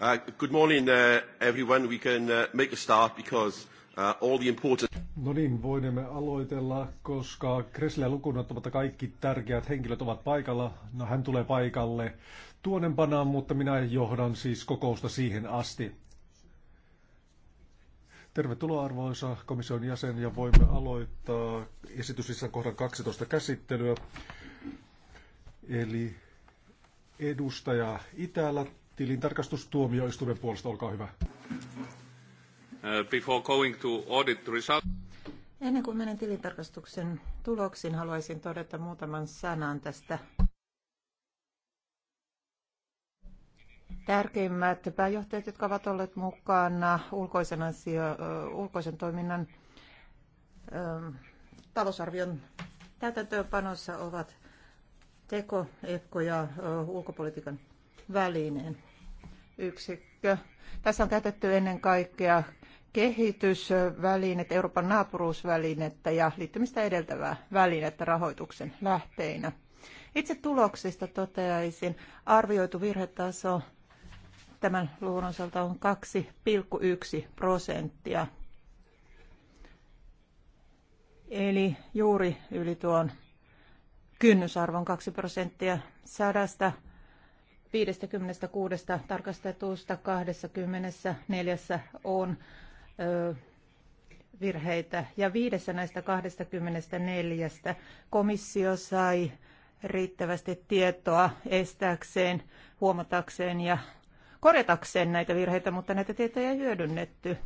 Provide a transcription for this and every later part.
Uh, good morning, uh, everyone. We can uh, make a start because all the important... No niin, voimme aloitella, koska Kresleä lukuun ottamatta kaikki tärkeät henkilöt ovat paikalla. No hän tulee paikalle tuonempana, mutta minä johdan siis kokousta siihen asti. Tervetuloa arvoisa komission jäsen ja voimme aloittaa esityslistan kohdan 12 käsittelyä. Eli edustaja Itälä tilintarkastustuomioistuimen puolesta, olkaa hyvä. Uh, before going to audit result... Ennen kuin menen tilintarkastuksen tuloksiin, haluaisin todeta muutaman sanan tästä. Tärkeimmät pääjohtajat, jotka ovat olleet mukana ulkoisen, asio, ulkoisen toiminnan talousarvion täytäntöönpanossa, ovat teko, EKKO ja ulkopolitiikan välineen yksikkö. Tässä on käytetty ennen kaikkea kehitysvälineet, Euroopan naapuruusvälinettä ja liittymistä edeltävää välinettä rahoituksen lähteinä. Itse tuloksista toteaisin, arvioitu virhetaso tämän luvun osalta on 2,1 prosenttia. Eli juuri yli tuon kynnysarvon 2 prosenttia sadasta 56 tarkastetusta 24 on ö, virheitä ja viidessä näistä 24 komissio sai riittävästi tietoa estääkseen, huomatakseen ja korjatakseen näitä virheitä, mutta näitä tietoja ei hyödynnetty.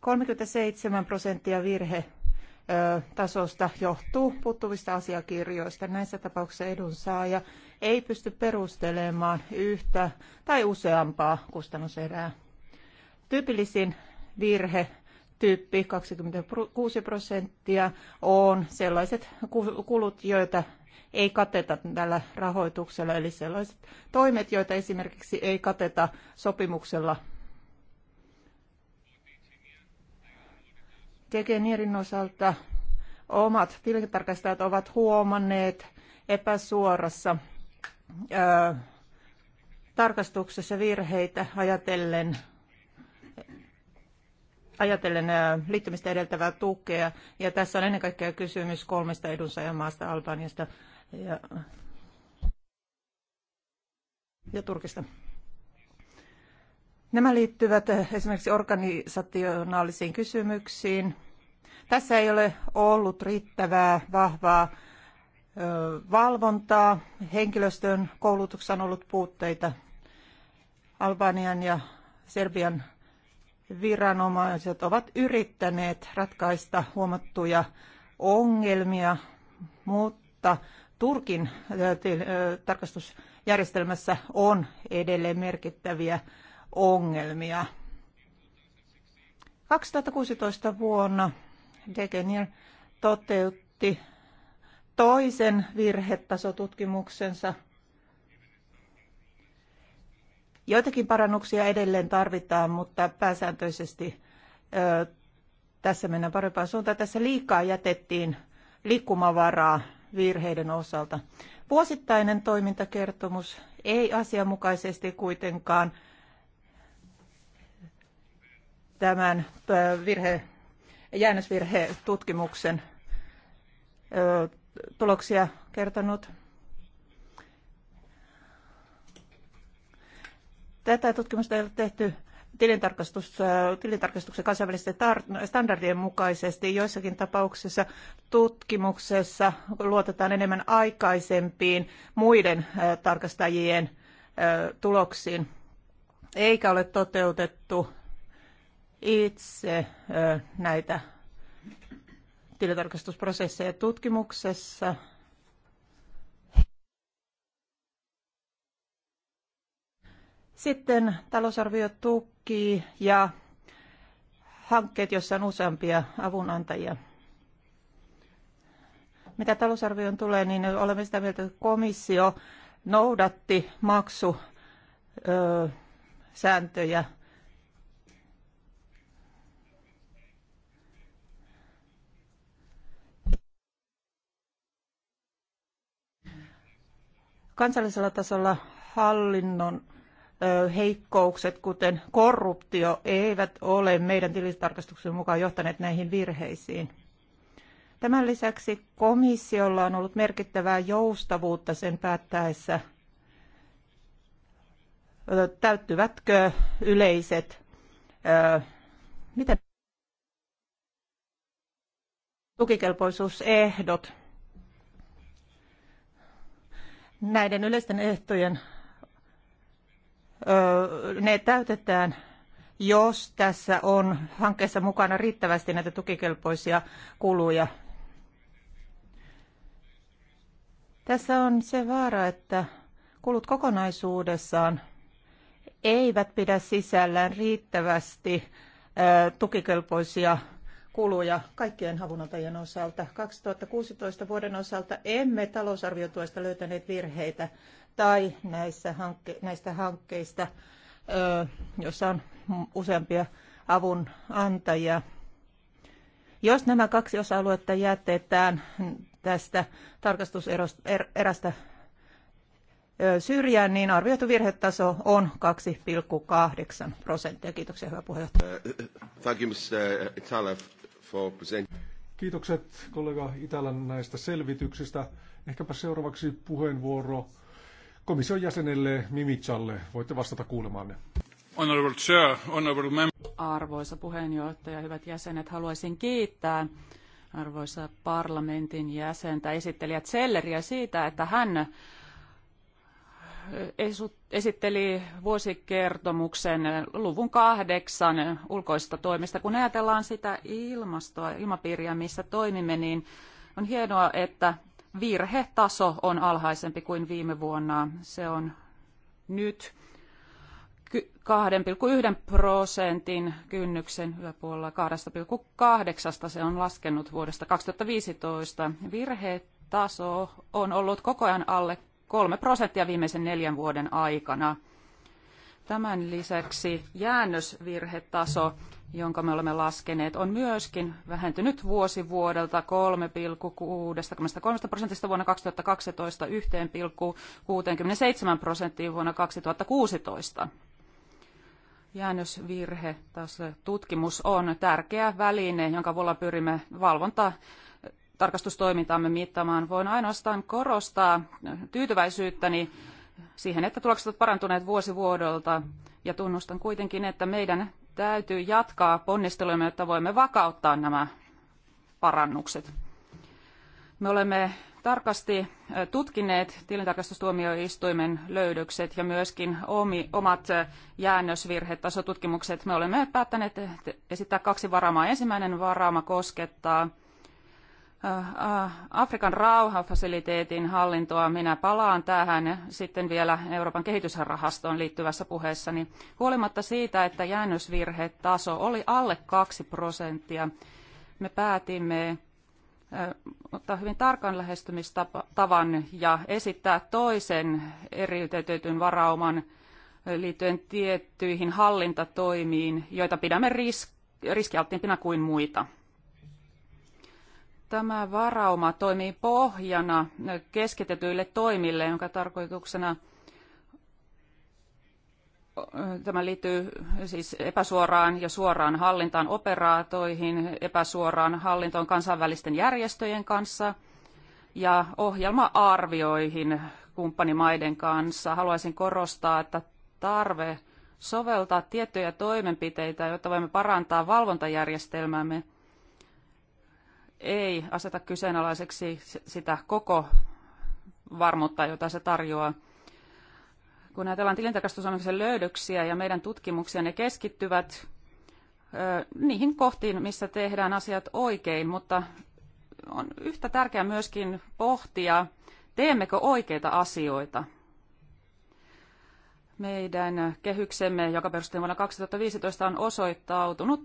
37 prosenttia virhe tasosta johtuu puuttuvista asiakirjoista. Näissä tapauksissa edunsaaja ei pysty perustelemaan yhtä tai useampaa kustannuserää. Tyypillisin virhe tyyppi 26 prosenttia on sellaiset kulut, joita ei kateta tällä rahoituksella, eli sellaiset toimet, joita esimerkiksi ei kateta sopimuksella Tegenierin osalta omat tilintarkastajat ovat huomanneet epäsuorassa ö, tarkastuksessa virheitä ajatellen ajatellen liittymistä edeltävää tukea. Ja tässä on ennen kaikkea kysymys kolmesta edunsaajamaasta, Albaniasta ja, ja Turkista. Nämä liittyvät eh, esimerkiksi organisationaalisiin kysymyksiin. Tässä ei ole ollut riittävää, vahvaa valvontaa. Henkilöstön koulutuksessa on ollut puutteita. Albanian ja Serbian viranomaiset ovat yrittäneet ratkaista huomattuja ongelmia, mutta Turkin tarkastusjärjestelmässä on edelleen merkittäviä ongelmia. 2016 vuonna Degenier toteutti toisen virhetasotutkimuksensa. Joitakin parannuksia edelleen tarvitaan, mutta pääsääntöisesti ö, tässä mennään parempaan suuntaan. Tässä liikaa jätettiin liikkumavaraa virheiden osalta. Vuosittainen toimintakertomus ei asianmukaisesti kuitenkaan tämän virhe, jäännösvirhetutkimuksen tuloksia kertonut. Tätä tutkimusta ei ole tehty tilintarkastus, tilintarkastuksen kansainvälisten standardien mukaisesti. Joissakin tapauksissa tutkimuksessa luotetaan enemmän aikaisempiin muiden tarkastajien tuloksiin, eikä ole toteutettu itse näitä tilitarkastusprosesseja tutkimuksessa. Sitten talousarviotuki ja hankkeet, joissa on useampia avunantajia. Mitä talousarvioon tulee, niin olemme sitä mieltä, että komissio noudatti maksusääntöjä – kansallisella tasolla hallinnon heikkoukset, kuten korruptio, eivät ole meidän tilintarkastuksen mukaan johtaneet näihin virheisiin. Tämän lisäksi komissiolla on ollut merkittävää joustavuutta sen päättäessä, täyttyvätkö yleiset miten tukikelpoisuusehdot näiden yleisten ehtojen ne täytetään, jos tässä on hankkeessa mukana riittävästi näitä tukikelpoisia kuluja. Tässä on se vaara, että kulut kokonaisuudessaan eivät pidä sisällään riittävästi tukikelpoisia kuluja kaikkien havunantajien osalta. 2016 vuoden osalta emme talousarviotuesta löytäneet virheitä tai näissä hankke- näistä hankkeista, joissa on useampia avunantajia. Jos nämä kaksi osa-aluetta jätetään tästä tarkastuserästä er-, syrjään, niin arvioitu virhetaso on 2,8 prosenttia. Kiitoksia, hyvä puheenjohtaja. Uh, thank you, Mr for presenting. Kiitokset kollega Itälän näistä selvityksistä. Ehkäpä seuraavaksi puheenvuoro komission jäsenelle Mimitsalle. Voitte vastata kuulemaanne. Honorable Chair, honorable member. Arvoisa puheenjohtaja, hyvät jäsenet, haluaisin kiittää arvoisa parlamentin jäsentä, esittelijä Zelleriä siitä, että hän esitteli vuosikertomuksen luvun kahdeksan ulkoista toimista. Kun ajatellaan sitä ilmastoa, ilmapiiriä, missä toimimme, niin on hienoa, että virhetaso on alhaisempi kuin viime vuonna. Se on nyt 2,1 prosentin kynnyksen yläpuolella 2,8 se on laskenut vuodesta 2015. Virhetaso on ollut koko ajan alle 3 prosenttia viimeisen neljän vuoden aikana. Tämän lisäksi jäännösvirhetaso, jonka me olemme laskeneet, on myöskin vähentynyt vuosi vuodelta 3,63 prosentista vuonna 2012 1,67 prosenttiin vuonna 2016. Jäännösvirhe, tässä tutkimus on tärkeä väline, jonka avulla pyrimme valvontaa tarkastustoimintaamme mittaamaan. Voin ainoastaan korostaa tyytyväisyyttäni siihen, että tulokset ovat parantuneet vuosi vuodolta ja tunnustan kuitenkin, että meidän täytyy jatkaa ponnistelumme, jotta voimme vakauttaa nämä parannukset. Me olemme tarkasti tutkineet tilintarkastustuomioistuimen löydökset ja myöskin omat jäännösvirhetasotutkimukset. Me olemme päättäneet esittää kaksi varaamaa. Ensimmäinen varaama koskettaa Äh, äh, Afrikan rauhafasiliteetin hallintoa. Minä palaan tähän sitten vielä Euroopan kehitysrahastoon liittyvässä puheessani. Niin huolimatta siitä, että jäännösvirhetaso oli alle 2 prosenttia, me päätimme äh, ottaa hyvin tarkan lähestymistavan ja esittää toisen eriytetyn varauman liittyen tiettyihin hallintatoimiin, joita pidämme riskialttiimpina kuin muita. Tämä varauma toimii pohjana keskitetyille toimille, jonka tarkoituksena tämä liittyy siis epäsuoraan ja suoraan hallintaan operaatoihin, epäsuoraan hallintoon kansainvälisten järjestöjen kanssa ja ohjelma-arvioihin kumppanimaiden kanssa. Haluaisin korostaa, että tarve soveltaa tiettyjä toimenpiteitä, jotta voimme parantaa valvontajärjestelmäämme – ei aseta kyseenalaiseksi sitä koko varmuutta, jota se tarjoaa. Kun ajatellaan tilintarkastusomistuksen löydöksiä ja meidän tutkimuksia, ne keskittyvät niihin kohtiin, missä tehdään asiat oikein, mutta on yhtä tärkeää myöskin pohtia, teemmekö oikeita asioita. Meidän kehyksemme, joka perustettiin vuonna 2015, on osoittautunut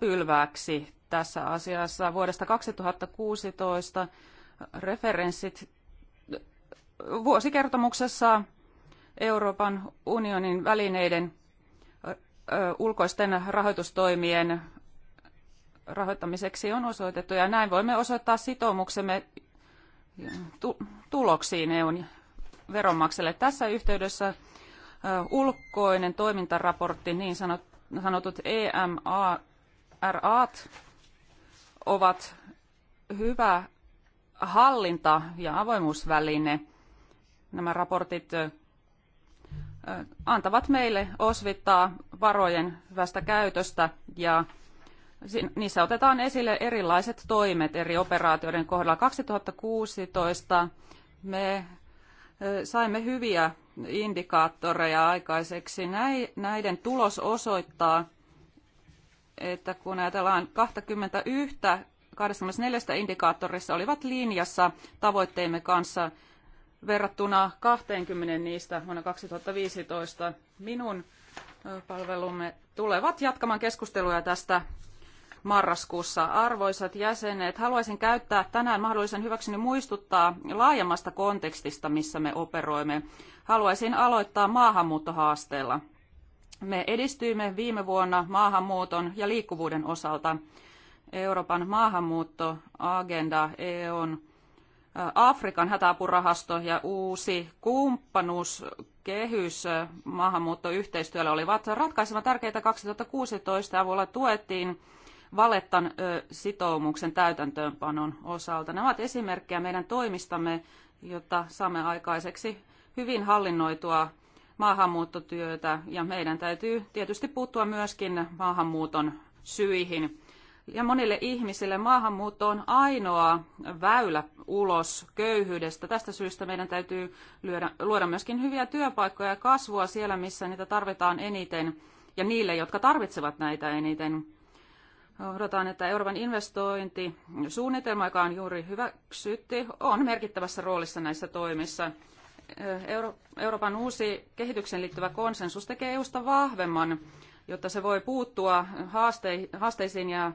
pylvääksi tässä asiassa. Vuodesta 2016 referenssit vuosikertomuksessa Euroopan unionin välineiden ulkoisten rahoitustoimien rahoittamiseksi on osoitettu, ja näin voimme osoittaa sitoumuksemme tuloksiin EUn veronmakselle. Tässä yhteydessä ulkoinen toimintaraportti, niin sanottu sanotut EMARAt ovat hyvä hallinta- ja avoimuusväline. Nämä raportit antavat meille osvittaa varojen hyvästä käytöstä ja niissä otetaan esille erilaiset toimet eri operaatioiden kohdalla. 2016 me saimme hyviä indikaattoreja aikaiseksi. Näiden tulos osoittaa, että kun ajatellaan 21 24 indikaattorissa olivat linjassa tavoitteemme kanssa verrattuna 20 niistä vuonna 2015. Minun palvelumme tulevat jatkamaan keskusteluja tästä marraskuussa. Arvoisat jäsenet, haluaisin käyttää tänään mahdollisen hyväkseni muistuttaa laajemmasta kontekstista, missä me operoimme. Haluaisin aloittaa maahanmuuttohaasteella. Me edistyimme viime vuonna maahanmuuton ja liikkuvuuden osalta. Euroopan maahanmuuttoagenda, EUn äh, Afrikan hätäapurahasto ja uusi kumppanuuskehys äh, maahanmuuttoyhteistyöllä olivat ratkaisevan tärkeitä 2016. Avulla tuettiin Valettan sitoumuksen täytäntöönpanon osalta. Nämä ovat esimerkkejä meidän toimistamme, jotta saamme aikaiseksi hyvin hallinnoitua maahanmuuttotyötä ja meidän täytyy tietysti puuttua myöskin maahanmuuton syihin. Ja monille ihmisille maahanmuutto on ainoa väylä ulos köyhyydestä. Tästä syystä meidän täytyy lyödä, luoda myöskin hyviä työpaikkoja ja kasvua siellä, missä niitä tarvitaan eniten ja niille, jotka tarvitsevat näitä eniten. Odotan, että Euroopan investointisuunnitelma, joka on juuri hyväksytty, on merkittävässä roolissa näissä toimissa. Euro- Euroopan uusi kehityksen liittyvä konsensus tekee EUsta vahvemman, jotta se voi puuttua haasteisiin ja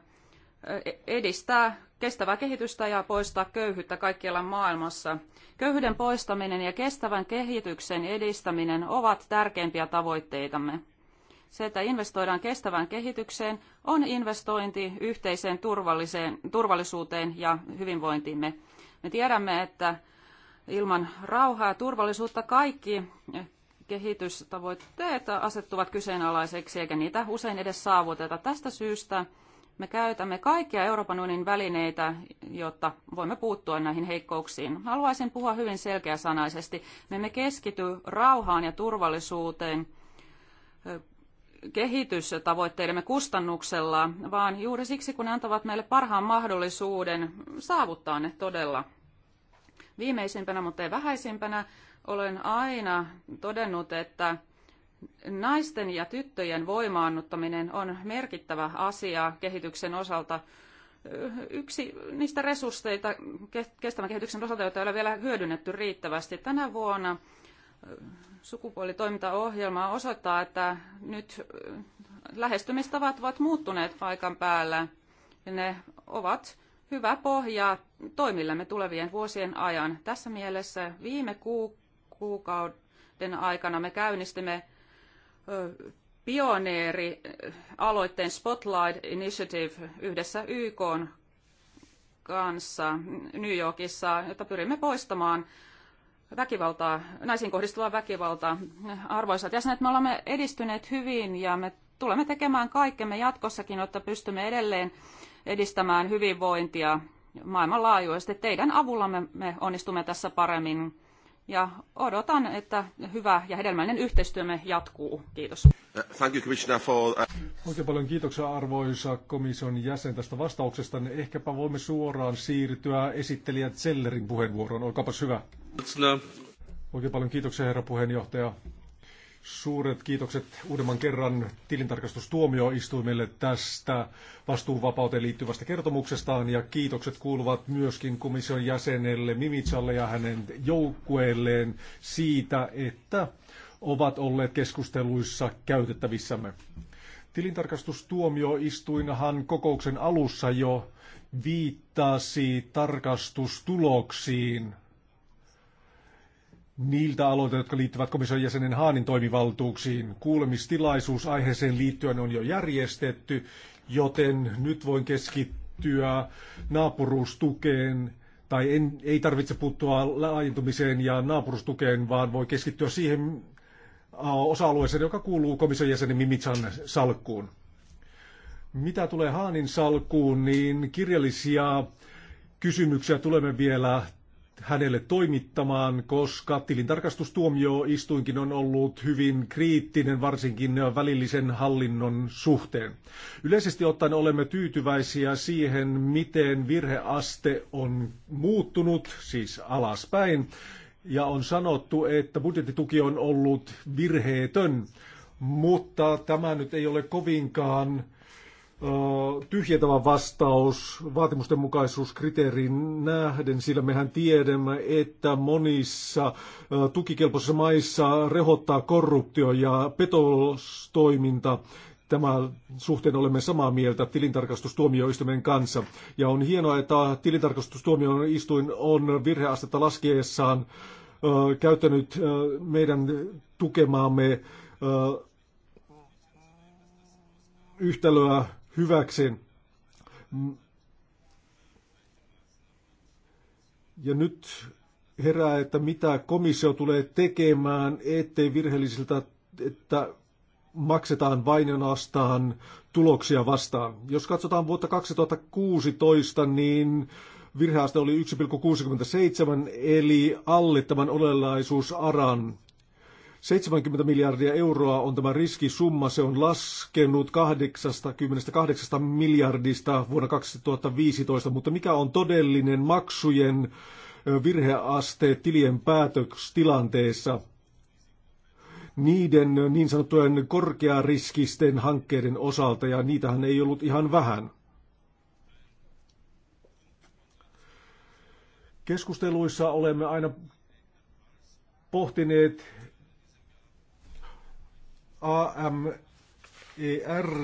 edistää kestävää kehitystä ja poistaa köyhyyttä kaikkialla maailmassa. Köyhyyden poistaminen ja kestävän kehityksen edistäminen ovat tärkeimpiä tavoitteitamme. Se, että investoidaan kestävään kehitykseen, on investointi yhteiseen turvalliseen, turvallisuuteen ja hyvinvointiimme. Me tiedämme, että ilman rauhaa ja turvallisuutta kaikki kehitystavoitteet asettuvat kyseenalaiseksi, eikä niitä usein edes saavuteta. Tästä syystä me käytämme kaikkia Euroopan unionin välineitä, jotta voimme puuttua näihin heikkouksiin. Haluaisin puhua hyvin selkeäsanaisesti. Me emme keskity rauhaan ja turvallisuuteen – kehitystavoitteidemme kustannuksella, vaan juuri siksi, kun ne antavat meille parhaan mahdollisuuden saavuttaa ne todella. Viimeisimpänä, mutta ei vähäisimpänä, olen aina todennut, että naisten ja tyttöjen voimaannuttaminen on merkittävä asia kehityksen osalta. Yksi niistä resursseista kestävän kehityksen osalta, joita ei ole vielä hyödynnetty riittävästi tänä vuonna, sukupuolitoimintaohjelmaa osoittaa, että nyt lähestymistavat ovat muuttuneet paikan päällä. Ja ne ovat hyvä pohja toimillemme tulevien vuosien ajan. Tässä mielessä viime kuukauden aikana me käynnistimme pioneeri-aloitteen Spotlight Initiative yhdessä YK kanssa New Yorkissa, jotta pyrimme poistamaan väkivaltaa, naisiin kohdistuvaa väkivaltaa. Arvoisat jäsenet, me olemme edistyneet hyvin ja me tulemme tekemään kaikkemme jatkossakin, jotta pystymme edelleen edistämään hyvinvointia maailmanlaajuisesti. Teidän avullamme me onnistumme tässä paremmin ja odotan, että hyvä ja hedelmällinen yhteistyömme jatkuu. Kiitos. Uh, thank you, Commissioner, for... Uh, Oikein paljon kiitoksia arvoisa komission jäsen tästä vastauksesta. Ehkäpä voimme suoraan siirtyä esittelijä Zellerin puheenvuoroon. Olkaapas hyvä. Oikein paljon kiitoksia herra puheenjohtaja. Suuret kiitokset uudemman kerran tilintarkastustuomioistuimelle tästä vastuuvapauteen liittyvästä kertomuksestaan ja kiitokset kuuluvat myöskin komission jäsenelle Mimitsalle ja hänen joukkueelleen siitä, että ovat olleet keskusteluissa käytettävissämme. Tilintarkastustuomioistuinhan kokouksen alussa jo viittasi tarkastustuloksiin niiltä aloilta, jotka liittyvät komission jäsenen Haanin toimivaltuuksiin. Kuulemistilaisuus aiheeseen liittyen on jo järjestetty, joten nyt voin keskittyä naapuruustukeen tai en, ei tarvitse puuttua laajentumiseen ja naapurustukeen, vaan voi keskittyä siihen, Äh, osa-alueeseen, joka kuuluu komission jäsenen Mimitsan salkkuun. Mitä tulee Haanin salkkuun, niin kirjallisia kysymyksiä tulemme vielä hänelle toimittamaan, koska tilintarkastustuomioistuinkin on ollut hyvin kriittinen, varsinkin välillisen hallinnon suhteen. Yleisesti ottaen olemme tyytyväisiä siihen, miten virheaste on muuttunut, siis alaspäin, ja on sanottu, että budjettituki on ollut virheetön, mutta tämä nyt ei ole kovinkaan tyhjentävä vastaus vaatimusten mukaisuuskriteerin nähden, sillä mehän tiedämme, että monissa tukikelpoisissa maissa rehottaa korruptio ja petostoiminta, Tämä suhteen olemme samaa mieltä tilintarkastustuomioistuimen kanssa. Ja on hienoa, että tilintarkastustuomioistuin on virheastetta laskiessaan ö, käyttänyt ö, meidän tukemaamme ö, yhtälöä hyväksi. Ja nyt herää, että mitä komissio tulee tekemään, ettei virheellisiltä, että maksetaan vain ja tuloksia vastaan. Jos katsotaan vuotta 2016, niin virheaste oli 1,67, eli alle tämän olelaisuusaran. 70 miljardia euroa on tämä riskisumma. Se on laskenut 88 miljardista vuonna 2015, mutta mikä on todellinen maksujen virheaste tilien päätöstilanteessa? niiden niin sanottujen korkeariskisten hankkeiden osalta, ja niitähän ei ollut ihan vähän. Keskusteluissa olemme aina pohtineet AMER e 76,3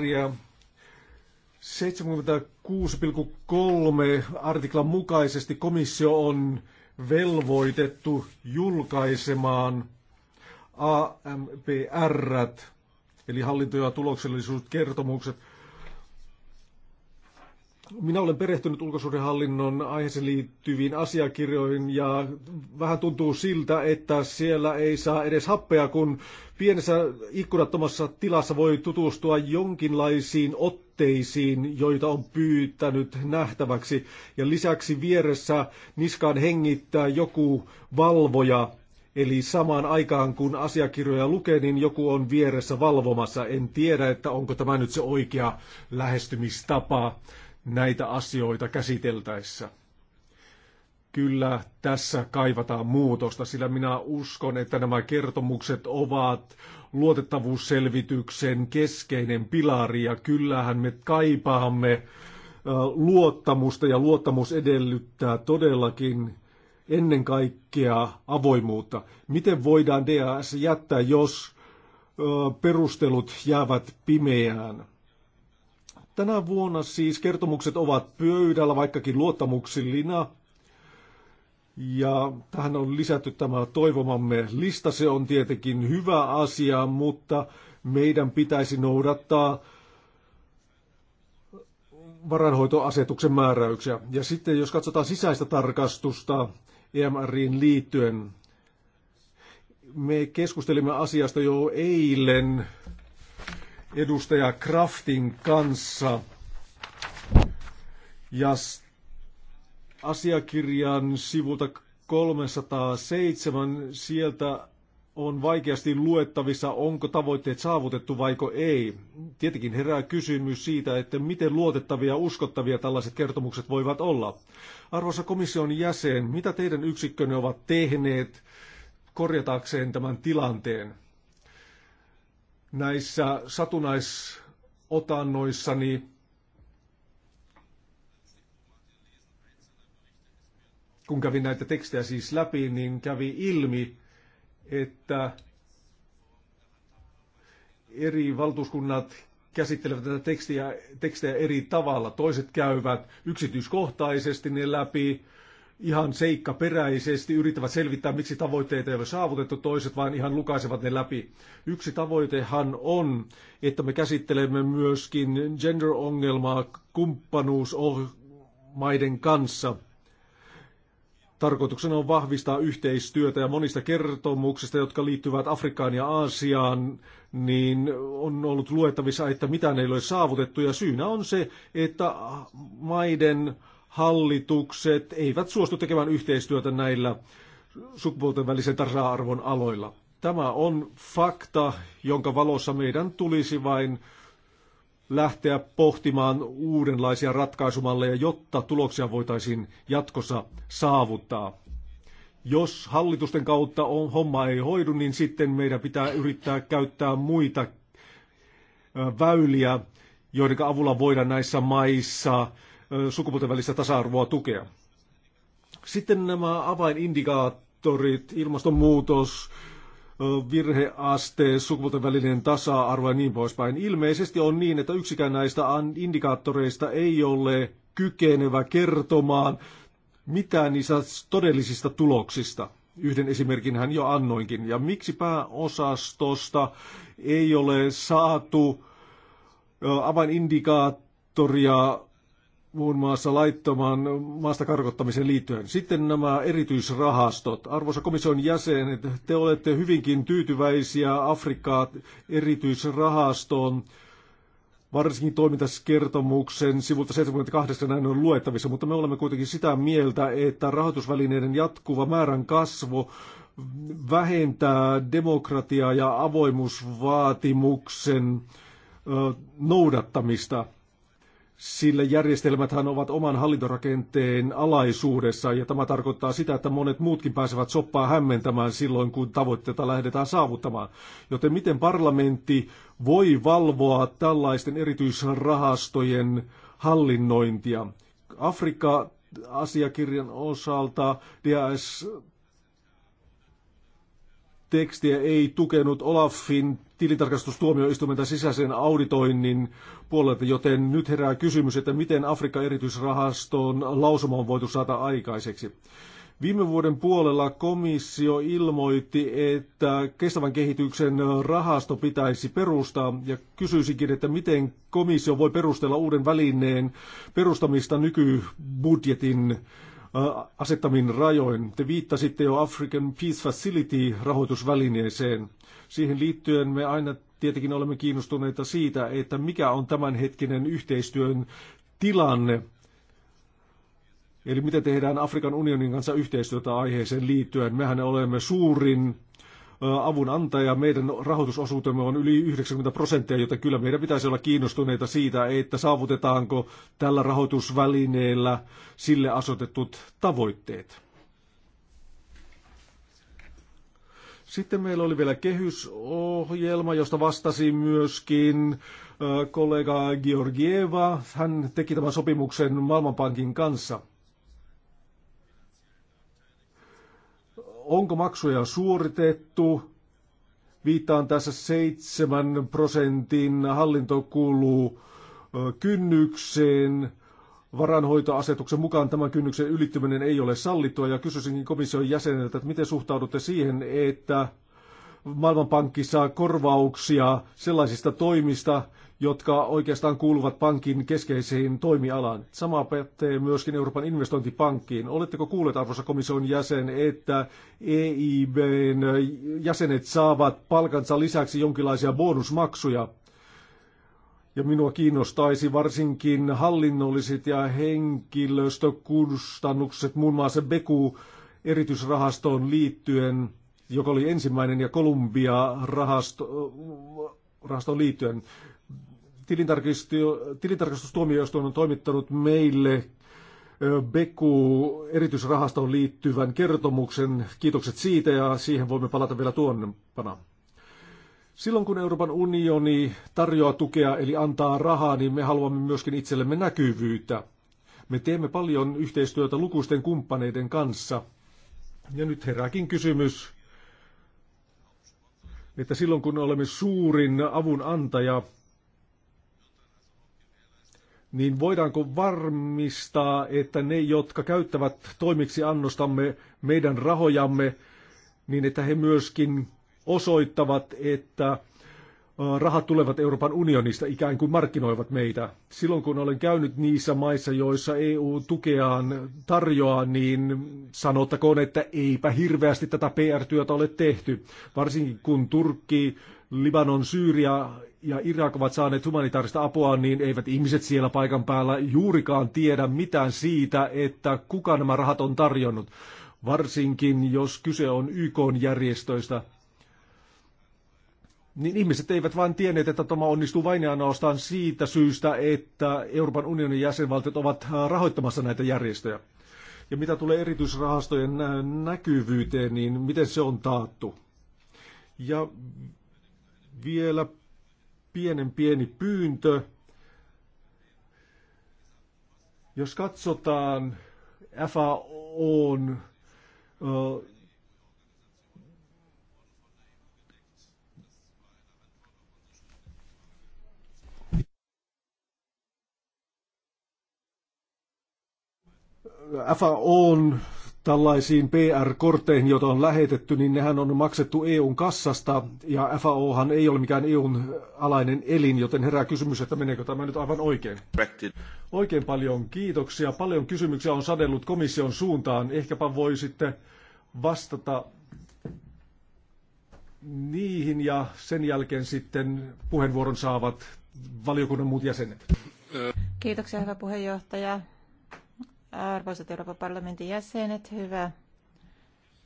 artiklan mukaisesti komissio on velvoitettu julkaisemaan – AMPR, eli hallinto- ja tuloksellisuuskertomukset. Minä olen perehtynyt ulkosuhdehallinnon aiheeseen liittyviin asiakirjoihin ja vähän tuntuu siltä, että siellä ei saa edes happea, kun pienessä ikkunattomassa tilassa voi tutustua jonkinlaisiin otteisiin, joita on pyytänyt nähtäväksi. Ja lisäksi vieressä niskaan hengittää joku valvoja, Eli samaan aikaan kun asiakirjoja lukee, niin joku on vieressä valvomassa. En tiedä, että onko tämä nyt se oikea lähestymistapa näitä asioita käsiteltäessä. Kyllä tässä kaivataan muutosta, sillä minä uskon, että nämä kertomukset ovat luotettavuusselvityksen keskeinen pilari ja kyllähän me kaipaamme luottamusta ja luottamus edellyttää todellakin ennen kaikkea avoimuutta. Miten voidaan DAS jättää, jos perustelut jäävät pimeään? Tänä vuonna siis kertomukset ovat pöydällä, vaikkakin luottamuksillina. Ja tähän on lisätty tämä toivomamme lista. Se on tietenkin hyvä asia, mutta meidän pitäisi noudattaa varanhoitoasetuksen määräyksiä. Ja sitten jos katsotaan sisäistä tarkastusta, EMRiin liittyen. Me keskustelimme asiasta jo eilen edustaja Kraftin kanssa. Ja asiakirjan sivulta 307 sieltä on vaikeasti luettavissa, onko tavoitteet saavutettu vaiko ei. Tietenkin herää kysymys siitä, että miten luotettavia ja uskottavia tällaiset kertomukset voivat olla. Arvoisa komission jäsen, mitä teidän yksikkönne ovat tehneet korjatakseen tämän tilanteen? Näissä niin kun kävin näitä tekstejä siis läpi, niin kävi ilmi, että eri valtuuskunnat käsittelevät tätä tekstiä, tekstejä eri tavalla. Toiset käyvät yksityiskohtaisesti ne läpi, ihan seikkaperäisesti, yrittävät selvittää, miksi tavoitteita ei ole saavutettu, toiset vain ihan lukaisevat ne läpi. Yksi tavoitehan on, että me käsittelemme myöskin gender-ongelmaa kumppanuusmaiden kanssa – Tarkoituksena on vahvistaa yhteistyötä ja monista kertomuksista, jotka liittyvät Afrikkaan ja Aasiaan, niin on ollut luettavissa, että mitään ei ole saavutettu. Ja syynä on se, että maiden hallitukset eivät suostu tekemään yhteistyötä näillä sukupuolten välisen tasa-arvon aloilla. Tämä on fakta, jonka valossa meidän tulisi vain lähteä pohtimaan uudenlaisia ratkaisumalleja, jotta tuloksia voitaisiin jatkossa saavuttaa. Jos hallitusten kautta on, homma ei hoidu, niin sitten meidän pitää yrittää käyttää muita väyliä, joiden avulla voidaan näissä maissa sukupuolten välistä tasa-arvoa tukea. Sitten nämä avainindikaattorit, ilmastonmuutos, virheaste, sukupuolten välinen tasa-arvo ja niin poispäin. Ilmeisesti on niin, että yksikään näistä indikaattoreista ei ole kykenevä kertomaan mitään niistä todellisista tuloksista. Yhden esimerkin hän jo annoinkin. Ja miksi pääosastosta ei ole saatu avainindikaattoria muun maassa laittomaan maasta karkottamiseen liittyen. Sitten nämä erityisrahastot. Arvoisa komission jäsenet, te olette hyvinkin tyytyväisiä Afrikkaan erityisrahastoon. Varsinkin toimintaskertomuksen sivulta 78 näin on luettavissa, mutta me olemme kuitenkin sitä mieltä, että rahoitusvälineiden jatkuva määrän kasvu vähentää demokratiaa ja avoimuusvaatimuksen noudattamista sillä järjestelmäthän ovat oman hallintorakenteen alaisuudessa ja tämä tarkoittaa sitä, että monet muutkin pääsevät soppaa hämmentämään silloin, kun tavoitteita lähdetään saavuttamaan. Joten miten parlamentti voi valvoa tällaisten erityisrahastojen hallinnointia? Afrikka-asiakirjan osalta DAS tekstiä ei tukenut Olafin tilintarkastustuomioistuimen sisäisen auditoinnin puolelta, joten nyt herää kysymys, että miten Afrikan erityisrahaston lausuma on voitu saada aikaiseksi. Viime vuoden puolella komissio ilmoitti, että kestävän kehityksen rahasto pitäisi perustaa ja kysyisikin, että miten komissio voi perustella uuden välineen perustamista nykybudjetin Äh, asettamin rajoin. Te viittasitte jo African Peace Facility-rahoitusvälineeseen. Siihen liittyen me aina tietenkin olemme kiinnostuneita siitä, että mikä on tämänhetkinen yhteistyön tilanne. Eli mitä tehdään Afrikan unionin kanssa yhteistyötä aiheeseen liittyen. Mehän olemme suurin avunantaja. Meidän rahoitusosuutemme on yli 90 prosenttia, joten kyllä meidän pitäisi olla kiinnostuneita siitä, että saavutetaanko tällä rahoitusvälineellä sille asetetut tavoitteet. Sitten meillä oli vielä kehysohjelma, josta vastasi myöskin kollega Georgieva. Hän teki tämän sopimuksen Maailmanpankin kanssa – onko maksuja suoritettu? Viittaan tässä 7 prosentin hallintokuluu kynnykseen. Varanhoitoasetuksen mukaan tämän kynnyksen ylittyminen ei ole sallittua ja kysyisinkin komission jäseneltä, että miten suhtaudutte siihen, että Maailmanpankki saa korvauksia sellaisista toimista, jotka oikeastaan kuuluvat pankin keskeisiin toimialaan. Sama pätee myöskin Euroopan investointipankkiin. Oletteko kuulleet, arvoisa komission jäsen, että EIBn jäsenet saavat palkansa lisäksi jonkinlaisia bonusmaksuja? Ja minua kiinnostaisi varsinkin hallinnolliset ja henkilöstökustannukset, muun muassa Beku erityisrahastoon liittyen, joka oli ensimmäinen ja Kolumbia rahastoon liittyen tilintarkastustuomioistuin on toimittanut meille Beku erityisrahastoon liittyvän kertomuksen. Kiitokset siitä ja siihen voimme palata vielä tuonnepana. Silloin kun Euroopan unioni tarjoaa tukea eli antaa rahaa, niin me haluamme myöskin itsellemme näkyvyyttä. Me teemme paljon yhteistyötä lukuisten kumppaneiden kanssa. Ja nyt herääkin kysymys, että silloin kun olemme suurin avun antaja, niin voidaanko varmistaa, että ne, jotka käyttävät toimiksi annostamme meidän rahojamme, niin että he myöskin osoittavat, että rahat tulevat Euroopan unionista, ikään kuin markkinoivat meitä. Silloin kun olen käynyt niissä maissa, joissa EU tukeaan tarjoaa, niin sanottakoon, että eipä hirveästi tätä PR-työtä ole tehty. Varsinkin kun Turkki, Libanon, Syyria ja Irak ovat saaneet humanitaarista apua, niin eivät ihmiset siellä paikan päällä juurikaan tiedä mitään siitä, että kuka nämä rahat on tarjonnut, varsinkin jos kyse on YK-järjestöistä. Niin ihmiset eivät vain tienneet, että tämä onnistuu vain ja ainoastaan siitä syystä, että Euroopan unionin jäsenvaltiot ovat rahoittamassa näitä järjestöjä. Ja mitä tulee erityisrahastojen näkyvyyteen, niin miten se on taattu? Ja vielä pienen pieni pyyntö. Jos katsotaan FAOn FAO on tällaisiin PR-kortteihin, joita on lähetetty, niin nehän on maksettu EUn kassasta, ja FAOhan ei ole mikään EUn alainen elin, joten herää kysymys, että meneekö tämä nyt aivan oikein. Oikein paljon kiitoksia. Paljon kysymyksiä on sadellut komission suuntaan. Ehkäpä sitten vastata niihin, ja sen jälkeen sitten puheenvuoron saavat valiokunnan muut jäsenet. Kiitoksia, hyvä puheenjohtaja. Arvoisat Euroopan parlamentin jäsenet, hyvä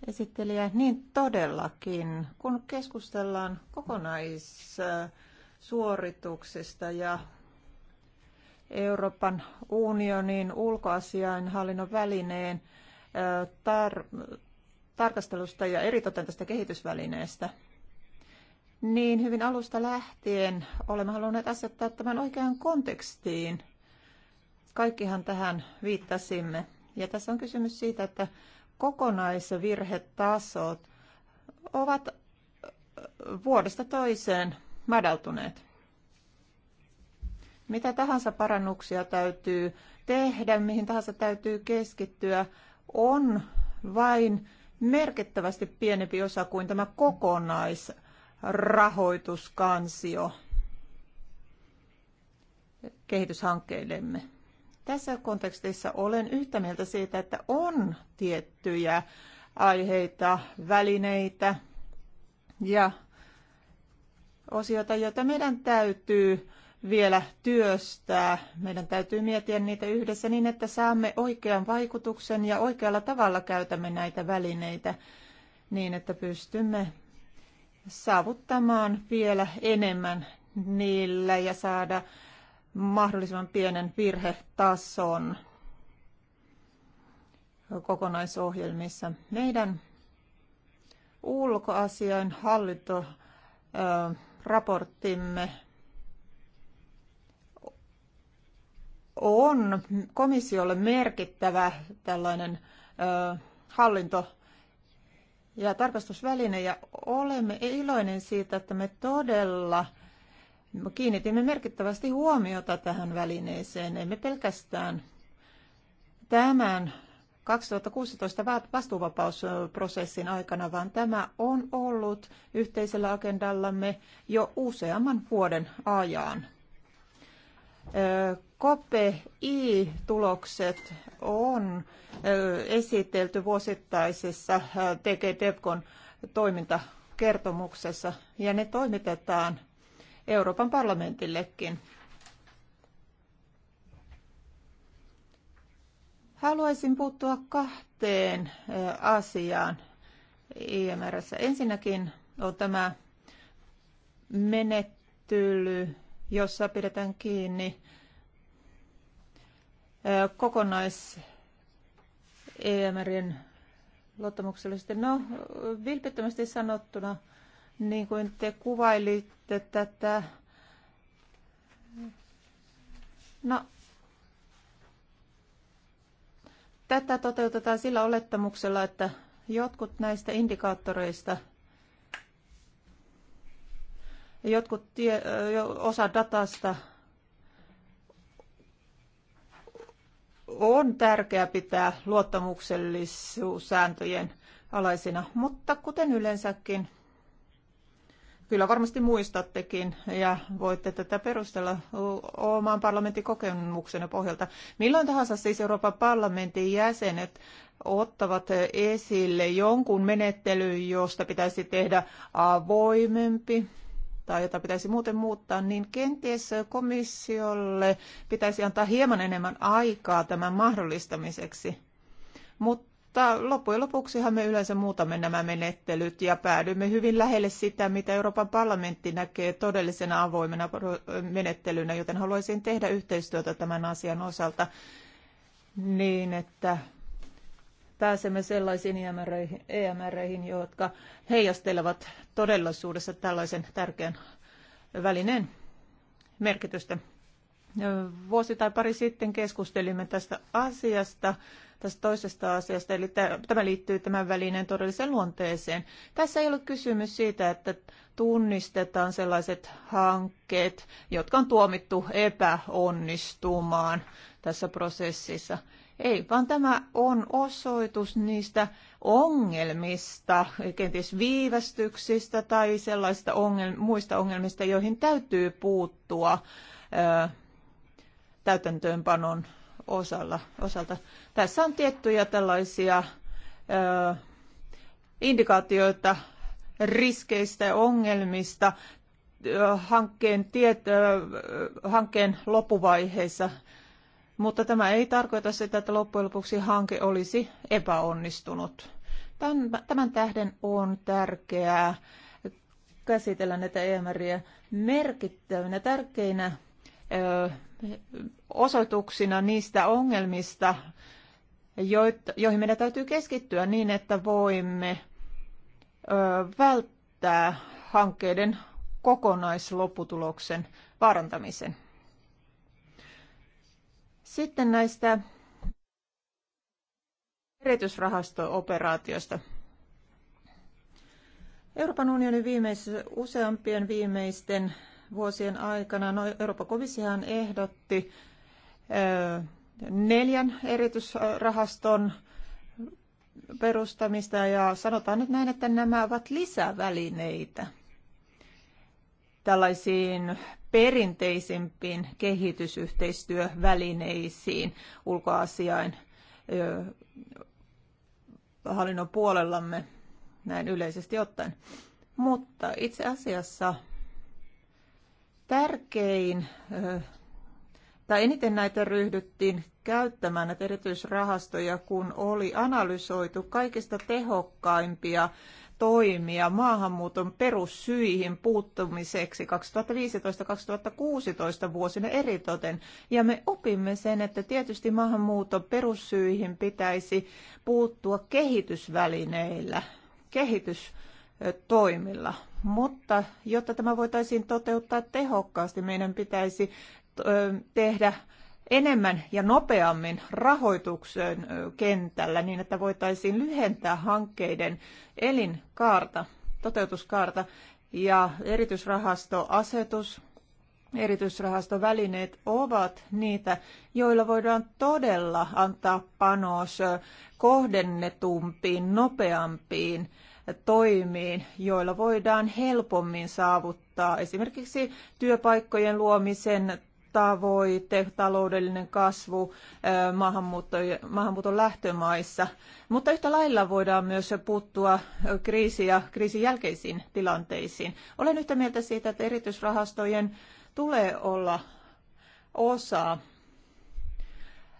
esittelijä. Niin todellakin, kun keskustellaan kokonaissuorituksista ja Euroopan unionin ulkoasiainhallinnon välineen tar- tarkastelusta ja eritoten tästä kehitysvälineestä, niin hyvin alusta lähtien olemme halunneet asettaa tämän oikeaan kontekstiin – Kaikkihan tähän viittasimme. Ja tässä on kysymys siitä, että kokonaisvirhetasot ovat vuodesta toiseen madaltuneet. Mitä tahansa parannuksia täytyy tehdä, mihin tahansa täytyy keskittyä, on vain merkittävästi pienempi osa kuin tämä kokonaisrahoituskansio kehityshankkeillemme. Tässä kontekstissa olen yhtä mieltä siitä, että on tiettyjä aiheita, välineitä ja osioita, joita meidän täytyy vielä työstää. Meidän täytyy miettiä niitä yhdessä niin, että saamme oikean vaikutuksen ja oikealla tavalla käytämme näitä välineitä niin, että pystymme saavuttamaan vielä enemmän niillä ja saada mahdollisimman pienen virhetason kokonaisohjelmissa. Meidän ulkoasian hallinto on komissiolle merkittävä tällainen hallinto ja tarkastusväline ja olemme iloinen siitä, että me todella kiinnitimme merkittävästi huomiota tähän välineeseen, emme pelkästään tämän 2016 vastuuvapausprosessin aikana, vaan tämä on ollut yhteisellä agendallamme jo useamman vuoden ajan. KPI-tulokset on esitelty vuosittaisessa TG Devcon toimintakertomuksessa ja ne toimitetaan Euroopan parlamentillekin. Haluaisin puuttua kahteen asiaan IMRS. Ensinnäkin on tämä menettely, jossa pidetään kiinni kokonais EMRin luottamuksellisesti. No, vilpittömästi sanottuna, niin kuin te kuvailitte, sitten tätä... No, tätä toteutetaan sillä olettamuksella, että jotkut näistä indikaattoreista, jotkut tie, osa datasta on tärkeää pitää luottamuksellisuussääntöjen alaisina, mutta kuten yleensäkin kyllä varmasti muistattekin ja voitte tätä perustella oman kokemuksen pohjalta. Milloin tahansa siis Euroopan parlamentin jäsenet ottavat esille jonkun menettelyn, josta pitäisi tehdä avoimempi tai jota pitäisi muuten muuttaa, niin kenties komissiolle pitäisi antaa hieman enemmän aikaa tämän mahdollistamiseksi. Mutta mutta loppujen lopuksihan me yleensä muutamme nämä menettelyt ja päädymme hyvin lähelle sitä, mitä Euroopan parlamentti näkee todellisena avoimena menettelynä, joten haluaisin tehdä yhteistyötä tämän asian osalta niin, että pääsemme sellaisiin EMR-reihin, e jotka heijastelevat todellisuudessa tällaisen tärkeän välineen merkitystä. Vuosi tai pari sitten keskustelimme tästä asiasta, tästä toisesta asiasta, eli tämä liittyy tämän välineen todelliseen luonteeseen. Tässä ei ole kysymys siitä, että tunnistetaan sellaiset hankkeet, jotka on tuomittu epäonnistumaan tässä prosessissa. Ei, vaan tämä on osoitus niistä ongelmista, kenties viivästyksistä tai sellaista ongel- muista ongelmista, joihin täytyy puuttua täytäntöönpanon osalla, osalta. Tässä on tiettyjä tällaisia ö, indikaatioita riskeistä ja ongelmista ö, hankkeen, tiet, ö, hankkeen loppuvaiheessa, mutta tämä ei tarkoita sitä, että loppujen lopuksi hanke olisi epäonnistunut. Tämän, tämän tähden on tärkeää käsitellä näitä EMRiä merkittävinä, tärkeinä osoituksina niistä ongelmista, joihin meidän täytyy keskittyä niin, että voimme välttää hankkeiden kokonaislopputuloksen vaarantamisen. Sitten näistä erityisrahasto-operaatioista. Euroopan unionin viimeis, useampien viimeisten vuosien aikana. No, Euroopan komissiohan ehdotti neljän erityisrahaston perustamista ja sanotaan nyt näin, että nämä ovat lisävälineitä tällaisiin perinteisempiin kehitysyhteistyövälineisiin ulkoasiain hallinnon puolellamme näin yleisesti ottaen. Mutta itse asiassa Tärkein, tai eniten näitä ryhdyttiin käyttämään näitä erityisrahastoja, kun oli analysoitu kaikista tehokkaimpia toimia maahanmuuton perussyihin puuttumiseksi 2015-2016 vuosina eritoten. Ja me opimme sen, että tietysti maahanmuuton perussyihin pitäisi puuttua kehitysvälineillä, kehitys toimilla. Mutta jotta tämä voitaisiin toteuttaa tehokkaasti, meidän pitäisi tehdä enemmän ja nopeammin rahoituksen kentällä niin, että voitaisiin lyhentää hankkeiden elinkaarta, toteutuskaarta ja erityisrahastoasetus, erityisrahastovälineet ovat niitä, joilla voidaan todella antaa panos kohdennetumpiin, nopeampiin toimiin, joilla voidaan helpommin saavuttaa esimerkiksi työpaikkojen luomisen tavoite, taloudellinen kasvu maahanmuuton lähtömaissa. Mutta yhtä lailla voidaan myös puuttua kriisi- ja kriisin jälkeisiin tilanteisiin. Olen yhtä mieltä siitä, että erityisrahastojen tulee olla osa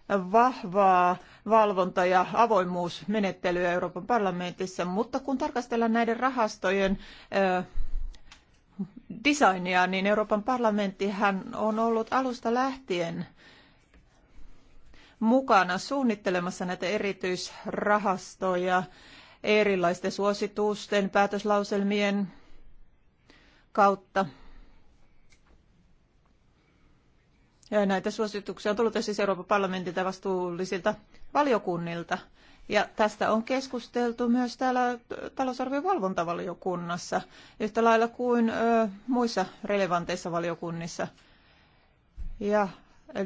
vahvaa valvonta- ja avoimuusmenettelyä Euroopan parlamentissa, mutta kun tarkastellaan näiden rahastojen designia, niin Euroopan parlamenttihan on ollut alusta lähtien mukana suunnittelemassa näitä erityisrahastoja erilaisten suositusten, päätöslauselmien kautta Ja näitä suosituksia on tullut siis Euroopan parlamentilta vastuullisilta valiokunnilta. Ja tästä on keskusteltu myös täällä talousarvion valvontavaliokunnassa, yhtä lailla kuin ö, muissa relevanteissa valiokunnissa. Ja ö,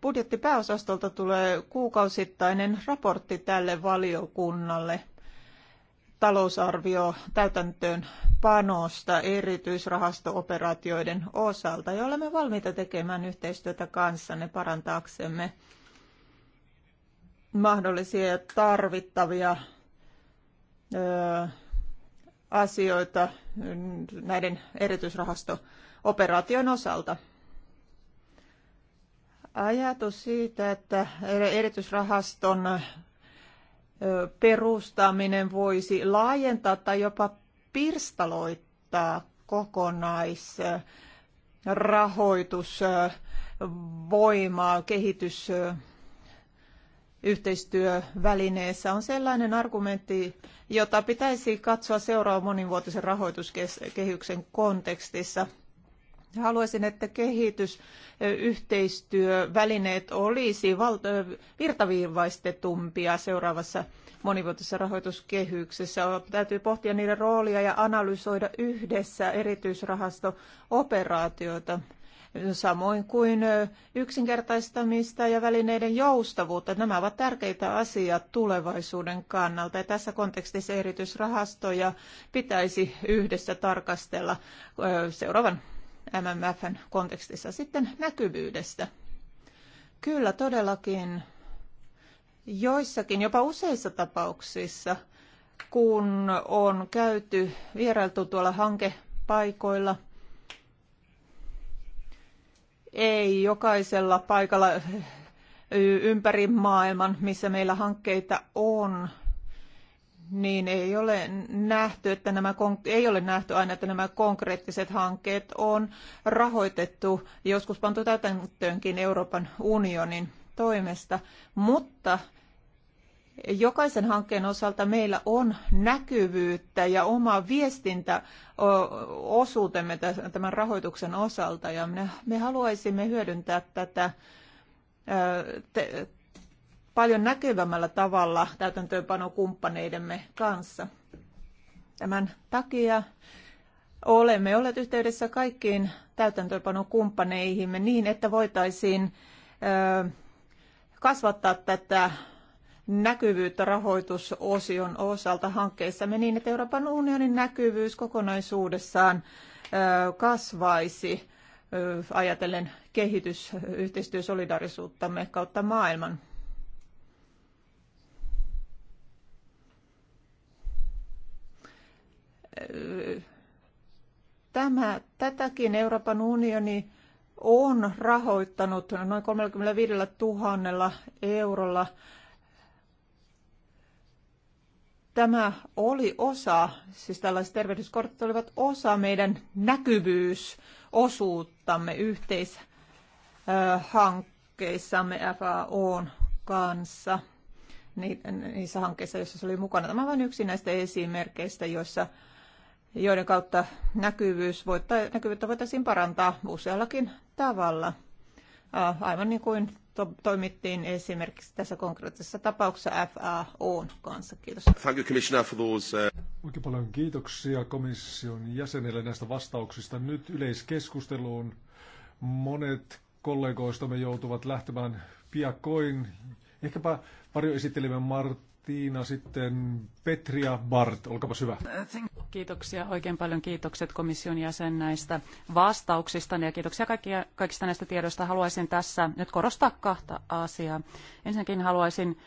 budjettipääosastolta tulee kuukausittainen raportti tälle valiokunnalle – talousarvio täytäntöön panosta erityisrahasto-operaatioiden osalta ja olemme valmiita tekemään yhteistyötä kanssanne parantaaksemme mahdollisia ja tarvittavia ö, asioita näiden erityisrahasto-operaation osalta. Ajatus siitä, että erityisrahaston perustaminen voisi laajentaa tai jopa pirstaloittaa kokonaisrahoitusvoimaa kehitysyhteistyövälineessä on sellainen argumentti, jota pitäisi katsoa seuraavan monivuotisen rahoituskehyksen kontekstissa. Haluaisin, että kehitysyhteistyövälineet olisi virtaviivaistetumpia seuraavassa monivuotisessa rahoituskehyksessä. Täytyy pohtia niiden roolia ja analysoida yhdessä erityisrahasto-operaatioita samoin kuin yksinkertaistamista ja välineiden joustavuutta. Nämä ovat tärkeitä asioita tulevaisuuden kannalta ja tässä kontekstissa erityisrahastoja pitäisi yhdessä tarkastella seuraavan MMFn kontekstissa sitten näkyvyydestä. Kyllä todellakin joissakin, jopa useissa tapauksissa, kun on käyty, vierailtu tuolla hankepaikoilla, ei jokaisella paikalla ympäri maailman, missä meillä hankkeita on, niin ei ole nähty, että nämä, ei ole nähty aina, että nämä konkreettiset hankkeet on rahoitettu, joskus pantu täytäntöönkin Euroopan unionin toimesta, mutta jokaisen hankkeen osalta meillä on näkyvyyttä ja oma viestintä osuutemme tämän rahoituksen osalta ja me haluaisimme hyödyntää tätä paljon näkyvämmällä tavalla täytäntöönpanokumppaneidemme kanssa. Tämän takia olemme olleet yhteydessä kaikkiin täytäntöönpanokumppaneihimme niin, että voitaisiin kasvattaa tätä näkyvyyttä rahoitusosion osalta hankkeissamme niin, että Euroopan unionin näkyvyys kokonaisuudessaan kasvaisi ajatellen kehitysyhteistyösolidarisuuttamme kautta maailman. tämä, tätäkin Euroopan unioni on rahoittanut noin 35 000 eurolla. Tämä oli osa, siis tällaiset tervehdyskortit olivat osa meidän näkyvyysosuuttamme yhteishankkeissamme FAOn kanssa, niissä hankkeissa, joissa se oli mukana. Tämä on vain yksi näistä esimerkkeistä, joissa joiden kautta näkyvyys voitta, näkyvyyttä voitaisiin parantaa useallakin tavalla. Aivan niin kuin to, toimittiin esimerkiksi tässä konkreettisessa tapauksessa FAOn kanssa. Kiitos. Thank you, Commissioner, for those, uh... Oikein paljon kiitoksia komission jäsenille näistä vastauksista. Nyt yleiskeskusteluun. Monet kollegoistamme joutuvat lähtemään piakoin. Ehkäpä varjoesittelemään Mart Tiina sitten Petria Bart, olkapa hyvä. Kiitoksia, oikein paljon kiitokset komission jäsen näistä vastauksista ja kiitoksia kaikkia, kaikista näistä tiedoista. Haluaisin tässä nyt korostaa kahta asiaa. Ensinnäkin haluaisin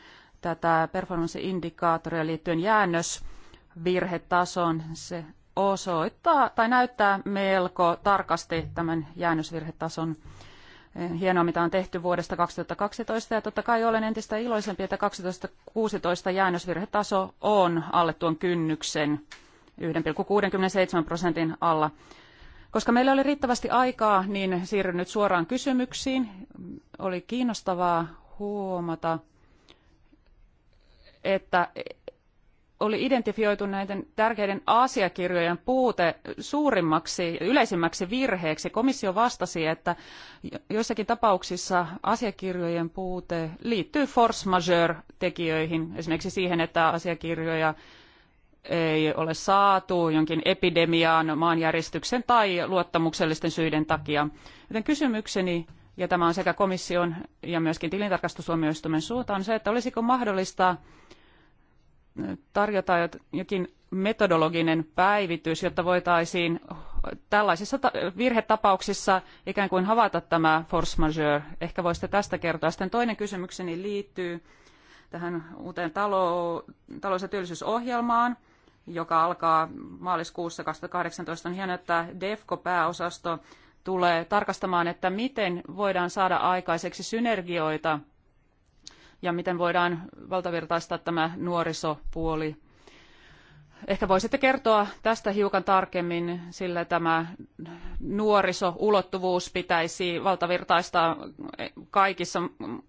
tätä performance-indikaattoria liittyen jäännösvirhetasoon. Se osoittaa tai näyttää melko tarkasti tämän jäännösvirhetason Eh, hienoa, mitä on tehty vuodesta 2012, ja totta kai olen entistä iloisempi, että 2016 jäännösvirhetaso on alle tuon kynnyksen 1,67 prosentin alla. Koska meillä oli riittävästi aikaa, niin siirryn nyt suoraan kysymyksiin. Oli kiinnostavaa huomata, että oli identifioitu näiden tärkeiden asiakirjojen puute suurimmaksi yleisimmäksi virheeksi. Komissio vastasi, että joissakin tapauksissa asiakirjojen puute liittyy force majeure-tekijöihin, esimerkiksi siihen, että asiakirjoja ei ole saatu jonkin epidemiaan, maanjäristyksen tai luottamuksellisten syiden takia. Joten kysymykseni, ja tämä on sekä komission ja myöskin tilintarkastustuomioistuimen suuntaan, on se, että olisiko mahdollista tarjota jokin metodologinen päivitys, jotta voitaisiin tällaisissa virhetapauksissa ikään kuin havaita tämä force majeure. Ehkä voisitte tästä kertoa. Sitten toinen kysymykseni liittyy tähän uuteen talous- ja työllisyysohjelmaan, joka alkaa maaliskuussa 2018. On hienoa, että DEFCO-pääosasto tulee tarkastamaan, että miten voidaan saada aikaiseksi synergioita – ja miten voidaan valtavirtaistaa tämä nuorisopuoli. Ehkä voisitte kertoa tästä hiukan tarkemmin, sillä tämä nuorisoulottuvuus pitäisi valtavirtaistaa kaikissa,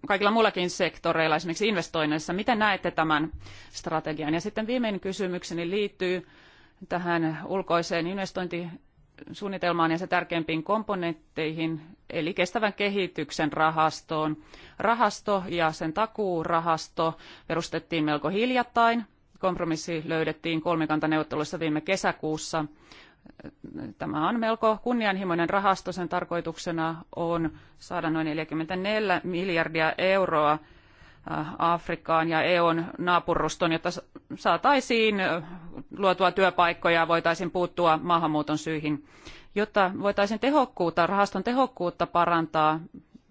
kaikilla muillakin sektoreilla, esimerkiksi investoinneissa. Miten näette tämän strategian? Ja sitten viimeinen kysymykseni liittyy tähän ulkoiseen investointiin suunnitelmaan ja se tärkeimpiin komponentteihin, eli kestävän kehityksen rahastoon. Rahasto ja sen takuurahasto perustettiin melko hiljattain. Kompromissi löydettiin kolmikantaneuvotteluissa viime kesäkuussa. Tämä on melko kunnianhimoinen rahasto. Sen tarkoituksena on saada noin 44 miljardia euroa Äh, Afrikkaan ja EUn naapuruston, jotta saataisiin äh, luotua työpaikkoja ja voitaisiin puuttua maahanmuuton syihin. Jotta voitaisiin tehokkuutta, rahaston tehokkuutta parantaa,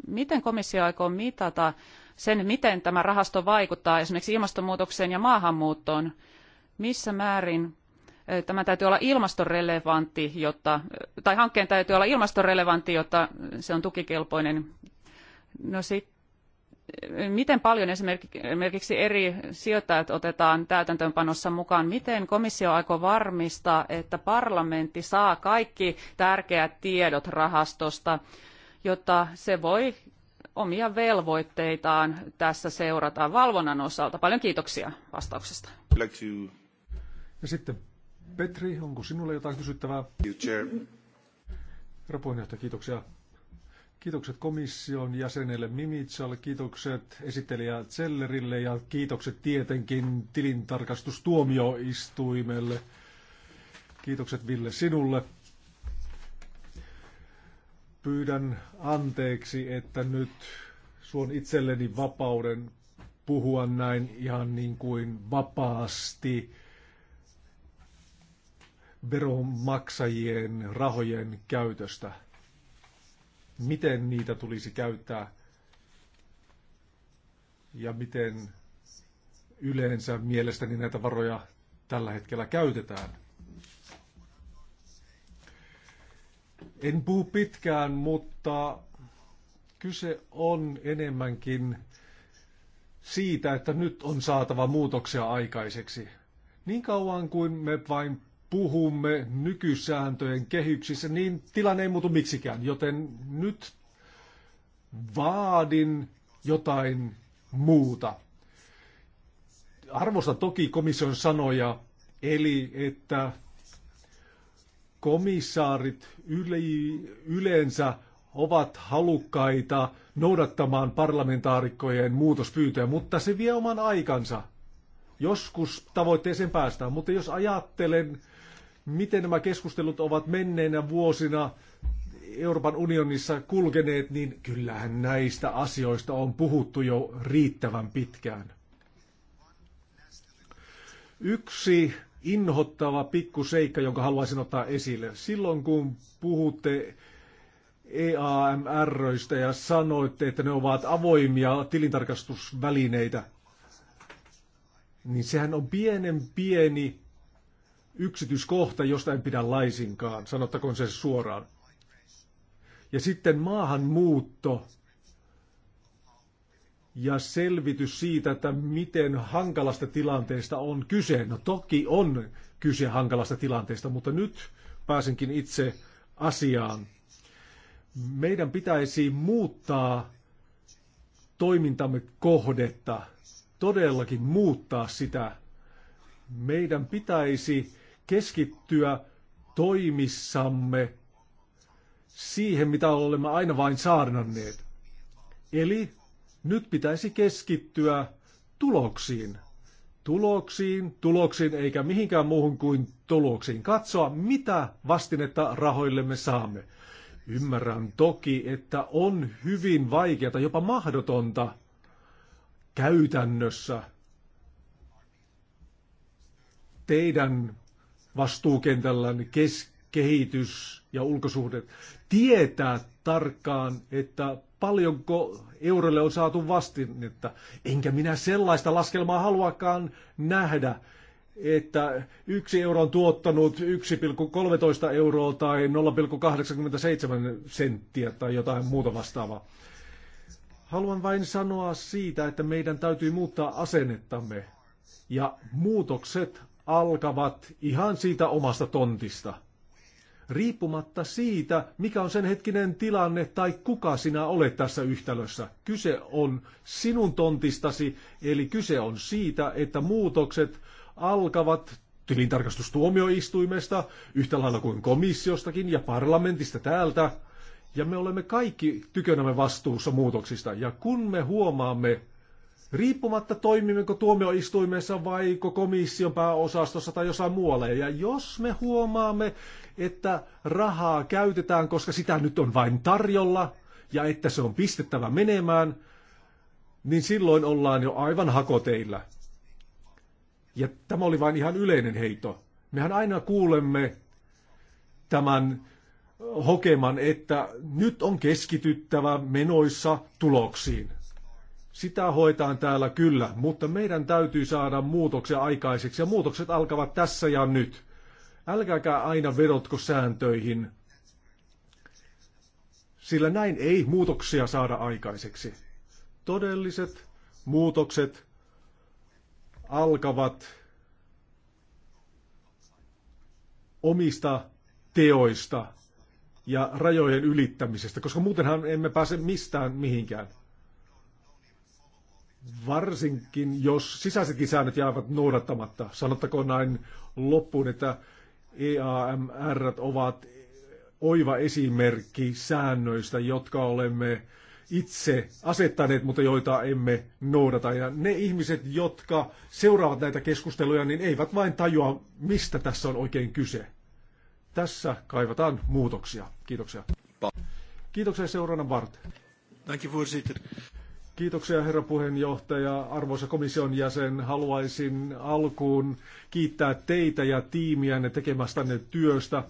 miten komissio aikoo mitata sen, miten tämä rahasto vaikuttaa esimerkiksi ilmastonmuutokseen ja maahanmuuttoon? Missä määrin äh, tämä täytyy olla ilmastorelevantti, jotta, tai hankkeen täytyy olla ilmastorelevantti, jotta se on tukikelpoinen. No sit, miten paljon esimerkiksi eri sijoittajat otetaan täytäntöönpanossa mukaan? Miten komissio aikoo varmistaa, että parlamentti saa kaikki tärkeät tiedot rahastosta, jotta se voi omia velvoitteitaan tässä seurata valvonnan osalta? Paljon kiitoksia vastauksesta. Ja sitten Petri, onko sinulle jotain kysyttävää? Herra puheenjohtaja, kiitoksia. Kiitokset komission jäsenelle Mimitsalle, kiitokset esittelijä Zellerille ja kiitokset tietenkin tilintarkastustuomioistuimelle. Kiitokset Ville sinulle. Pyydän anteeksi, että nyt suon itselleni vapauden puhua näin ihan niin kuin vapaasti veronmaksajien rahojen käytöstä miten niitä tulisi käyttää ja miten yleensä mielestäni näitä varoja tällä hetkellä käytetään. En puhu pitkään, mutta kyse on enemmänkin siitä, että nyt on saatava muutoksia aikaiseksi. Niin kauan kuin me vain puhumme nykysääntöjen kehyksissä, niin tilanne ei muutu miksikään. Joten nyt vaadin jotain muuta. Arvosta toki komission sanoja, eli että komissaarit yleensä ovat halukkaita noudattamaan parlamentaarikkojen muutospyyntöjä, mutta se vie oman aikansa. Joskus tavoitteeseen päästään, mutta jos ajattelen miten nämä keskustelut ovat menneinä vuosina Euroopan unionissa kulkeneet, niin kyllähän näistä asioista on puhuttu jo riittävän pitkään. Yksi inhottava pikkuseikka, jonka haluaisin ottaa esille. Silloin kun puhutte EAMRöistä ja sanoitte, että ne ovat avoimia tilintarkastusvälineitä, niin sehän on pienen pieni yksityiskohta, josta en pidä laisinkaan, sanottakoon se suoraan. Ja sitten maahanmuutto ja selvitys siitä, että miten hankalasta tilanteesta on kyse. No toki on kyse hankalasta tilanteesta, mutta nyt pääsenkin itse asiaan. Meidän pitäisi muuttaa toimintamme kohdetta, todellakin muuttaa sitä. Meidän pitäisi keskittyä toimissamme siihen, mitä olemme aina vain saarnanneet. Eli nyt pitäisi keskittyä tuloksiin. Tuloksiin, tuloksiin eikä mihinkään muuhun kuin tuloksiin. Katsoa, mitä vastinetta rahoillemme saamme. Ymmärrän toki, että on hyvin vaikeata, jopa mahdotonta käytännössä teidän vastuukentällään niin kes, kehitys ja ulkosuhteet tietää tarkkaan, että paljonko eurolle on saatu vastinetta. Enkä minä sellaista laskelmaa haluakaan nähdä, että yksi euro on tuottanut 1,13 euroa tai 0,87 senttiä tai jotain muuta vastaavaa. Haluan vain sanoa siitä, että meidän täytyy muuttaa asennettamme. Ja muutokset alkavat ihan siitä omasta tontista. Riippumatta siitä, mikä on sen hetkinen tilanne tai kuka sinä olet tässä yhtälössä. Kyse on sinun tontistasi, eli kyse on siitä, että muutokset alkavat tilintarkastustuomioistuimesta, yhtä lailla kuin komissiostakin ja parlamentista täältä. Ja me olemme kaikki tykönämme vastuussa muutoksista. Ja kun me huomaamme, riippumatta toimimmeko tuomioistuimessa vai komission pääosastossa tai jossain muualla. Ja jos me huomaamme, että rahaa käytetään, koska sitä nyt on vain tarjolla ja että se on pistettävä menemään, niin silloin ollaan jo aivan hakoteilla. Ja tämä oli vain ihan yleinen heito. Mehän aina kuulemme tämän hokeman, että nyt on keskityttävä menoissa tuloksiin. Sitä hoitaan täällä kyllä, mutta meidän täytyy saada muutoksia aikaiseksi ja muutokset alkavat tässä ja nyt. Älkääkää aina vedotko sääntöihin, sillä näin ei muutoksia saada aikaiseksi. Todelliset muutokset alkavat omista teoista ja rajojen ylittämisestä, koska muutenhan emme pääse mistään mihinkään. Varsinkin, jos sisäisetkin säännöt jäävät noudattamatta. Sanottakoon näin loppuun, että EAMR ovat oiva esimerkki säännöistä, jotka olemme itse asettaneet, mutta joita emme noudata. Ja ne ihmiset, jotka seuraavat näitä keskusteluja, niin eivät vain tajua, mistä tässä on oikein kyse. Tässä kaivataan muutoksia. Kiitoksia. Kiitoksia seurannan Bart. Dank voorzitter. Kiitoksia herra puheenjohtaja, arvoisa komission jäsen. Haluaisin alkuun kiittää teitä ja tiimiänne tekemästänne työstä.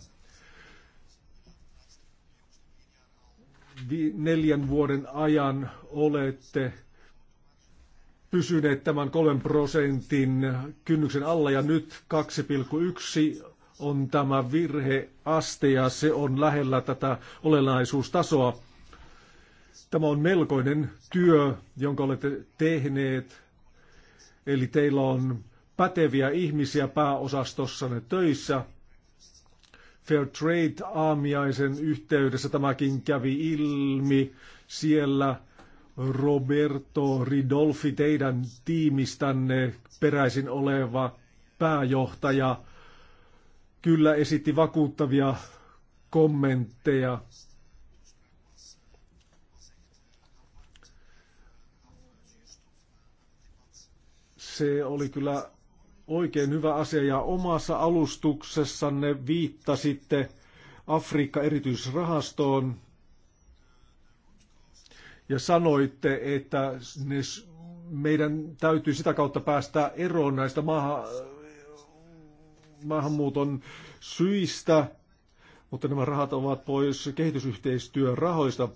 Neljän vuoden ajan olette pysyneet tämän kolmen prosentin kynnyksen alla ja nyt 2,1 on tämä virheaste ja se on lähellä tätä olennaisuustasoa. Tämä on melkoinen työ, jonka olette tehneet. Eli teillä on päteviä ihmisiä pääosastossanne töissä. Fair Trade-aamiaisen yhteydessä tämäkin kävi ilmi. Siellä Roberto Ridolfi, teidän tiimistänne peräisin oleva pääjohtaja, kyllä esitti vakuuttavia kommentteja Se oli kyllä oikein hyvä asia ja omassa alustuksessanne viittasitte Afrikka-erityisrahastoon ja sanoitte, että ne, meidän täytyy sitä kautta päästä eroon näistä maahan, maahanmuuton syistä, mutta nämä rahat ovat pois kehitysyhteistyön rahoista.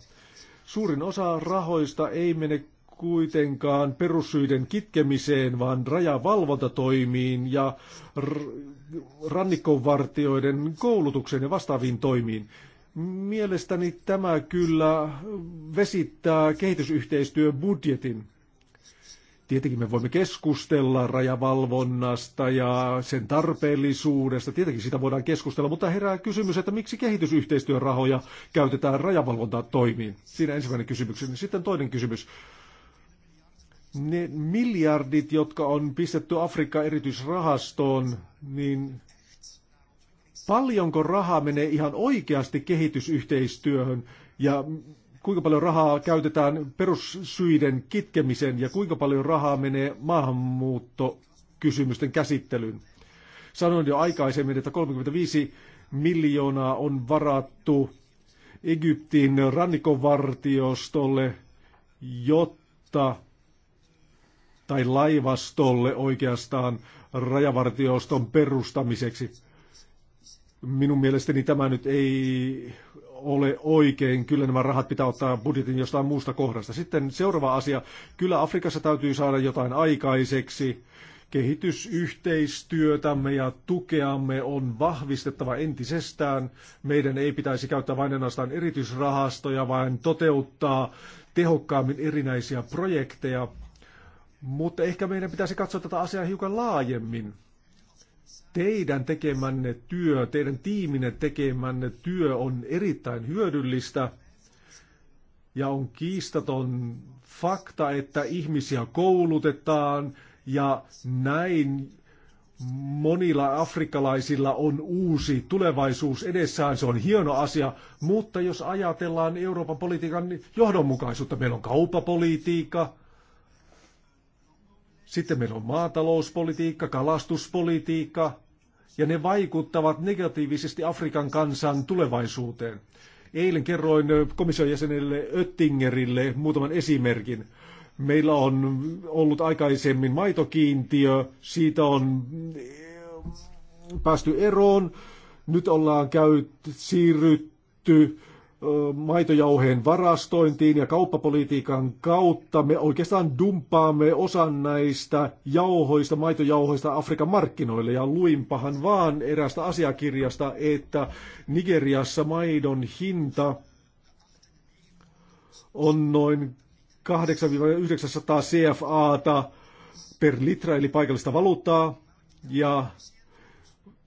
Suurin osa rahoista ei mene kuitenkaan perussyiden kitkemiseen, vaan rajavalvontatoimiin ja rannikkovartioiden koulutukseen ja vastaaviin toimiin. Mielestäni tämä kyllä vesittää kehitysyhteistyön budjetin. Tietenkin me voimme keskustella rajavalvonnasta ja sen tarpeellisuudesta. Tietenkin sitä voidaan keskustella, mutta herää kysymys, että miksi kehitysyhteistyörahoja käytetään rajavalvontatoimiin? Siinä ensimmäinen kysymys. Sitten toinen kysymys ne miljardit, jotka on pistetty Afrikan erityisrahastoon, niin paljonko rahaa menee ihan oikeasti kehitysyhteistyöhön ja kuinka paljon rahaa käytetään perussyiden kitkemiseen ja kuinka paljon rahaa menee maahanmuuttokysymysten käsittelyyn. Sanoin jo aikaisemmin, että 35 miljoonaa on varattu Egyptin rannikovartiostolle, jotta tai laivastolle oikeastaan rajavartioston perustamiseksi. Minun mielestäni tämä nyt ei ole oikein. Kyllä nämä rahat pitää ottaa budjetin jostain muusta kohdasta. Sitten seuraava asia. Kyllä Afrikassa täytyy saada jotain aikaiseksi. Kehitysyhteistyötämme ja tukeamme on vahvistettava entisestään. Meidän ei pitäisi käyttää vain ainoastaan erityisrahastoja, vaan toteuttaa tehokkaammin erinäisiä projekteja mutta ehkä meidän pitäisi katsoa tätä asiaa hiukan laajemmin. Teidän tekemänne työ, teidän tiiminne tekemänne työ on erittäin hyödyllistä ja on kiistaton fakta, että ihmisiä koulutetaan ja näin monilla afrikkalaisilla on uusi tulevaisuus edessään. Se on hieno asia, mutta jos ajatellaan Euroopan politiikan johdonmukaisuutta, meillä on kauppapolitiikka, sitten meillä on maatalouspolitiikka, kalastuspolitiikka, ja ne vaikuttavat negatiivisesti Afrikan kansan tulevaisuuteen. Eilen kerroin komission jäsenelle Öttingerille muutaman esimerkin. Meillä on ollut aikaisemmin maitokiintiö, siitä on päästy eroon. Nyt ollaan käyt, siirrytty maitojauheen varastointiin ja kauppapolitiikan kautta me oikeastaan dumppaamme osan näistä jauhoista, maitojauhoista Afrikan markkinoille. Ja luinpahan vaan erästä asiakirjasta, että Nigeriassa maidon hinta on noin 8-900 CFAta per litra, eli paikallista valuuttaa. Ja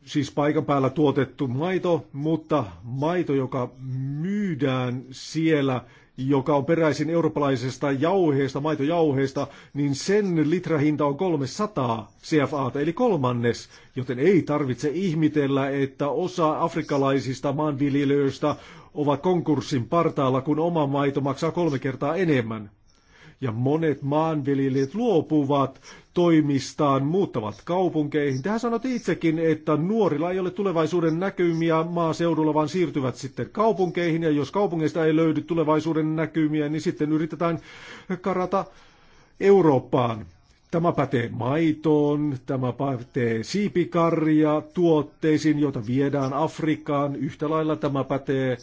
siis paikan päällä tuotettu maito, mutta maito, joka myydään siellä, joka on peräisin eurooppalaisesta jauheesta, maitojauheesta, niin sen litrahinta on 300 CFA, eli kolmannes, joten ei tarvitse ihmitellä, että osa afrikkalaisista maanviljelijöistä ovat konkurssin partaalla, kun oma maito maksaa kolme kertaa enemmän. Ja monet maanviljelijät luopuvat toimistaan, muuttavat kaupunkeihin. Tähän sanot itsekin, että nuorilla ei ole tulevaisuuden näkymiä maaseudulla, vaan siirtyvät sitten kaupunkeihin. Ja jos kaupungeista ei löydy tulevaisuuden näkymiä, niin sitten yritetään karata Eurooppaan. Tämä pätee maitoon, tämä pätee siipikarja tuotteisiin, joita viedään Afrikaan. Yhtä lailla tämä pätee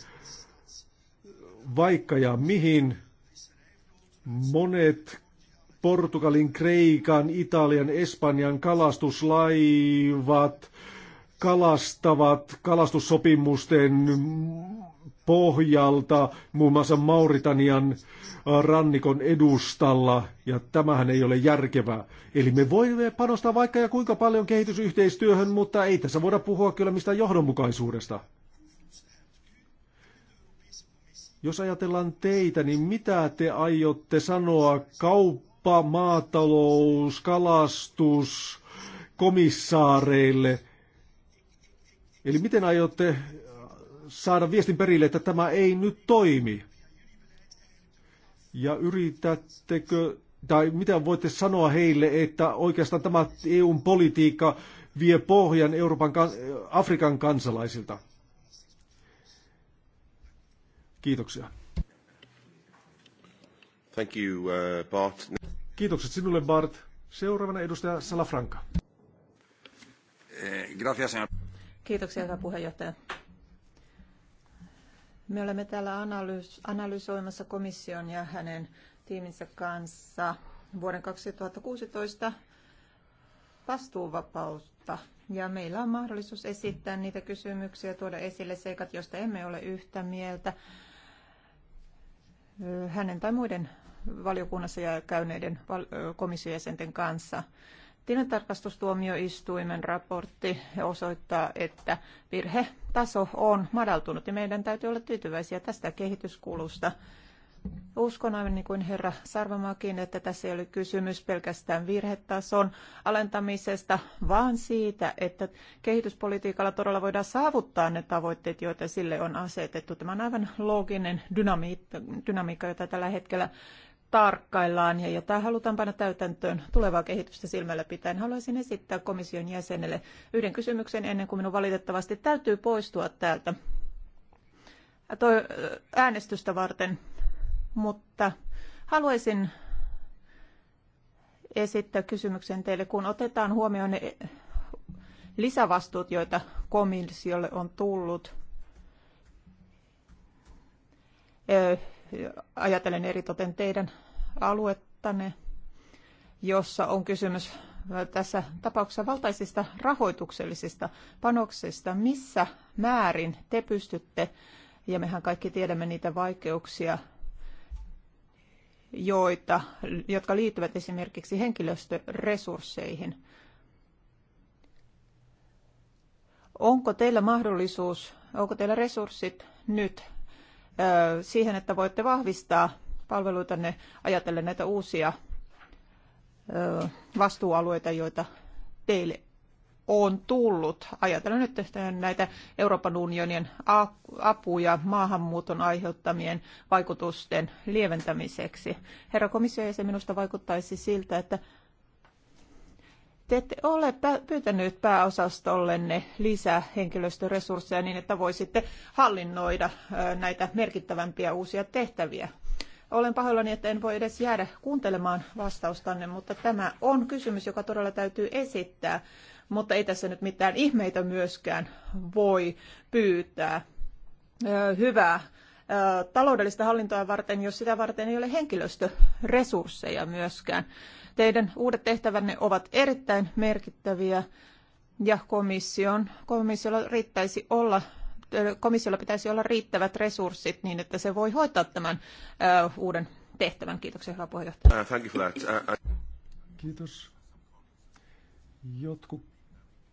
vaikka ja mihin Monet Portugalin, Kreikan, Italian, Espanjan kalastuslaivat kalastavat kalastussopimusten pohjalta muun muassa Mauritanian rannikon edustalla, ja tämähän ei ole järkevää. Eli me voimme panostaa vaikka ja kuinka paljon kehitysyhteistyöhön, mutta ei tässä voida puhua kyllä mistään johdonmukaisuudesta. Jos ajatellaan teitä, niin mitä te aiotte sanoa kauppa, maatalous, kalastus, komissaareille? Eli miten aiotte äh, saada viestin perille, että tämä ei nyt toimi? Ja yritättekö, tai mitä voitte sanoa heille, että oikeastaan tämä EUn politiikka vie pohjan Euroopan, Afrikan kansalaisilta? Kiitoksia. Thank you, uh, Bart. Kiitokset sinulle, Bart. Seuraavana edustaja Salafranca. Eh, gracias, Kiitoksia, hyvä puheenjohtaja. Me olemme täällä analysoimassa komission ja hänen tiiminsä kanssa vuoden 2016 vastuuvapautta. Ja meillä on mahdollisuus esittää niitä kysymyksiä ja tuoda esille seikat, joista emme ole yhtä mieltä hänen tai muiden valiokunnassa ja käyneiden komissiojäsenten kanssa. Tilintarkastustuomioistuimen raportti osoittaa, että virhetaso on madaltunut ja meidän täytyy olla tyytyväisiä tästä kehityskulusta. Uskon aivan niin kuin herra Sarvamaakin, että tässä ei ole kysymys pelkästään virhetason alentamisesta, vaan siitä, että kehityspolitiikalla todella voidaan saavuttaa ne tavoitteet, joita sille on asetettu. Tämä on aivan looginen dynamiikka, jota tällä hetkellä tarkkaillaan ja jota halutaan panna täytäntöön tulevaa kehitystä silmällä pitäen. Haluaisin esittää komission jäsenelle yhden kysymyksen ennen kuin minun valitettavasti täytyy poistua täältä äänestystä varten mutta haluaisin esittää kysymyksen teille, kun otetaan huomioon ne lisävastuut, joita komissiolle on tullut. Ajatellen eritoten teidän aluettanne, jossa on kysymys tässä tapauksessa valtaisista rahoituksellisista panoksista. Missä määrin te pystytte, ja mehän kaikki tiedämme niitä vaikeuksia, joita, jotka liittyvät esimerkiksi henkilöstöresursseihin. Onko teillä mahdollisuus, onko teillä resurssit nyt siihen, että voitte vahvistaa palveluitanne ajatellen näitä uusia vastuualueita, joita teille on tullut. Ajatellaan nyt näitä Euroopan unionin apuja maahanmuuton aiheuttamien vaikutusten lieventämiseksi. Herra komissio, se minusta vaikuttaisi siltä, että te ette ole pyytänyt pääosastollenne lisää henkilöstöresursseja niin, että voisitte hallinnoida näitä merkittävämpiä uusia tehtäviä. Olen pahoillani, että en voi edes jäädä kuuntelemaan vastaustanne, mutta tämä on kysymys, joka todella täytyy esittää mutta ei tässä nyt mitään ihmeitä myöskään voi pyytää. Hyvää taloudellista hallintoa varten, jos sitä varten ei ole henkilöstöresursseja myöskään. Teidän uudet tehtävänne ovat erittäin merkittäviä ja komission, komissiolla, riittäisi olla, komissiolla pitäisi olla riittävät resurssit niin, että se voi hoitaa tämän uh, uuden tehtävän. Kiitoksia, hyvä puheenjohtaja. Uh, thank you for that. Uh, I... Kiitos. Jotkut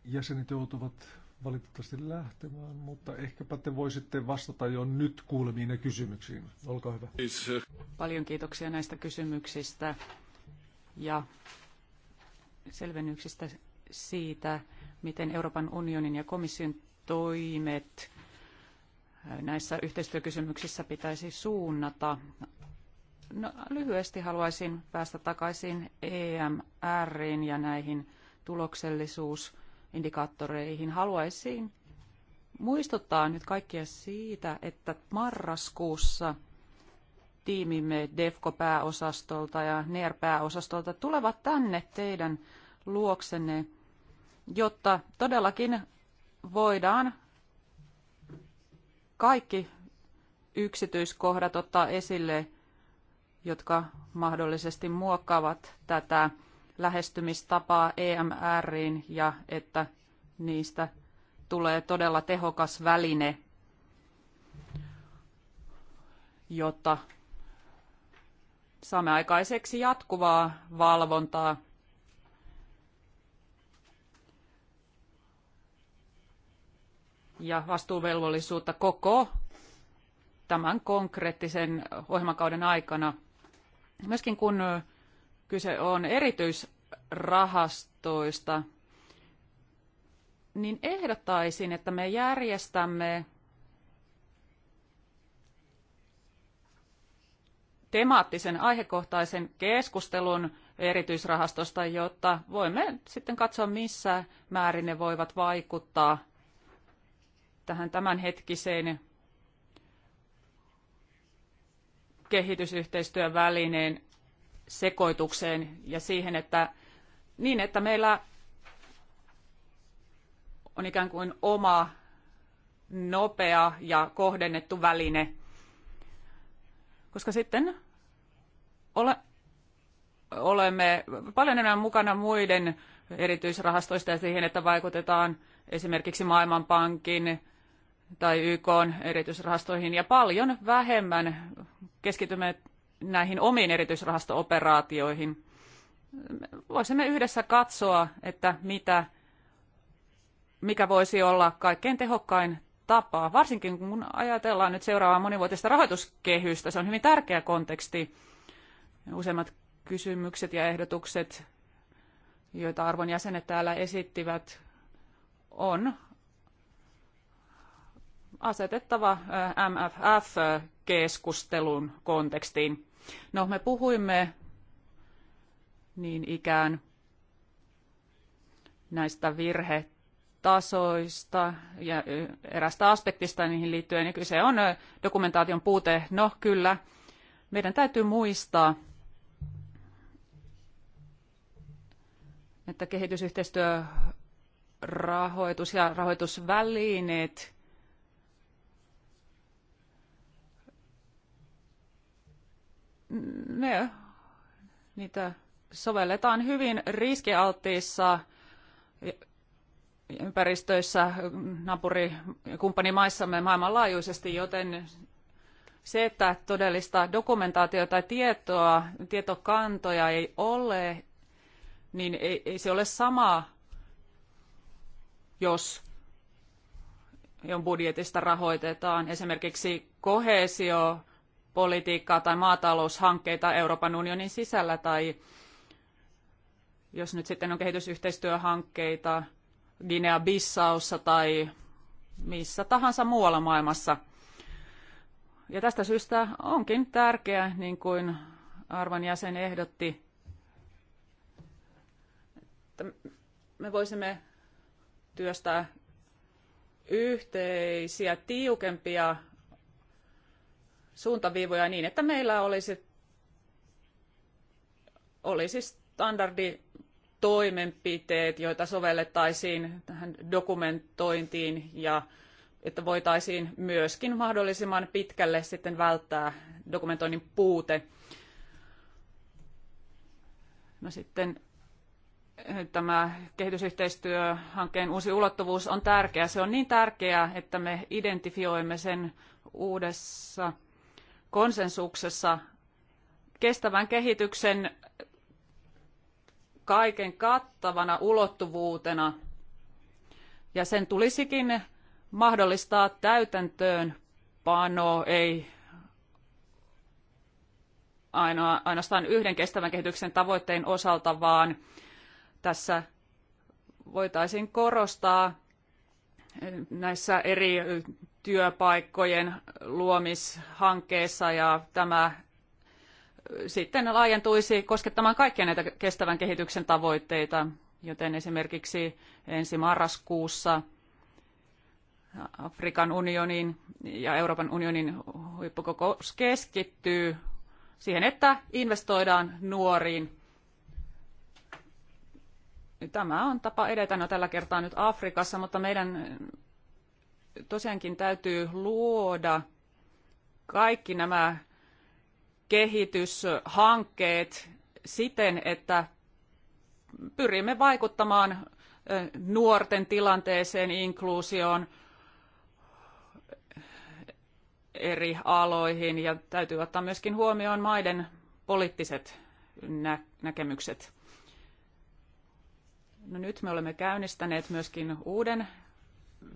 jäsenet joutuvat valitettavasti lähtemään, mutta ehkäpä te voisitte vastata jo nyt kuulemiin ja kysymyksiin. Olkaa hyvä. Paljon kiitoksia näistä kysymyksistä ja selvennyksistä siitä, miten Euroopan unionin ja komission toimet näissä yhteistyökysymyksissä pitäisi suunnata. No, lyhyesti haluaisin päästä takaisin EMRin ja näihin tuloksellisuus- indikaattoreihin. Haluaisin muistuttaa nyt kaikkia siitä, että marraskuussa tiimimme DEFCO-pääosastolta ja NER-pääosastolta tulevat tänne teidän luoksenne, jotta todellakin voidaan kaikki yksityiskohdat ottaa esille, jotka mahdollisesti muokkaavat tätä lähestymistapaa EMRiin ja että niistä tulee todella tehokas väline, jotta saamme aikaiseksi jatkuvaa valvontaa ja vastuuvelvollisuutta koko tämän konkreettisen ohjelmakauden aikana. Myöskin kun kyse on erityisrahastoista, niin ehdottaisin, että me järjestämme temaattisen aihekohtaisen keskustelun erityisrahastosta, jotta voimme sitten katsoa, missä määrin ne voivat vaikuttaa tähän tämänhetkiseen kehitysyhteistyön sekoitukseen ja siihen, että niin, että meillä on ikään kuin oma nopea ja kohdennettu väline, koska sitten ole, olemme paljon enemmän mukana muiden erityisrahastoista ja siihen, että vaikutetaan esimerkiksi Maailmanpankin tai YK erityisrahastoihin ja paljon vähemmän keskitymme näihin omiin erityisrahasto-operaatioihin. Voisimme yhdessä katsoa, että mitä, mikä voisi olla kaikkein tehokkain tapa, varsinkin kun ajatellaan nyt seuraavaa monivuotista rahoituskehystä. Se on hyvin tärkeä konteksti. Useimmat kysymykset ja ehdotukset, joita arvon jäsenet täällä esittivät, on asetettava MFF-keskustelun kontekstiin. No, me puhuimme niin ikään näistä virhetasoista ja erästä aspektista niihin liittyen, ja kyse on dokumentaation puute. No kyllä, meidän täytyy muistaa, että kehitysyhteistyörahoitus ja rahoitusvälineet ne, niitä sovelletaan hyvin riskialttiissa ympäristöissä, naapuri- ja kumppanimaissamme maailmanlaajuisesti, joten se, että todellista dokumentaatiota tai tietoa, tietokantoja ei ole, niin ei, ei se ole sama, jos budjetista rahoitetaan esimerkiksi kohesio politiikkaa tai maataloushankkeita Euroopan unionin sisällä tai jos nyt sitten on kehitysyhteistyöhankkeita Guinea-Bissaussa tai missä tahansa muualla maailmassa. Ja tästä syystä onkin tärkeää, niin kuin arvon jäsen ehdotti, että me voisimme työstää yhteisiä tiukempia suuntaviivoja niin, että meillä olisi, olisi standardi toimenpiteet, joita sovellettaisiin tähän dokumentointiin ja että voitaisiin myöskin mahdollisimman pitkälle sitten välttää dokumentoinnin puute. No sitten eh, tämä kehitysyhteistyöhankkeen uusi ulottuvuus on tärkeä. Se on niin tärkeää, että me identifioimme sen uudessa konsensuksessa kestävän kehityksen kaiken kattavana ulottuvuutena ja sen tulisikin mahdollistaa täytäntöön pano, ei ainoa, ainoastaan yhden kestävän kehityksen tavoitteen osalta, vaan tässä voitaisiin korostaa näissä eri työpaikkojen luomishankkeessa ja tämä sitten laajentuisi koskettamaan kaikkia näitä kestävän kehityksen tavoitteita, joten esimerkiksi ensi marraskuussa Afrikan unionin ja Euroopan unionin huippukokous keskittyy siihen, että investoidaan nuoriin. Tämä on tapa edetä no tällä kertaa nyt Afrikassa, mutta meidän tosiaankin täytyy luoda kaikki nämä kehityshankkeet siten, että pyrimme vaikuttamaan nuorten tilanteeseen, inkluusioon, eri aloihin ja täytyy ottaa myöskin huomioon maiden poliittiset nä- näkemykset. No nyt me olemme käynnistäneet myöskin uuden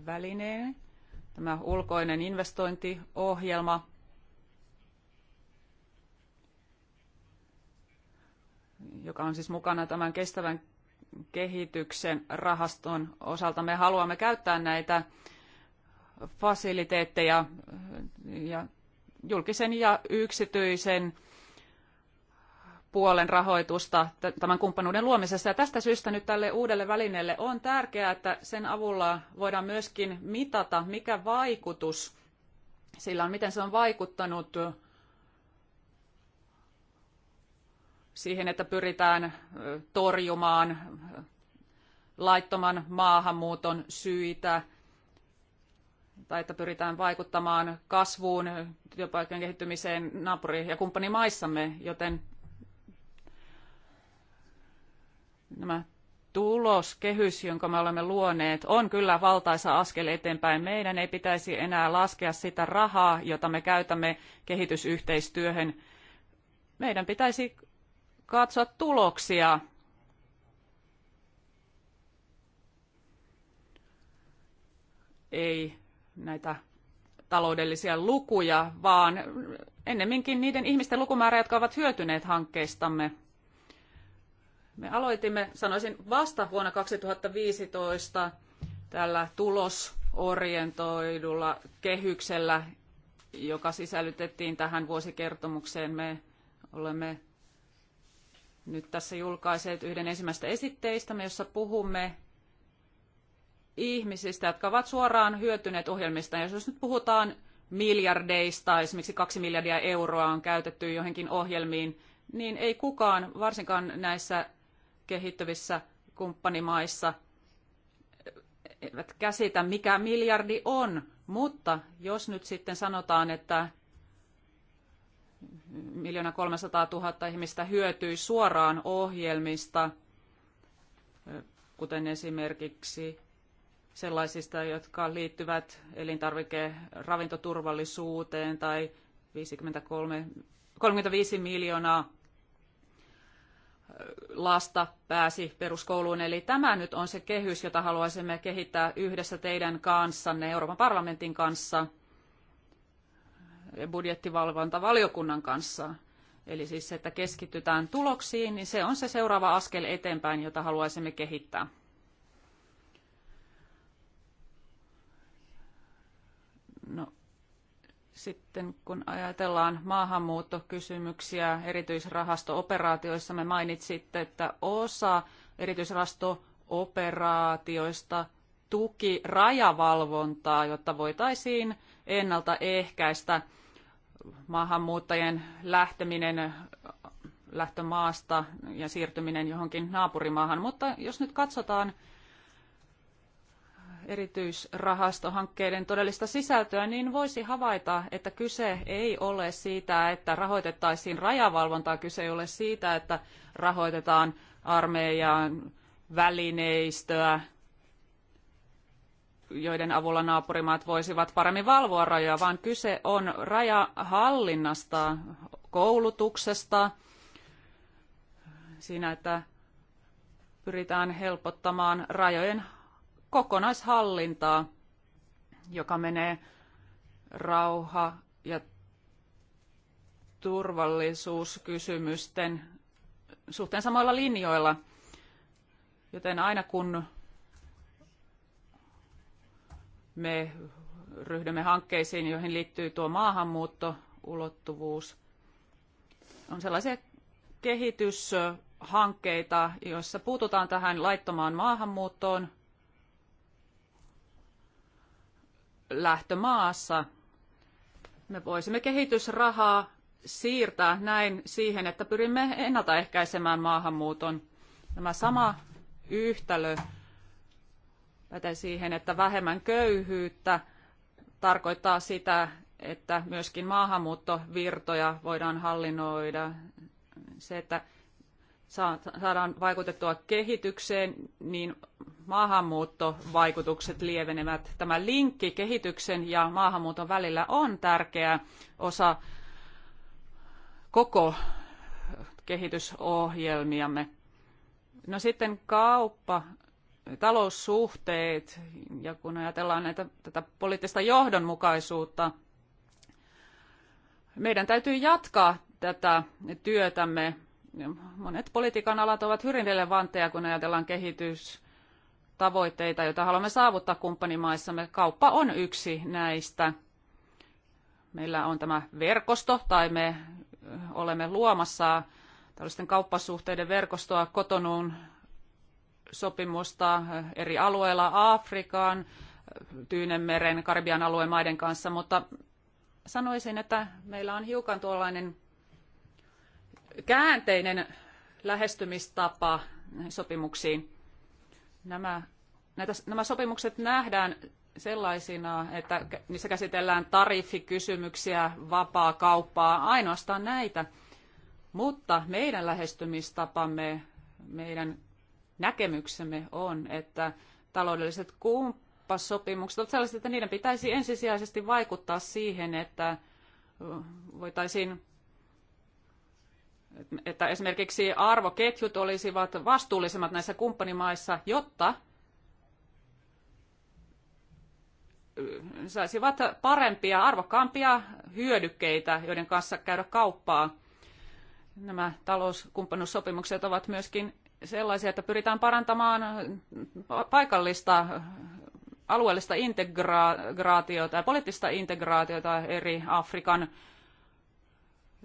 välineen, Tämä ulkoinen investointiohjelma joka on siis mukana tämän kestävän kehityksen rahaston osalta. Me haluamme käyttää näitä fasiliteetteja ja julkisen ja yksityisen puolen rahoitusta tämän kumppanuuden luomisessa. Ja tästä syystä nyt tälle uudelle välineelle on tärkeää, että sen avulla voidaan myöskin mitata, mikä vaikutus sillä on, miten se on vaikuttanut siihen, että pyritään torjumaan laittoman maahanmuuton syitä tai että pyritään vaikuttamaan kasvuun, työpaikan kehittymiseen naapuri- ja kumppanimaissamme, joten nämä tuloskehys, jonka me olemme luoneet, on kyllä valtaisa askel eteenpäin. Meidän ei pitäisi enää laskea sitä rahaa, jota me käytämme kehitysyhteistyöhön. Meidän pitäisi katsoa tuloksia. Ei näitä taloudellisia lukuja, vaan ennemminkin niiden ihmisten lukumäärä, jotka ovat hyötyneet hankkeistamme. Me aloitimme, sanoisin, vasta vuonna 2015 tällä tulosorientoidulla kehyksellä, joka sisällytettiin tähän vuosikertomukseen. Me olemme nyt tässä julkaiseet yhden ensimmäistä esitteistä, jossa puhumme ihmisistä, jotka ovat suoraan hyötyneet ohjelmista. Ja jos nyt puhutaan miljardeista, esimerkiksi kaksi miljardia euroa on käytetty johonkin ohjelmiin, niin ei kukaan, varsinkaan näissä kehittyvissä kumppanimaissa eivät käsitä, mikä miljardi on, mutta jos nyt sitten sanotaan, että miljoona 300 000 ihmistä hyötyi suoraan ohjelmista, kuten esimerkiksi sellaisista, jotka liittyvät elintarvike- ravintoturvallisuuteen tai 53, 35 miljoonaa lasta pääsi peruskouluun. Eli tämä nyt on se kehys, jota haluaisimme kehittää yhdessä teidän kanssanne, Euroopan parlamentin kanssa ja budjettivalvontavaliokunnan kanssa. Eli siis, että keskitytään tuloksiin, niin se on se seuraava askel eteenpäin, jota haluaisimme kehittää. Sitten kun ajatellaan maahanmuuttokysymyksiä erityisrahasto-operaatioissa, me mainitsitte, että osa erityisrahasto-operaatioista tuki rajavalvontaa, jotta voitaisiin ennaltaehkäistä maahanmuuttajien lähteminen lähtömaasta ja siirtyminen johonkin naapurimaahan. Mutta jos nyt katsotaan erityisrahastohankkeiden todellista sisältöä, niin voisi havaita, että kyse ei ole siitä, että rahoitettaisiin rajavalvontaa, kyse ei ole siitä, että rahoitetaan armeijan välineistöä, joiden avulla naapurimaat voisivat paremmin valvoa rajoja, vaan kyse on rajahallinnasta, koulutuksesta, siinä, että pyritään helpottamaan rajojen kokonaishallintaa, joka menee rauha- ja turvallisuuskysymysten suhteen samoilla linjoilla. Joten aina kun me ryhdymme hankkeisiin, joihin liittyy tuo maahanmuuttoulottuvuus, on sellaisia kehityshankkeita, joissa puututaan tähän laittomaan maahanmuuttoon lähtömaassa. Me voisimme kehitysrahaa siirtää näin siihen, että pyrimme ennaltaehkäisemään maahanmuuton. Tämä sama yhtälö pätee siihen, että vähemmän köyhyyttä tarkoittaa sitä, että myöskin maahanmuuttovirtoja voidaan hallinnoida. Se, että saadaan vaikutettua kehitykseen, niin maahanmuuttovaikutukset lievenevät. Tämä linkki kehityksen ja maahanmuuton välillä on tärkeä osa koko kehitysohjelmiamme. No sitten kauppa, taloussuhteet ja kun ajatellaan näitä, tätä poliittista johdonmukaisuutta, meidän täytyy jatkaa tätä työtämme niin, monet politiikan alat ovat hyvin relevantteja, kun ajatellaan kehitystavoitteita, joita haluamme saavuttaa kumppanimaissamme. Kauppa on yksi näistä. Meillä on tämä verkosto, tai me olemme luomassa tällaisten kauppasuhteiden verkostoa kotonuun sopimusta eri alueilla Afrikaan, Tyynenmeren, Karibian alueen maiden kanssa, mutta sanoisin, että meillä on hiukan tuollainen käänteinen lähestymistapa näihin sopimuksiin. Nämä, näitä, nämä sopimukset nähdään sellaisina, että niissä käsitellään tariffikysymyksiä, vapaa kauppaa, ainoastaan näitä. Mutta meidän lähestymistapamme, meidän näkemyksemme on, että taloudelliset kumppasopimukset ovat sellaiset, että niiden pitäisi ensisijaisesti vaikuttaa siihen, että voitaisiin että esimerkiksi arvoketjut olisivat vastuullisemmat näissä kumppanimaissa, jotta saisivat parempia, arvokkaampia hyödykkeitä, joiden kanssa käydä kauppaa. Nämä talouskumppanuussopimukset ovat myöskin sellaisia, että pyritään parantamaan paikallista alueellista integraatiota ja poliittista integraatiota eri Afrikan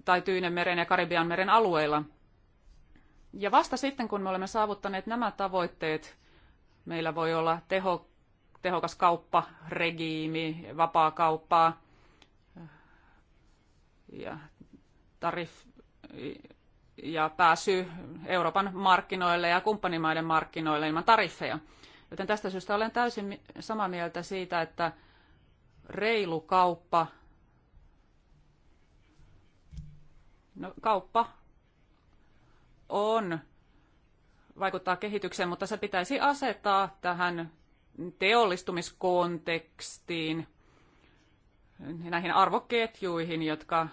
tai Tyynenmeren ja Karibian meren alueilla. Ja vasta sitten, kun me olemme saavuttaneet nämä tavoitteet, meillä voi olla teho, tehokas kauppa, regiimi, vapaa kauppaa ja tariff ja pääsy Euroopan markkinoille ja kumppanimaiden markkinoille ilman tariffeja. Joten tästä syystä olen täysin samaa mieltä siitä, että reilu kauppa No, kauppa on, vaikuttaa kehitykseen, mutta se pitäisi asettaa tähän teollistumiskontekstiin, näihin arvoketjuihin, jotka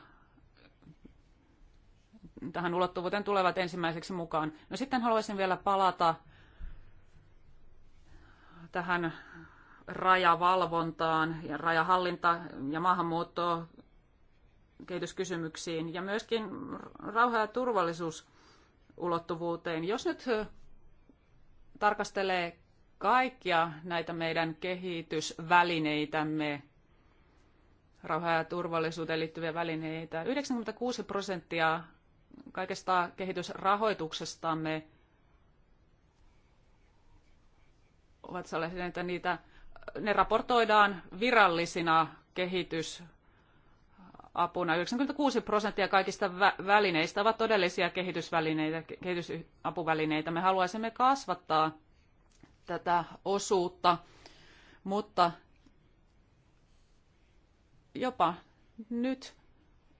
tähän ulottuvuuteen tulevat ensimmäiseksi mukaan. No sitten haluaisin vielä palata tähän rajavalvontaan ja rajahallinta ja maahanmuuttoon kehityskysymyksiin ja myöskin rauha- ja turvallisuusulottuvuuteen. Jos nyt tarkastelee kaikkia näitä meidän kehitysvälineitämme, rauha- ja turvallisuuteen liittyviä välineitä. 96 prosenttia kaikesta kehitysrahoituksestamme ovat sellaisia, että niitä, ne raportoidaan virallisina kehitys apuna. 96 prosenttia kaikista välineistä ovat todellisia kehitysvälineitä, kehitysapuvälineitä. Me haluaisimme kasvattaa tätä osuutta, mutta jopa nyt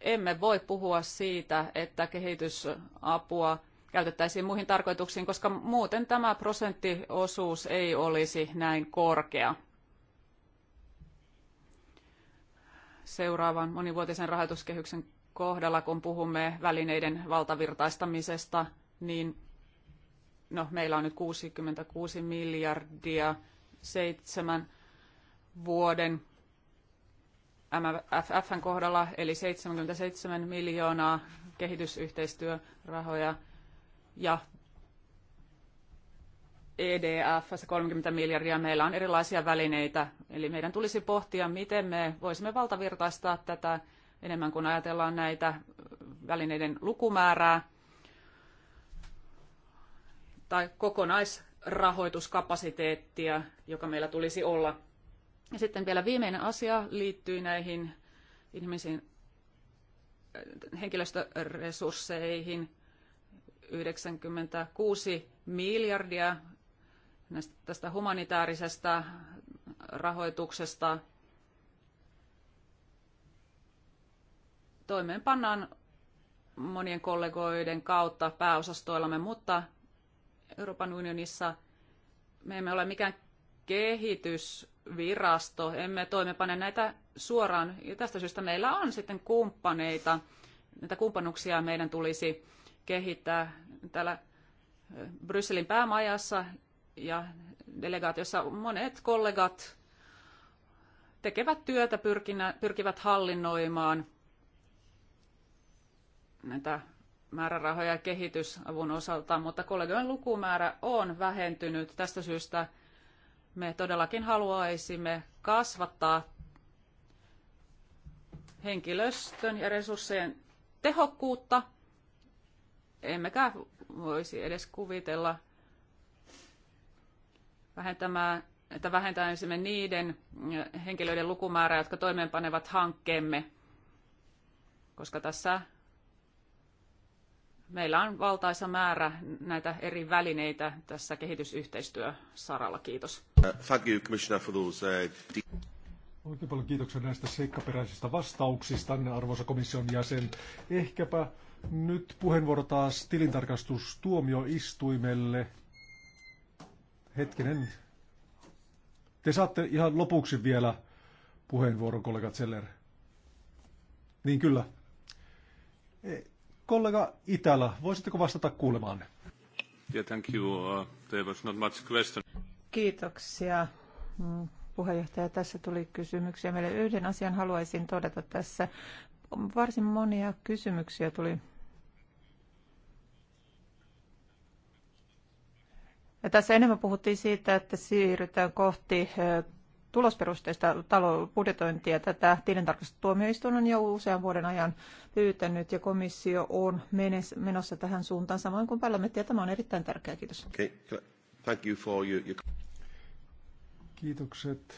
emme voi puhua siitä, että kehitysapua käytettäisiin muihin tarkoituksiin, koska muuten tämä prosenttiosuus ei olisi näin korkea. seuraavan monivuotisen rahoituskehyksen kohdalla, kun puhumme välineiden valtavirtaistamisesta, niin no, meillä on nyt 66 miljardia seitsemän vuoden MFFn kohdalla, eli 77 miljoonaa kehitysyhteistyörahoja ja EDF, 30 miljardia, meillä on erilaisia välineitä. Eli meidän tulisi pohtia, miten me voisimme valtavirtaistaa tätä enemmän, kuin ajatellaan näitä välineiden lukumäärää tai kokonaisrahoituskapasiteettia, joka meillä tulisi olla. Ja sitten vielä viimeinen asia liittyy näihin ihmisiin, henkilöstöresursseihin. 96 miljardia näistä, tästä humanitaarisesta rahoituksesta toimeenpannaan monien kollegoiden kautta pääosastoillamme, mutta Euroopan unionissa me emme ole mikään kehitysvirasto, emme toimepane näitä suoraan. Ja tästä syystä meillä on sitten kumppaneita, näitä kumppanuksia meidän tulisi kehittää. Täällä Brysselin päämajassa ja delegaatiossa monet kollegat tekevät työtä, pyrkinä, pyrkivät hallinnoimaan näitä määrärahoja kehitysavun osalta, mutta kollegojen lukumäärä on vähentynyt. Tästä syystä me todellakin haluaisimme kasvattaa henkilöstön ja resurssien tehokkuutta, emmekä voisi edes kuvitella, vähentämään, että vähentäisimme niiden eh, henkilöiden lukumäärää, jotka toimeenpanevat hankkeemme, koska tässä meillä on valtaisa määrä näitä eri välineitä tässä kehitysyhteistyösaralla. Kiitos. Uh, thank you, Commissioner, for those, uh, Oikein paljon kiitoksia näistä seikkaperäisistä vastauksista, arvoisa komission jäsen. Ehkäpä nyt puheenvuoro taas tilintarkastustuomioistuimelle. Hetkinen. Te saatte ihan lopuksi vielä puheenvuoron, kollega Zeller. Niin kyllä. E, kollega Itälä, voisitteko vastata kuulemaan? Yeah, thank you. Uh, there was not much question. Kiitoksia mm, puheenjohtaja. Tässä tuli kysymyksiä. Meille yhden asian haluaisin todeta tässä. Varsin monia kysymyksiä tuli Ja tässä enemmän puhuttiin siitä, että siirrytään kohti tulosperusteista budjetointia tätä tilintarkastustuomioistuin on jo usean vuoden ajan pyytänyt ja komissio on menossa tähän suuntaan samoin kuin parlamentti ja tämä on erittäin tärkeä Kiitos. Okay. Thank you for your... Kiitokset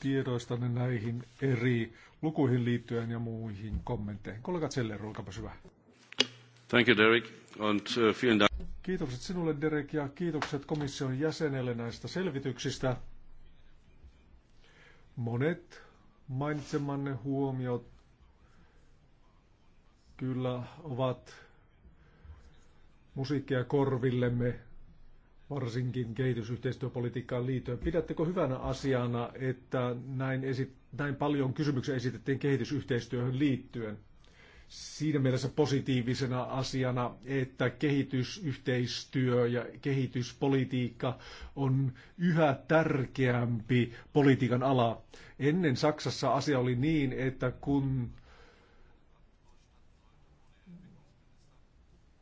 tiedoistanne näihin eri lukuihin liittyen ja muihin kommentteihin. Kollega Zeller, olkaapa hyvä. Thank you, Derek. Und, uh, vielen Dank. Kiitokset sinulle, Derek, ja kiitokset komission jäsenelle näistä selvityksistä. Monet mainitsemanne huomiot kyllä ovat musiikkia korvillemme, varsinkin kehitysyhteistyöpolitiikkaan liittyen. Pidättekö hyvänä asiana, että näin, esit- näin paljon kysymyksiä esitettiin kehitysyhteistyöhön liittyen? siinä mielessä positiivisena asiana, että kehitysyhteistyö ja kehityspolitiikka on yhä tärkeämpi politiikan ala. Ennen Saksassa asia oli niin, että kun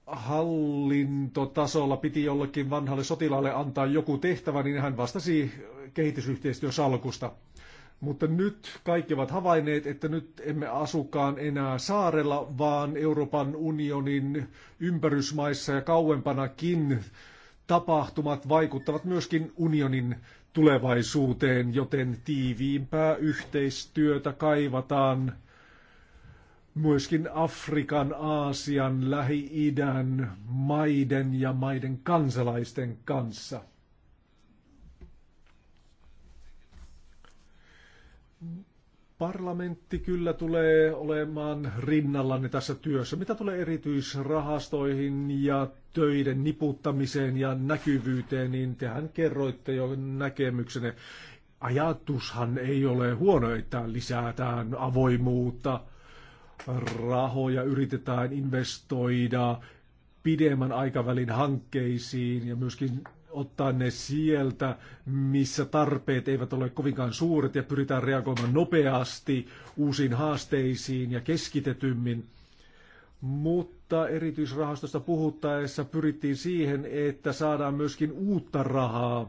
hallintotasolla piti jollekin vanhalle sotilaalle antaa joku tehtävä, niin hän vastasi kehitysyhteistyösalkusta. Mutta nyt kaikki ovat havainneet, että nyt emme asukaan enää saarella, vaan Euroopan unionin ympärysmaissa ja kauempanakin tapahtumat vaikuttavat myöskin unionin tulevaisuuteen, joten tiiviimpää yhteistyötä kaivataan myöskin Afrikan, Aasian, Lähi-idän maiden ja maiden kansalaisten kanssa. Parlamentti kyllä tulee olemaan rinnallanne tässä työssä. Mitä tulee erityisrahastoihin ja töiden niputtamiseen ja näkyvyyteen, niin tehän kerroitte jo näkemyksenne. Ajatushan ei ole huono, että lisätään avoimuutta, rahoja yritetään investoida pidemmän aikavälin hankkeisiin ja myöskin ottaa ne sieltä, missä tarpeet eivät ole kovinkaan suuret ja pyritään reagoimaan nopeasti uusiin haasteisiin ja keskitetymmin. Mutta erityisrahastosta puhuttaessa pyrittiin siihen, että saadaan myöskin uutta rahaa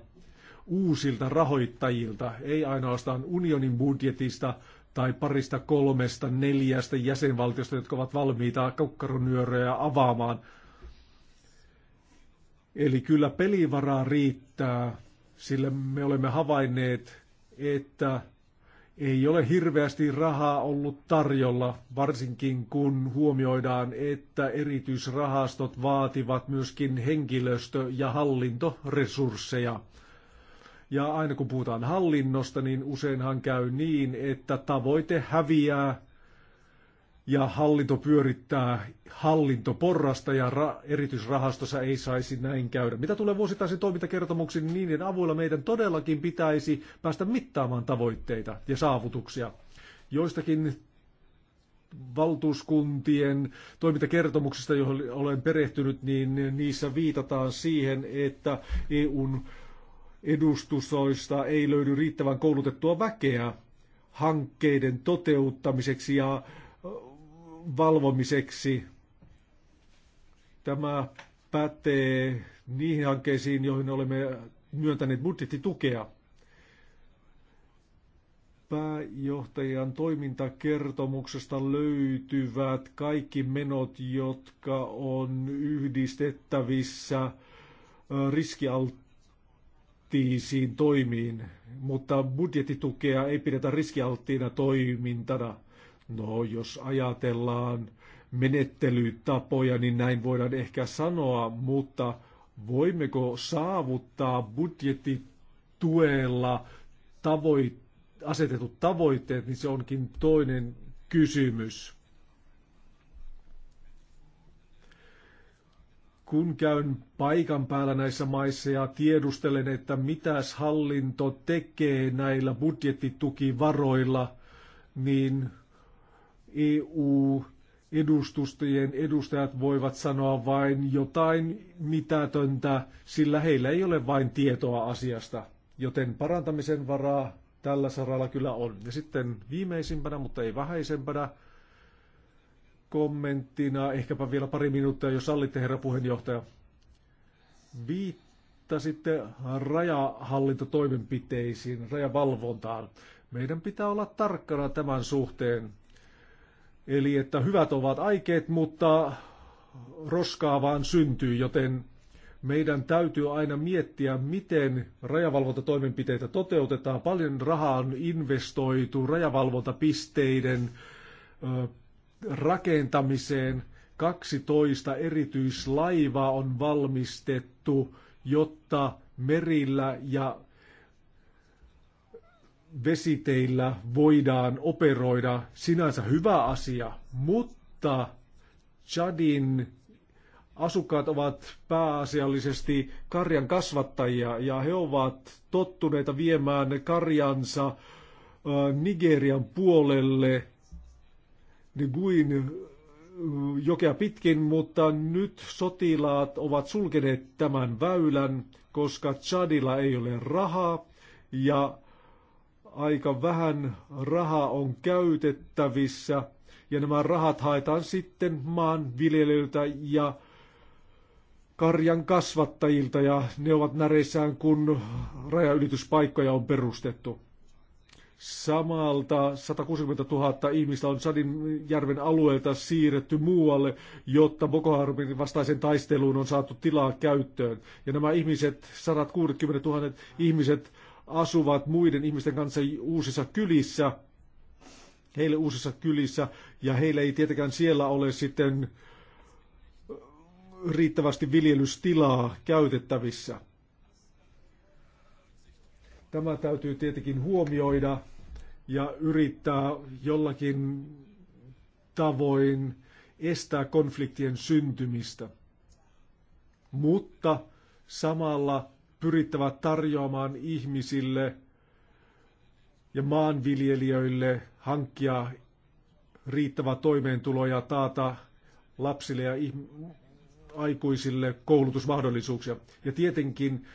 uusilta rahoittajilta, ei ainoastaan unionin budjetista tai parista kolmesta neljästä jäsenvaltiosta, jotka ovat valmiita kakkaronyöröjä avaamaan – Eli kyllä pelivaraa riittää, sillä me olemme havainneet, että ei ole hirveästi rahaa ollut tarjolla, varsinkin kun huomioidaan, että erityisrahastot vaativat myöskin henkilöstö- ja hallintoresursseja. Ja aina kun puhutaan hallinnosta, niin useinhan käy niin, että tavoite häviää ja hallinto pyörittää hallintoporrasta ja ra- erityisrahastossa ei saisi näin käydä. Mitä tulee vuosittaisiin toimintakertomuksiin, niin niiden avulla meidän todellakin pitäisi päästä mittaamaan tavoitteita ja saavutuksia. Joistakin valtuuskuntien toimintakertomuksista, joihin olen perehtynyt, niin niissä viitataan siihen, että EUn edustusoista ei löydy riittävän koulutettua väkeä hankkeiden toteuttamiseksi ja valvomiseksi. Tämä pätee niihin hankkeisiin, joihin olemme myöntäneet budjettitukea. Pääjohtajan toimintakertomuksesta löytyvät kaikki menot, jotka on yhdistettävissä riskialttiisiin toimiin, mutta budjettitukea ei pidetä riskialttiina toimintana – No, jos ajatellaan menettelytapoja, niin näin voidaan ehkä sanoa, mutta voimmeko saavuttaa budjettituella tavoit, asetetut tavoitteet, niin se onkin toinen kysymys. Kun käyn paikan päällä näissä maissa ja tiedustelen, että mitäs hallinto tekee näillä budjettitukivaroilla, niin EU-edustustojen edustajat voivat sanoa vain jotain mitätöntä, sillä heillä ei ole vain tietoa asiasta. Joten parantamisen varaa tällä saralla kyllä on. Ja sitten viimeisimpänä, mutta ei vähäisempänä, kommenttina, ehkäpä vielä pari minuuttia, jos sallitte, herra puheenjohtaja. Viittasitte rajahallintotoimenpiteisiin, rajavalvontaan. Meidän pitää olla tarkkana tämän suhteen. Eli että hyvät ovat aikeet, mutta roskaa vaan syntyy, joten meidän täytyy aina miettiä, miten rajavalvontatoimenpiteitä toteutetaan. Paljon rahaa on investoitu rajavalvontapisteiden rakentamiseen. 12 erityislaivaa on valmistettu, jotta merillä ja vesiteillä voidaan operoida, sinänsä hyvä asia, mutta Chadin asukkaat ovat pääasiallisesti karjan kasvattajia ja he ovat tottuneita viemään karjansa Nigerian puolelle Nguin jokea pitkin, mutta nyt sotilaat ovat sulkeneet tämän väylän, koska Chadilla ei ole rahaa ja aika vähän rahaa on käytettävissä ja nämä rahat haetaan sitten maan viljelijöiltä ja karjan kasvattajilta ja ne ovat näreissään, kun rajaylityspaikkoja on perustettu. Samalta 160 000 ihmistä on Sadin järven alueelta siirretty muualle, jotta Boko Haramin vastaisen taisteluun on saatu tilaa käyttöön. Ja nämä ihmiset, 160 000 ihmiset, asuvat muiden ihmisten kanssa uusissa kylissä, heille uusissa kylissä, ja heillä ei tietenkään siellä ole sitten riittävästi viljelystilaa käytettävissä. Tämä täytyy tietenkin huomioida ja yrittää jollakin tavoin estää konfliktien syntymistä. Mutta samalla pyrittävä tarjoamaan ihmisille ja maanviljelijöille hankkia riittävä toimeentulo ja taata lapsille ja aikuisille koulutusmahdollisuuksia. Ja tietenkin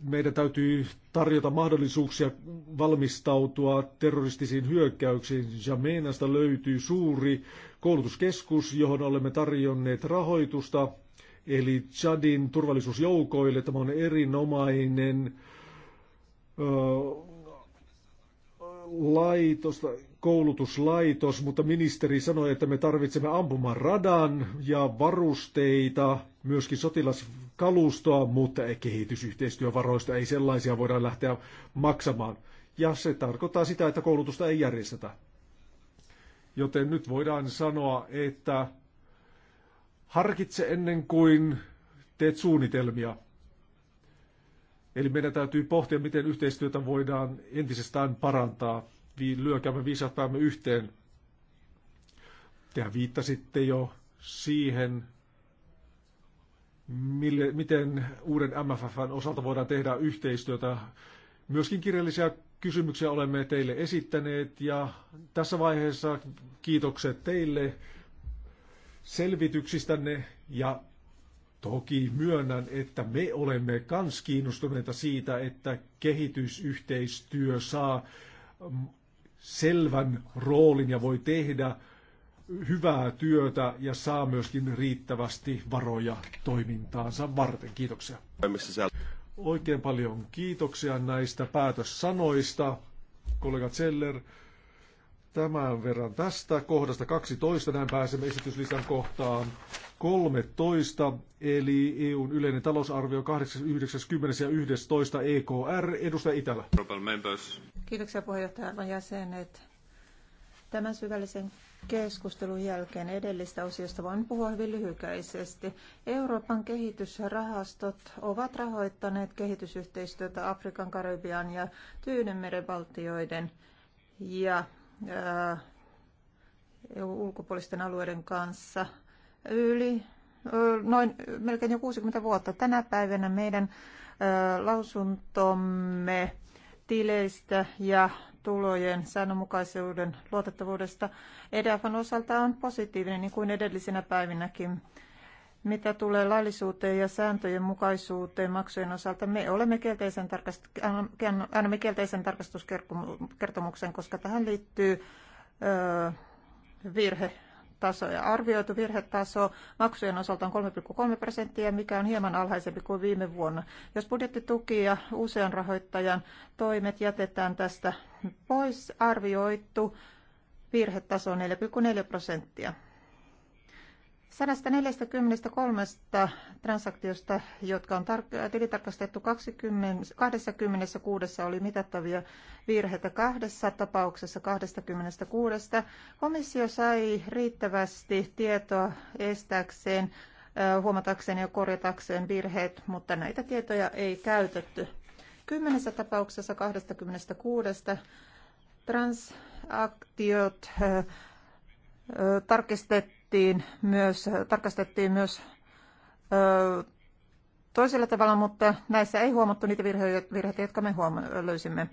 meidän täytyy tarjota mahdollisuuksia valmistautua terroristisiin hyökkäyksiin. Jameenasta löytyy suuri koulutuskeskus, johon olemme tarjonneet rahoitusta eli Chadin turvallisuusjoukoille. Tämä on erinomainen ö, laitos, koulutuslaitos, mutta ministeri sanoi, että me tarvitsemme ampumaan radan ja varusteita, myöskin sotilaskalustoa, mutta ei kehitysyhteistyövaroista ei sellaisia voida lähteä maksamaan. Ja se tarkoittaa sitä, että koulutusta ei järjestetä. Joten nyt voidaan sanoa, että Harkitse ennen kuin teet suunnitelmia. Eli meidän täytyy pohtia, miten yhteistyötä voidaan entisestään parantaa. Lyökäämme viisat päämme yhteen. Tehän viittasitte jo siihen, mille, miten uuden MFFn osalta voidaan tehdä yhteistyötä. Myöskin kirjallisia kysymyksiä olemme teille esittäneet ja tässä vaiheessa kiitokset teille selvityksistänne ja toki myönnän, että me olemme kans kiinnostuneita siitä, että kehitysyhteistyö saa selvän roolin ja voi tehdä hyvää työtä ja saa myöskin riittävästi varoja toimintaansa varten. Kiitoksia. Oikein paljon kiitoksia näistä päätössanoista, kollega Zeller. Tämän verran tästä kohdasta 12, näin pääsemme esityslistan kohtaan 13, eli EUn yleinen talousarvio 8, 9, ja 11 EKR. Edustaja Itälä. Kiitoksia puheenjohtaja arvon jäsenet. Tämän syvällisen keskustelun jälkeen edellistä osiosta voin puhua hyvin lyhykäisesti. Euroopan kehitysrahastot ovat rahoittaneet kehitysyhteistyötä Afrikan, Karibian ja Tyynemeren valtioiden ja EU-ulkopuolisten alueiden kanssa yli noin melkein jo 60 vuotta. Tänä päivänä meidän lausuntomme tileistä ja tulojen säännönmukaisuuden luotettavuudesta EDFn osalta on positiivinen, niin kuin edellisinä päivinäkin. Mitä tulee laillisuuteen ja sääntöjen mukaisuuteen maksujen osalta, me olemme kielteisen tarkast- annamme kielteisen tarkastuskertomuksen, koska tähän liittyy virhe taso ja arvioitu virhetaso maksujen osalta on 3,3 prosenttia, mikä on hieman alhaisempi kuin viime vuonna. Jos budjettituki ja usean rahoittajan toimet jätetään tästä pois, arvioitu virhetaso on 4,4 prosenttia. 143 transaktiosta, jotka on tilitarkastettu 20, 26 oli mitattavia virheitä kahdessa tapauksessa 26. Komissio sai riittävästi tietoa estääkseen, huomatakseen ja korjatakseen virheet, mutta näitä tietoja ei käytetty. Kymmenessä tapauksessa 26 transaktiot tarkistettiin tutkittiin myös, tarkastettiin myös ö, toisella tavalla, mutta näissä ei huomattu niitä virheitä, jotka me huoma- löysimme.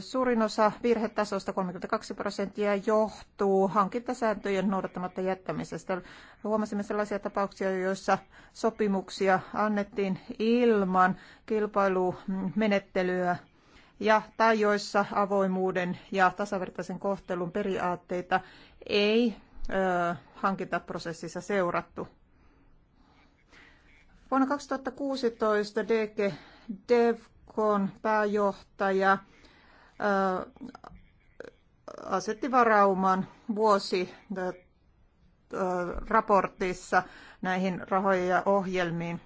Suurin osa virhetasosta, 32 prosenttia, johtuu hankintasääntöjen noudattamatta jättämisestä. Huomasimme sellaisia tapauksia, joissa sopimuksia annettiin ilman kilpailumenettelyä ja tai joissa avoimuuden ja tasavertaisen kohtelun periaatteita ei hankintaprosessissa seurattu. Vuonna 2016 DG DevCon pääjohtaja asetti varauman vuosi raportissa näihin rahoihin ja ohjelmiin,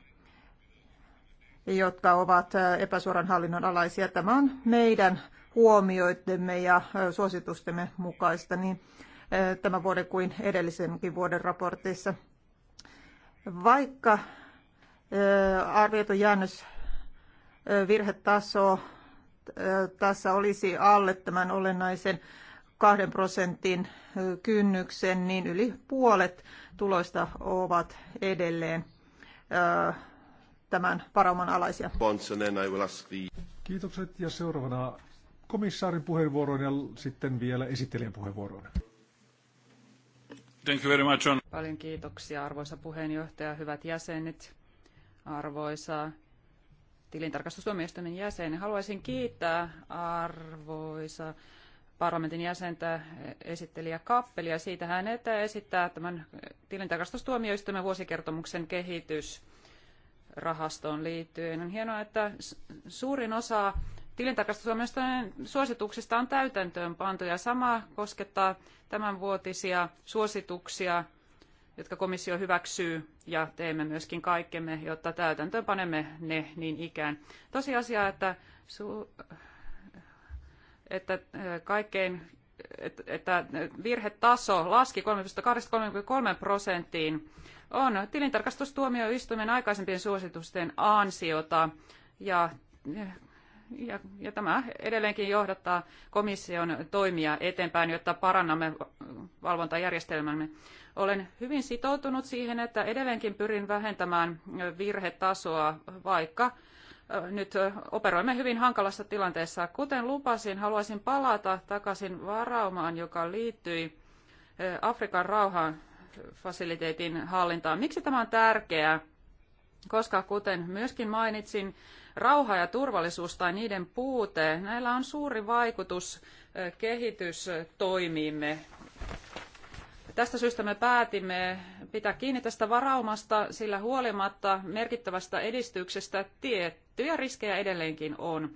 jotka ovat epäsuoran hallinnon alaisia. Tämä on meidän huomioittemme ja suositustemme mukaista. Niin tämän vuoden kuin edellisenkin vuoden raportissa. Vaikka arvioitu jäännös virhetaso tässä olisi alle tämän olennaisen kahden prosentin kynnyksen, niin yli puolet tuloista ovat edelleen tämän varauman alaisia. Kiitokset ja seuraavana komissaarin puheenvuoroon ja sitten vielä esittelijän puheenvuoroon. Thank you very much Paljon kiitoksia arvoisa puheenjohtaja, hyvät jäsenet, arvoisa tilintarkastustuomioistuimen jäsen. Haluaisin kiittää arvoisa parlamentin jäsentä esittelijä Kappelia siitä hän, että esittää tämän tilintarkastustuomioistuimen vuosikertomuksen kehitysrahastoon liittyen. On hienoa, että suurin osa tilintarkastusomistojen suosituksista on täytäntöön pantu ja sama koskettaa tämänvuotisia suosituksia, jotka komissio hyväksyy ja teemme myöskin kaikkemme, jotta täytäntöön panemme ne niin ikään. Tosiasia, että, su- että eh, kaikkein että virhetaso laski 3,2-3,3 prosenttiin, on tilintarkastustuomioistuimen aikaisempien suositusten ansiota. Ja eh, ja, ja tämä edelleenkin johdattaa komission toimia eteenpäin, jotta parannamme valvontajärjestelmämme. Olen hyvin sitoutunut siihen, että edelleenkin pyrin vähentämään virhetasoa, vaikka nyt operoimme hyvin hankalassa tilanteessa. Kuten lupasin, haluaisin palata takaisin varaumaan, joka liittyi Afrikan rauhan fasiliteetin hallintaan. Miksi tämä on tärkeää? Koska kuten myöskin mainitsin, rauha ja turvallisuus tai niiden puute, näillä on suuri vaikutus kehitystoimiimme. Tästä syystä me päätimme pitää kiinni tästä varaumasta, sillä huolimatta merkittävästä edistyksestä tiettyjä riskejä edelleenkin on.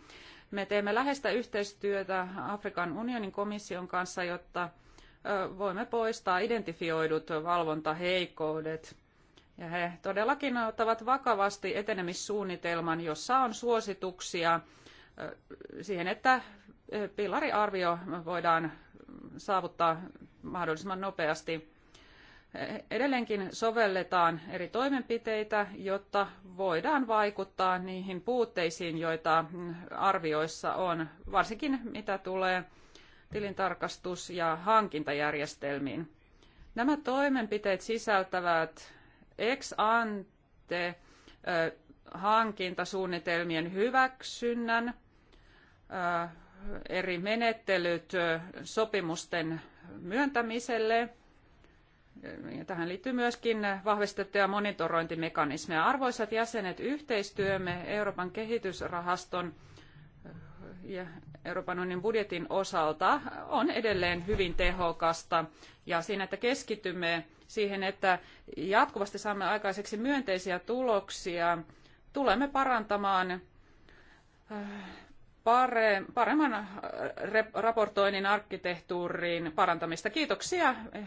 Me teemme läheistä yhteistyötä Afrikan unionin komission kanssa, jotta voimme poistaa identifioidut valvontaheikkoudet. Ja he todellakin ottavat vakavasti etenemissuunnitelman, jossa on suosituksia siihen, että pilariarvio voidaan saavuttaa mahdollisimman nopeasti. E, edelleenkin sovelletaan eri toimenpiteitä, jotta voidaan vaikuttaa niihin puutteisiin, joita arvioissa on, varsinkin mitä tulee tilintarkastus- ja hankintajärjestelmiin. Nämä toimenpiteet sisältävät ex ante hankintasuunnitelmien hyväksynnän, eri menettelyt sopimusten myöntämiselle. Ja tähän liittyy myöskin vahvistettuja monitorointimekanismeja. Arvoisat jäsenet, yhteistyömme Euroopan kehitysrahaston ja Euroopan unionin budjetin osalta on edelleen hyvin tehokasta ja siinä, että keskitymme siihen, että jatkuvasti saamme aikaiseksi myönteisiä tuloksia, tulemme parantamaan äh, paremman äh, raportoinnin arkkitehtuuriin parantamista. Kiitoksia eh,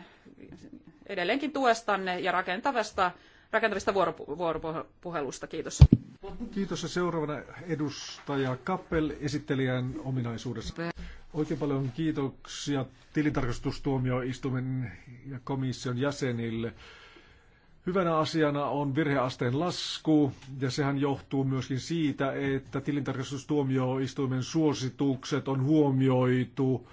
edelleenkin tuestanne ja rakentavasta, rakentavista vuoropuhelusta. Kiitos. Kiitos ja seuraavana edustaja Kappel esittelijän ominaisuudessa. Oikein paljon kiitoksia tilintarkastustuomioistuimen ja komission jäsenille. Hyvänä asiana on virheasteen lasku, ja sehän johtuu myöskin siitä, että tilintarkastustuomioistuimen suositukset on huomioitu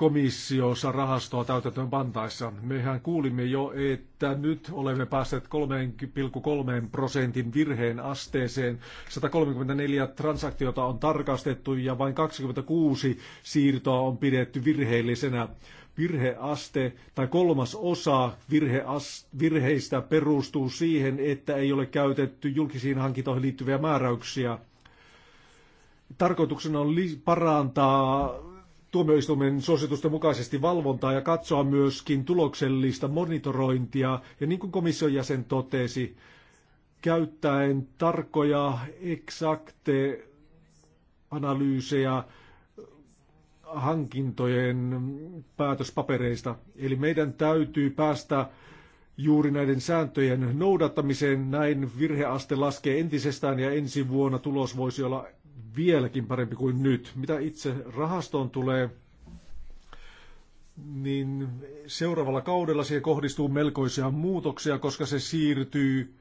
komissiossa rahastoa täytäntöön pantaessa. Mehän kuulimme jo, että nyt olemme päässeet 3,3 prosentin virheen asteeseen. 134 transaktiota on tarkastettu ja vain 26 siirtoa on pidetty virheellisenä. Virheaste tai kolmas osa virheas, virheistä perustuu siihen, että ei ole käytetty julkisiin hankintoihin liittyviä määräyksiä. Tarkoituksena on parantaa tuomioistuimen suositusten mukaisesti valvontaa ja katsoa myöskin tuloksellista monitorointia. Ja niin kuin komission jäsen totesi, käyttäen tarkkoja, eksakte analyysejä hankintojen päätöspapereista. Eli meidän täytyy päästä juuri näiden sääntöjen noudattamiseen. Näin virheaste laskee entisestään ja ensi vuonna tulos voisi olla vieläkin parempi kuin nyt. Mitä itse rahastoon tulee, niin seuraavalla kaudella siihen kohdistuu melkoisia muutoksia, koska se siirtyy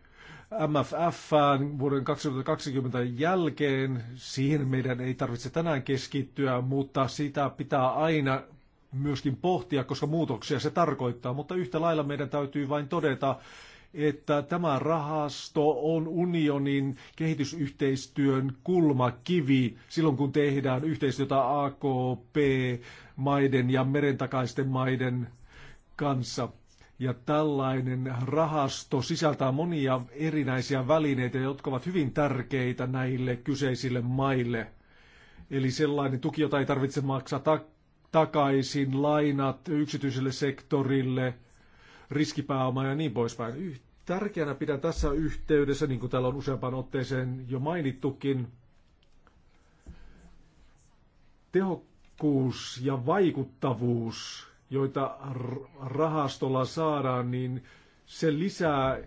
MFF vuoden 2020 jälkeen. Siihen meidän ei tarvitse tänään keskittyä, mutta sitä pitää aina myöskin pohtia, koska muutoksia se tarkoittaa. Mutta yhtä lailla meidän täytyy vain todeta, että tämä rahasto on unionin kehitysyhteistyön kulmakivi silloin, kun tehdään yhteistyötä AKP-maiden ja merentakaisten maiden kanssa. Ja tällainen rahasto sisältää monia erinäisiä välineitä, jotka ovat hyvin tärkeitä näille kyseisille maille. Eli sellainen tuki, jota ei tarvitse maksaa takaisin, lainat yksityiselle sektorille – riskipääoma ja niin poispäin. Tärkeänä pidän tässä yhteydessä, niin kuin täällä on useampaan otteeseen jo mainittukin, tehokkuus ja vaikuttavuus, joita rahastolla saadaan, niin se lisää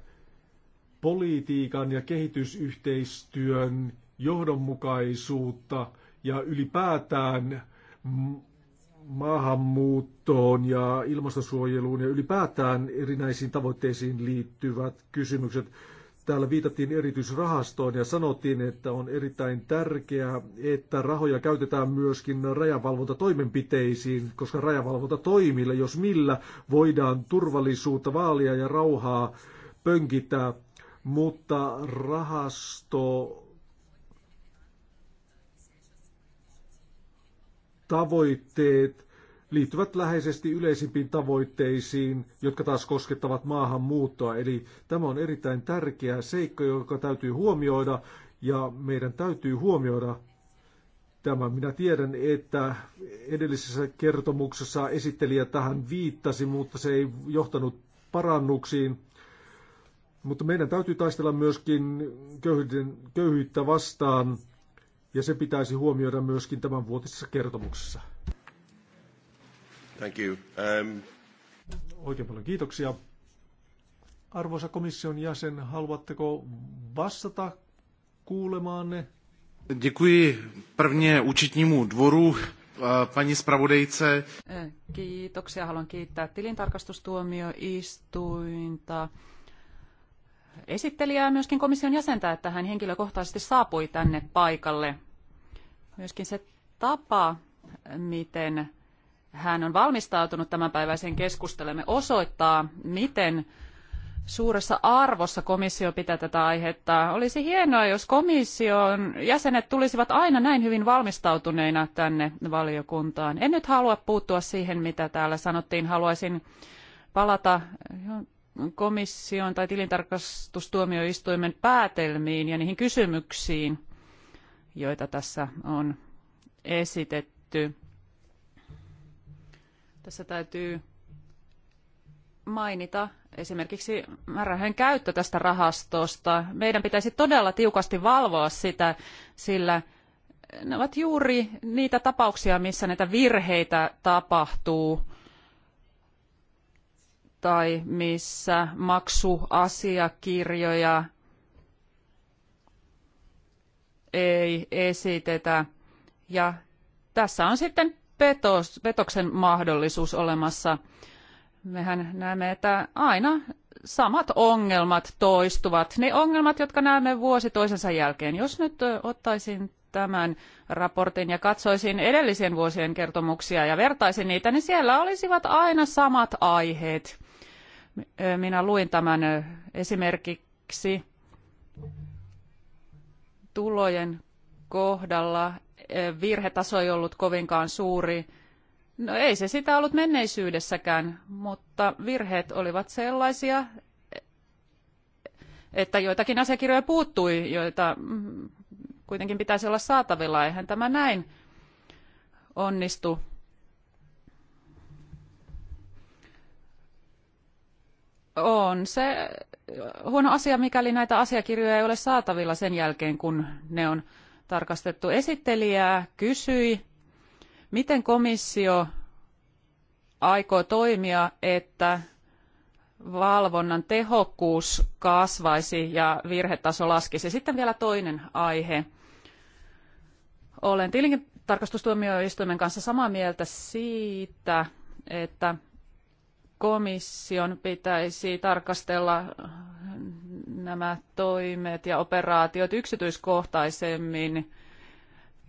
politiikan ja kehitysyhteistyön johdonmukaisuutta ja ylipäätään maahanmuuttoon ja ilmastosuojeluun ja ylipäätään erinäisiin tavoitteisiin liittyvät kysymykset. Täällä viitattiin erityisrahastoon ja sanottiin, että on erittäin tärkeää, että rahoja käytetään myöskin rajavalvontatoimenpiteisiin, koska rajavalvontatoimilla, jos millä, voidaan turvallisuutta vaalia ja rauhaa pönkitää, mutta rahasto tavoitteet liittyvät läheisesti yleisimpiin tavoitteisiin, jotka taas koskettavat maahanmuuttoa. Eli tämä on erittäin tärkeä seikka, joka täytyy huomioida ja meidän täytyy huomioida tämä. Minä tiedän, että edellisessä kertomuksessa esittelijä tähän viittasi, mutta se ei johtanut parannuksiin. Mutta meidän täytyy taistella myöskin köyhyyttä vastaan – ja se pitäisi huomioida myöskin tämän vuotisessa kertomuksessa. Thank you. Um... Oikein paljon kiitoksia. Arvoisa komission jäsen, haluatteko vastata kuulemaanne? Děkuji prvně účetnímu dvoru, eh, paní spravodajce. Eh, kiitoksia. Haluan kiittää tilintarkastustuomioistuinta esittelijää ja myöskin komission jäsentä, että hän henkilökohtaisesti saapui tänne paikalle. Myöskin se tapa, miten hän on valmistautunut tämänpäiväiseen keskustelemme, osoittaa, miten suuressa arvossa komissio pitää tätä aihetta. Olisi hienoa, jos komission jäsenet tulisivat aina näin hyvin valmistautuneina tänne valiokuntaan. En nyt halua puuttua siihen, mitä täällä sanottiin. Haluaisin palata komission tai tilintarkastustuomioistuimen päätelmiin ja niihin kysymyksiin, joita tässä on esitetty. Tässä täytyy mainita esimerkiksi määrärahojen käyttö tästä rahastosta. Meidän pitäisi todella tiukasti valvoa sitä, sillä ne ovat juuri niitä tapauksia, missä näitä virheitä tapahtuu tai missä maksuasiakirjoja ei esitetä. Ja tässä on sitten petos, petoksen mahdollisuus olemassa. Mehän näemme, että aina samat ongelmat toistuvat. Ne ongelmat, jotka näemme vuosi toisensa jälkeen. Jos nyt ottaisin tämän raportin ja katsoisin edellisen vuosien kertomuksia ja vertaisin niitä, niin siellä olisivat aina samat aiheet minä luin tämän esimerkiksi tulojen kohdalla virhetaso ei ollut kovinkaan suuri. No ei se sitä ollut menneisyydessäkään, mutta virheet olivat sellaisia, että joitakin asiakirjoja puuttui, joita mm, kuitenkin pitäisi olla saatavilla. Eihän tämä näin onnistu. on se huono asia, mikäli näitä asiakirjoja ei ole saatavilla sen jälkeen, kun ne on tarkastettu. Esittelijää kysyi, miten komissio aikoo toimia, että valvonnan tehokkuus kasvaisi ja virhetaso laskisi. Sitten vielä toinen aihe. Olen tilintarkastustuomioistuimen kanssa samaa mieltä siitä, että komission pitäisi tarkastella nämä toimet ja operaatiot yksityiskohtaisemmin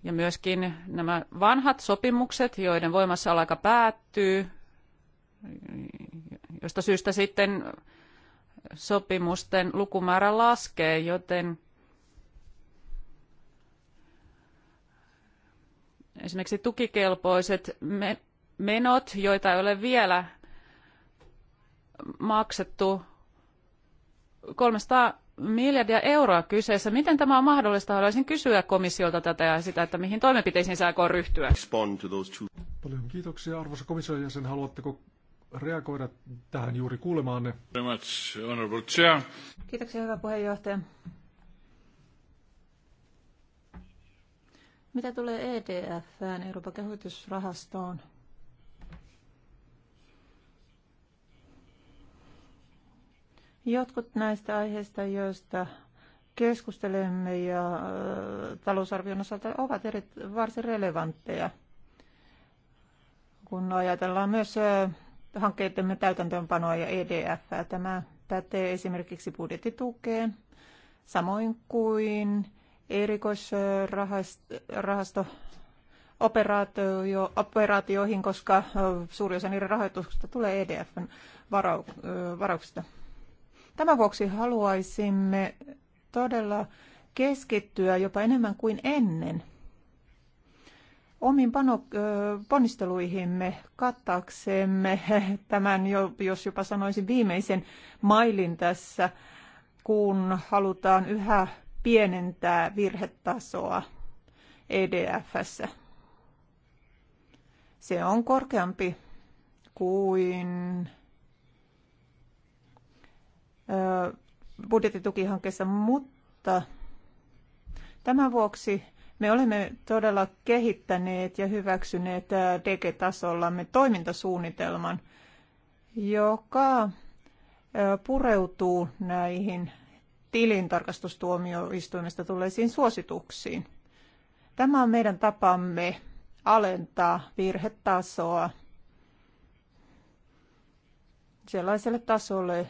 ja myöskin nämä vanhat sopimukset, joiden voimassaoloaika päättyy, josta syystä sitten sopimusten lukumäärä laskee, joten esimerkiksi tukikelpoiset menot, joita ei ole vielä maksettu 300 miljardia euroa kyseessä. Miten tämä on mahdollista? Haluaisin kysyä komissiolta tätä ja sitä, että mihin toimenpiteisiin se aikoo ryhtyä. Paljon kiitoksia. Arvoisa komission jäsen, haluatteko reagoida tähän juuri kuulemaanne? Kiitoksia, hyvä puheenjohtaja. Mitä tulee EDF, Euroopan kehitysrahastoon, Jotkut näistä aiheista, joista keskustelemme ja äh, talousarvion osalta ovat eri, varsin relevantteja, kun ajatellaan myös äh, hankkeidemme täytäntöönpanoa ja EDF. Tämä pätee esimerkiksi budjettitukeen, samoin kuin erikoisrahasto operaatioihin, koska äh, suuri osa niiden rahoituksesta tulee EDFn varauksista. Tämän vuoksi haluaisimme todella keskittyä jopa enemmän kuin ennen omiin pano, ponnisteluihimme kattaaksemme tämän, jo, jos jopa sanoisin, viimeisen mailin tässä, kun halutaan yhä pienentää virhetasoa EDFssä. Se on korkeampi kuin budjettitukihankkeessa, mutta tämän vuoksi me olemme todella kehittäneet ja hyväksyneet DG-tasollamme toimintasuunnitelman, joka pureutuu näihin tilintarkastustuomioistuimesta tulleisiin suosituksiin. Tämä on meidän tapamme alentaa virhetasoa sellaiselle tasolle,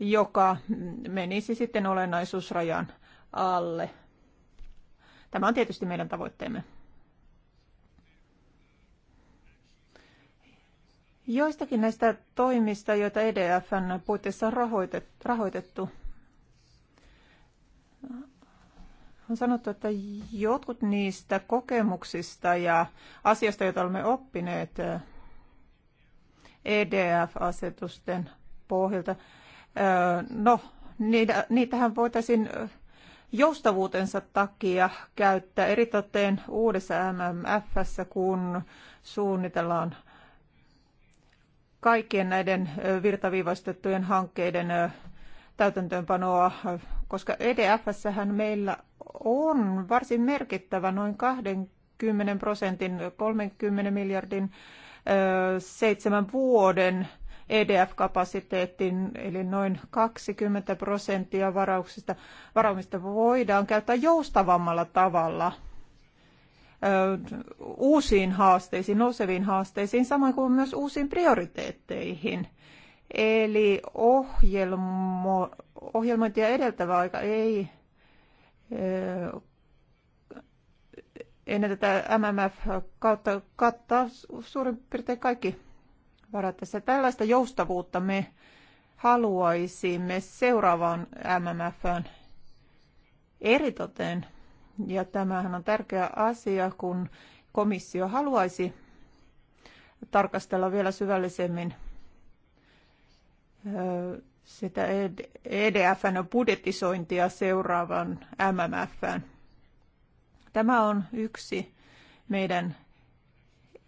joka menisi sitten olennaisuusrajan alle. Tämä on tietysti meidän tavoitteemme. Joistakin näistä toimista, joita EDFn puitteissa on rahoitettu, on sanottu, että jotkut niistä kokemuksista ja asioista, joita olemme oppineet EDF-asetusten pohjalta, No, niitä, niitähän voitaisiin joustavuutensa takia käyttää eritoten uudessa MMFssä, kun suunnitellaan kaikkien näiden virtaviivaistettujen hankkeiden täytäntöönpanoa, koska e hän meillä on varsin merkittävä noin 20 prosentin, 30 miljardin seitsemän vuoden EDF-kapasiteettiin, eli noin 20 prosenttia varauksista, varaumista voidaan käyttää joustavammalla tavalla uusiin haasteisiin, nouseviin haasteisiin, samoin kuin myös uusiin prioriteetteihin. Eli ohjelmo, ohjelmointia edeltävä aika ei ennen tätä MMF kautta kattaa suurin piirtein kaikki varatessa. Tällaista joustavuutta me haluaisimme seuraavaan MMFään eritoten. Ja tämähän on tärkeä asia, kun komissio haluaisi tarkastella vielä syvällisemmin sitä EDFn e budjetisointia seuraavan MMFn. Tämä on yksi meidän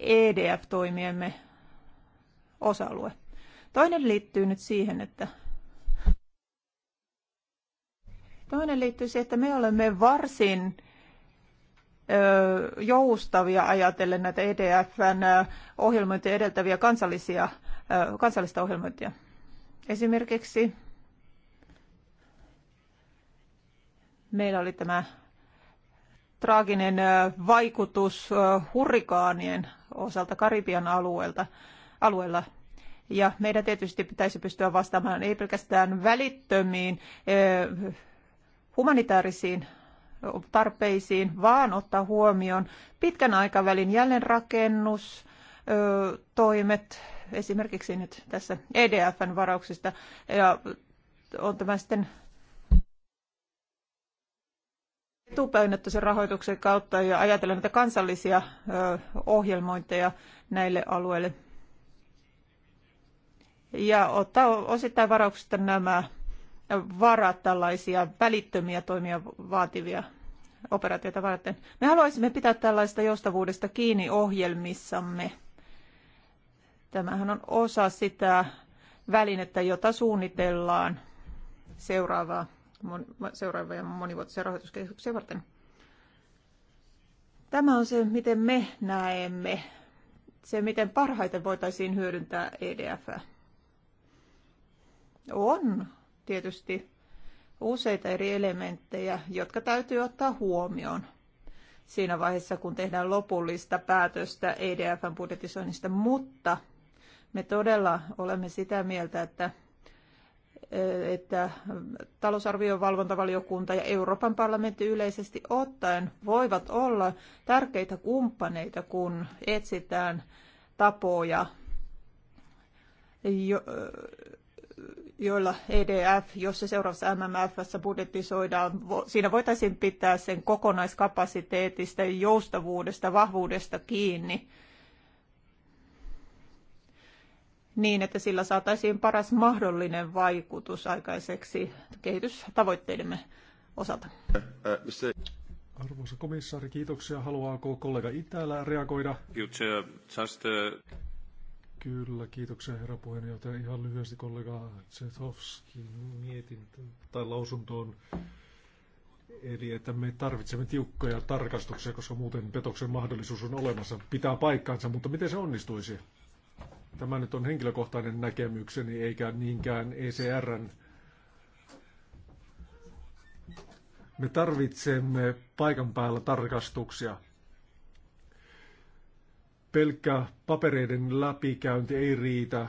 EDF-toimiemme osa-alue. Toinen liittyy nyt siihen, että Toinen liittyy siihen, että me olemme varsin joustavia ajatellen näitä EDFn ohjelmointia edeltäviä kansallisia, kansallista ohjelmointia. Esimerkiksi meillä oli tämä traaginen vaikutus hurrikaanien osalta Karibian alueelta alueella. Ja meidän tietysti pitäisi pystyä vastaamaan ei pelkästään välittömiin eh, humanitaarisiin tarpeisiin, vaan ottaa huomioon pitkän aikavälin jälleenrakennus, eh, toimet, esimerkiksi nyt tässä EDFn varauksista, ja on tämä sitten etupainotteisen rahoituksen kautta ja ajatellen näitä kansallisia eh, ohjelmointeja näille alueille ja ottaa osittain varauksista nämä varat tällaisia välittömiä toimia vaativia operaatioita varten. Me haluaisimme pitää tällaista joustavuudesta kiinni ohjelmissamme. Tämähän on osa sitä välinettä, jota suunnitellaan seuraavaa, seuraavia monivuotisia rahoituskehityksen varten. Tämä on se, miten me näemme se, miten parhaiten voitaisiin hyödyntää EDFää. On tietysti useita eri elementtejä, jotka täytyy ottaa huomioon siinä vaiheessa, kun tehdään lopullista päätöstä EDFn budjetisoinnista, mutta me todella olemme sitä mieltä, että että talousarvion valvontavaliokunta ja Euroopan parlamentti yleisesti ottaen voivat olla tärkeitä kumppaneita, kun etsitään tapoja joilla EDF, jos se seuraavassa MMFssä budjetisoidaan, siinä voitaisiin pitää sen kokonaiskapasiteetista, joustavuudesta, vahvuudesta kiinni niin, että sillä saataisiin paras mahdollinen vaikutus aikaiseksi kehitystavoitteidemme osalta. Arvoisa komissaari, kiitoksia. Haluaako kollega Itälä reagoida? Just, uh, uh, Kyllä, kiitoksia herra puheenjohtaja. Ihan lyhyesti kollega Zetowskin mietintö tai lausuntoon. Eli että me tarvitsemme tiukkoja tarkastuksia, koska muuten petoksen mahdollisuus on olemassa. Pitää paikkaansa, mutta miten se onnistuisi? Tämä nyt on henkilökohtainen näkemykseni, eikä niinkään ECRn me tarvitsemme paikan päällä tarkastuksia pelkkä papereiden läpikäynti ei riitä.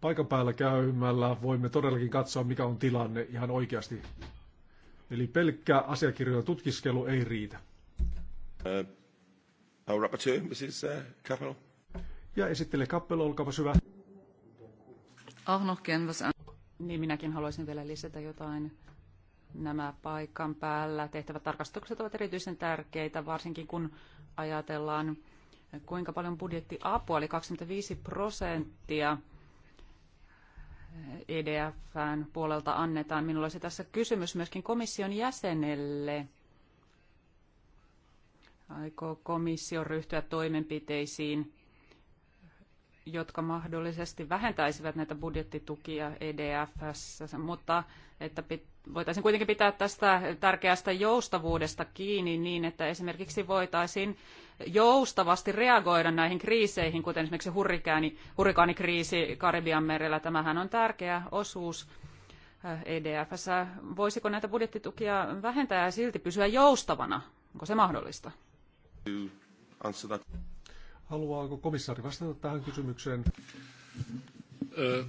Paikan päällä käymällä voimme todellakin katsoa, mikä on tilanne ihan oikeasti. Eli pelkkä asiakirjojen tutkiskelu ei riitä. Uh, rapporteur, Mrs. Uh, ja esittelee Kappel, olkaapa hyvä. Oh, no, niin minäkin haluaisin vielä lisätä jotain nämä paikan päällä tehtävät tarkastukset ovat erityisen tärkeitä, varsinkin kun ajatellaan kuinka paljon budjettiapua, oli 25 prosenttia EDFn puolelta annetaan. Minulla olisi tässä kysymys myöskin komission jäsenelle. Aikoo komissio ryhtyä toimenpiteisiin jotka mahdollisesti vähentäisivät näitä budjettitukia EDFssä, mutta että voitaisiin kuitenkin pitää tästä tärkeästä joustavuudesta kiinni niin, että esimerkiksi voitaisiin joustavasti reagoida näihin kriiseihin, kuten esimerkiksi hurrikaani, hurrikaanikriisi Karibian merellä. Tämähän on tärkeä osuus EDFssä. Eh, e Voisiko näitä budjettitukia vähentää ja silti pysyä joustavana? Onko se mahdollista? Haluaako komissaari vastata tähän kysymykseen? Uh,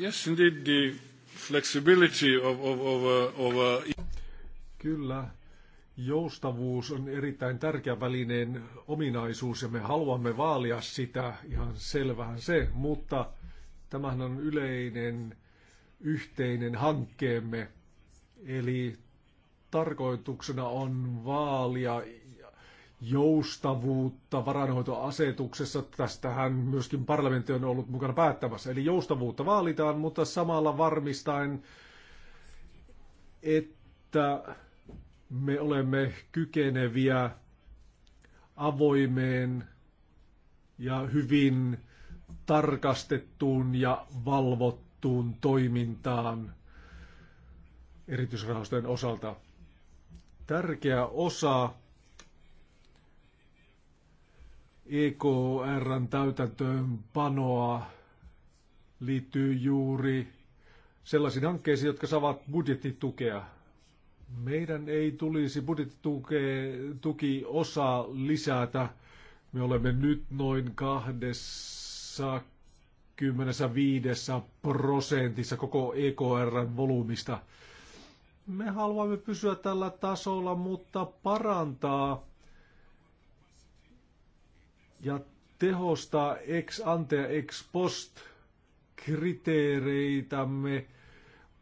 yes, indeed, the flexibility of, of, of, uh, of, uh, Kyllä, joustavuus on erittäin tärkeä välineen ominaisuus ja me haluamme vaalia sitä, ihan selvähän se, mutta tämähän on yleinen yhteinen hankkeemme, eli tarkoituksena on vaalia joustavuutta varainhoitoasetuksessa. Tästähän myöskin parlamentti on ollut mukana päättämässä. Eli joustavuutta vaalitaan, mutta samalla varmistaen, että me olemme kykeneviä avoimeen ja hyvin tarkastettuun ja valvottuun toimintaan erityisrahastojen osalta. Tärkeä osa EKRn täytäntöönpanoa liittyy juuri sellaisiin hankkeisiin, jotka saavat budjettitukea. Meidän ei tulisi budjettituki osaa lisätä. Me olemme nyt noin 25 prosentissa koko EKRn volyymista. Me haluamme pysyä tällä tasolla, mutta parantaa ja tehostaa ex ante ja ex post kriteereitämme,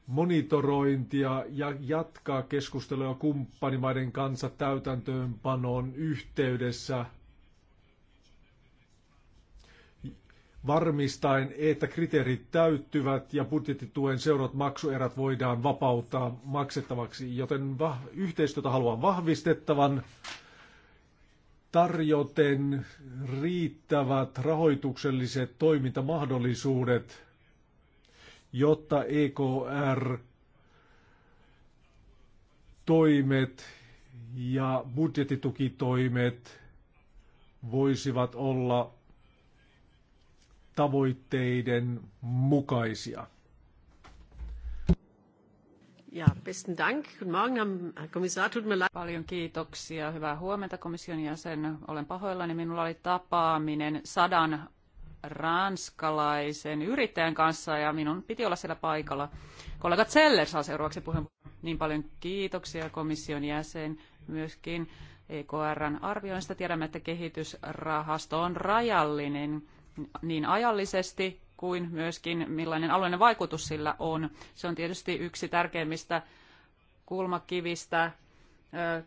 monitorointia ja jatkaa keskustelua kumppanimaiden kanssa täytäntöönpanon yhteydessä varmistaen, että kriteerit täyttyvät ja budjettituen seurat maksuerät voidaan vapauttaa maksettavaksi, joten yhteistyötä haluan vahvistettavan tarjoten riittävät rahoitukselliset toimintamahdollisuudet, jotta EKR toimet ja budjettitukitoimet voisivat olla tavoitteiden mukaisia besten Dank. Guten Morgen, Herr Kommissar. Tut mir leid. Paljon kiitoksia. Hyvää huomenta komission jäsen. Olen pahoillani. Minulla oli tapaaminen sadan ranskalaisen yrittäjän kanssa ja minun piti olla siellä paikalla. Kollega Zeller saa seuraavaksi puheenvuoron. Niin paljon kiitoksia komission jäsen myöskin EKRn arvioinnista. Tiedämme, että kehitysrahasto on rajallinen niin ajallisesti kuin myöskin millainen alueellinen vaikutus sillä on. Se on tietysti yksi tärkeimmistä kulmakivistä,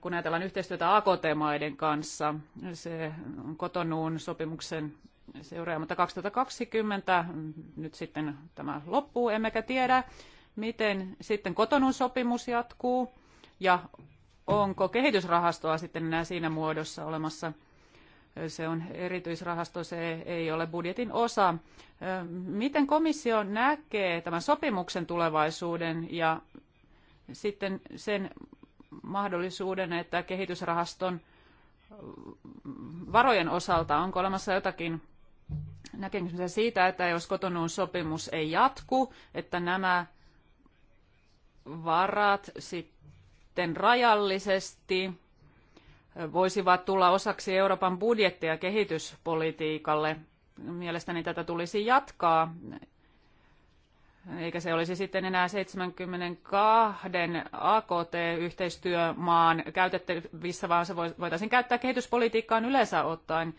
kun ajatellaan yhteistyötä AKT-maiden kanssa. Se on kotonuun sopimuksen seuraaja, mutta 2020 nyt sitten tämä loppuu, emmekä tiedä, miten sitten kotonuun sopimus jatkuu ja onko kehitysrahastoa sitten enää siinä muodossa olemassa – se on erityisrahasto, se ei ole budjetin osa. Miten komissio näkee tämän sopimuksen tulevaisuuden ja sitten sen mahdollisuuden, että kehitysrahaston varojen osalta onko olemassa jotakin näkemyksiä siitä, että jos kotonuun sopimus ei jatku, että nämä varat sitten rajallisesti voisivat tulla osaksi Euroopan budjettia kehityspolitiikalle. Mielestäni tätä tulisi jatkaa, eikä se olisi sitten enää 72 AKT-yhteistyömaan käytettävissä, vaan se voitaisiin käyttää kehityspolitiikkaan yleensä ottaen.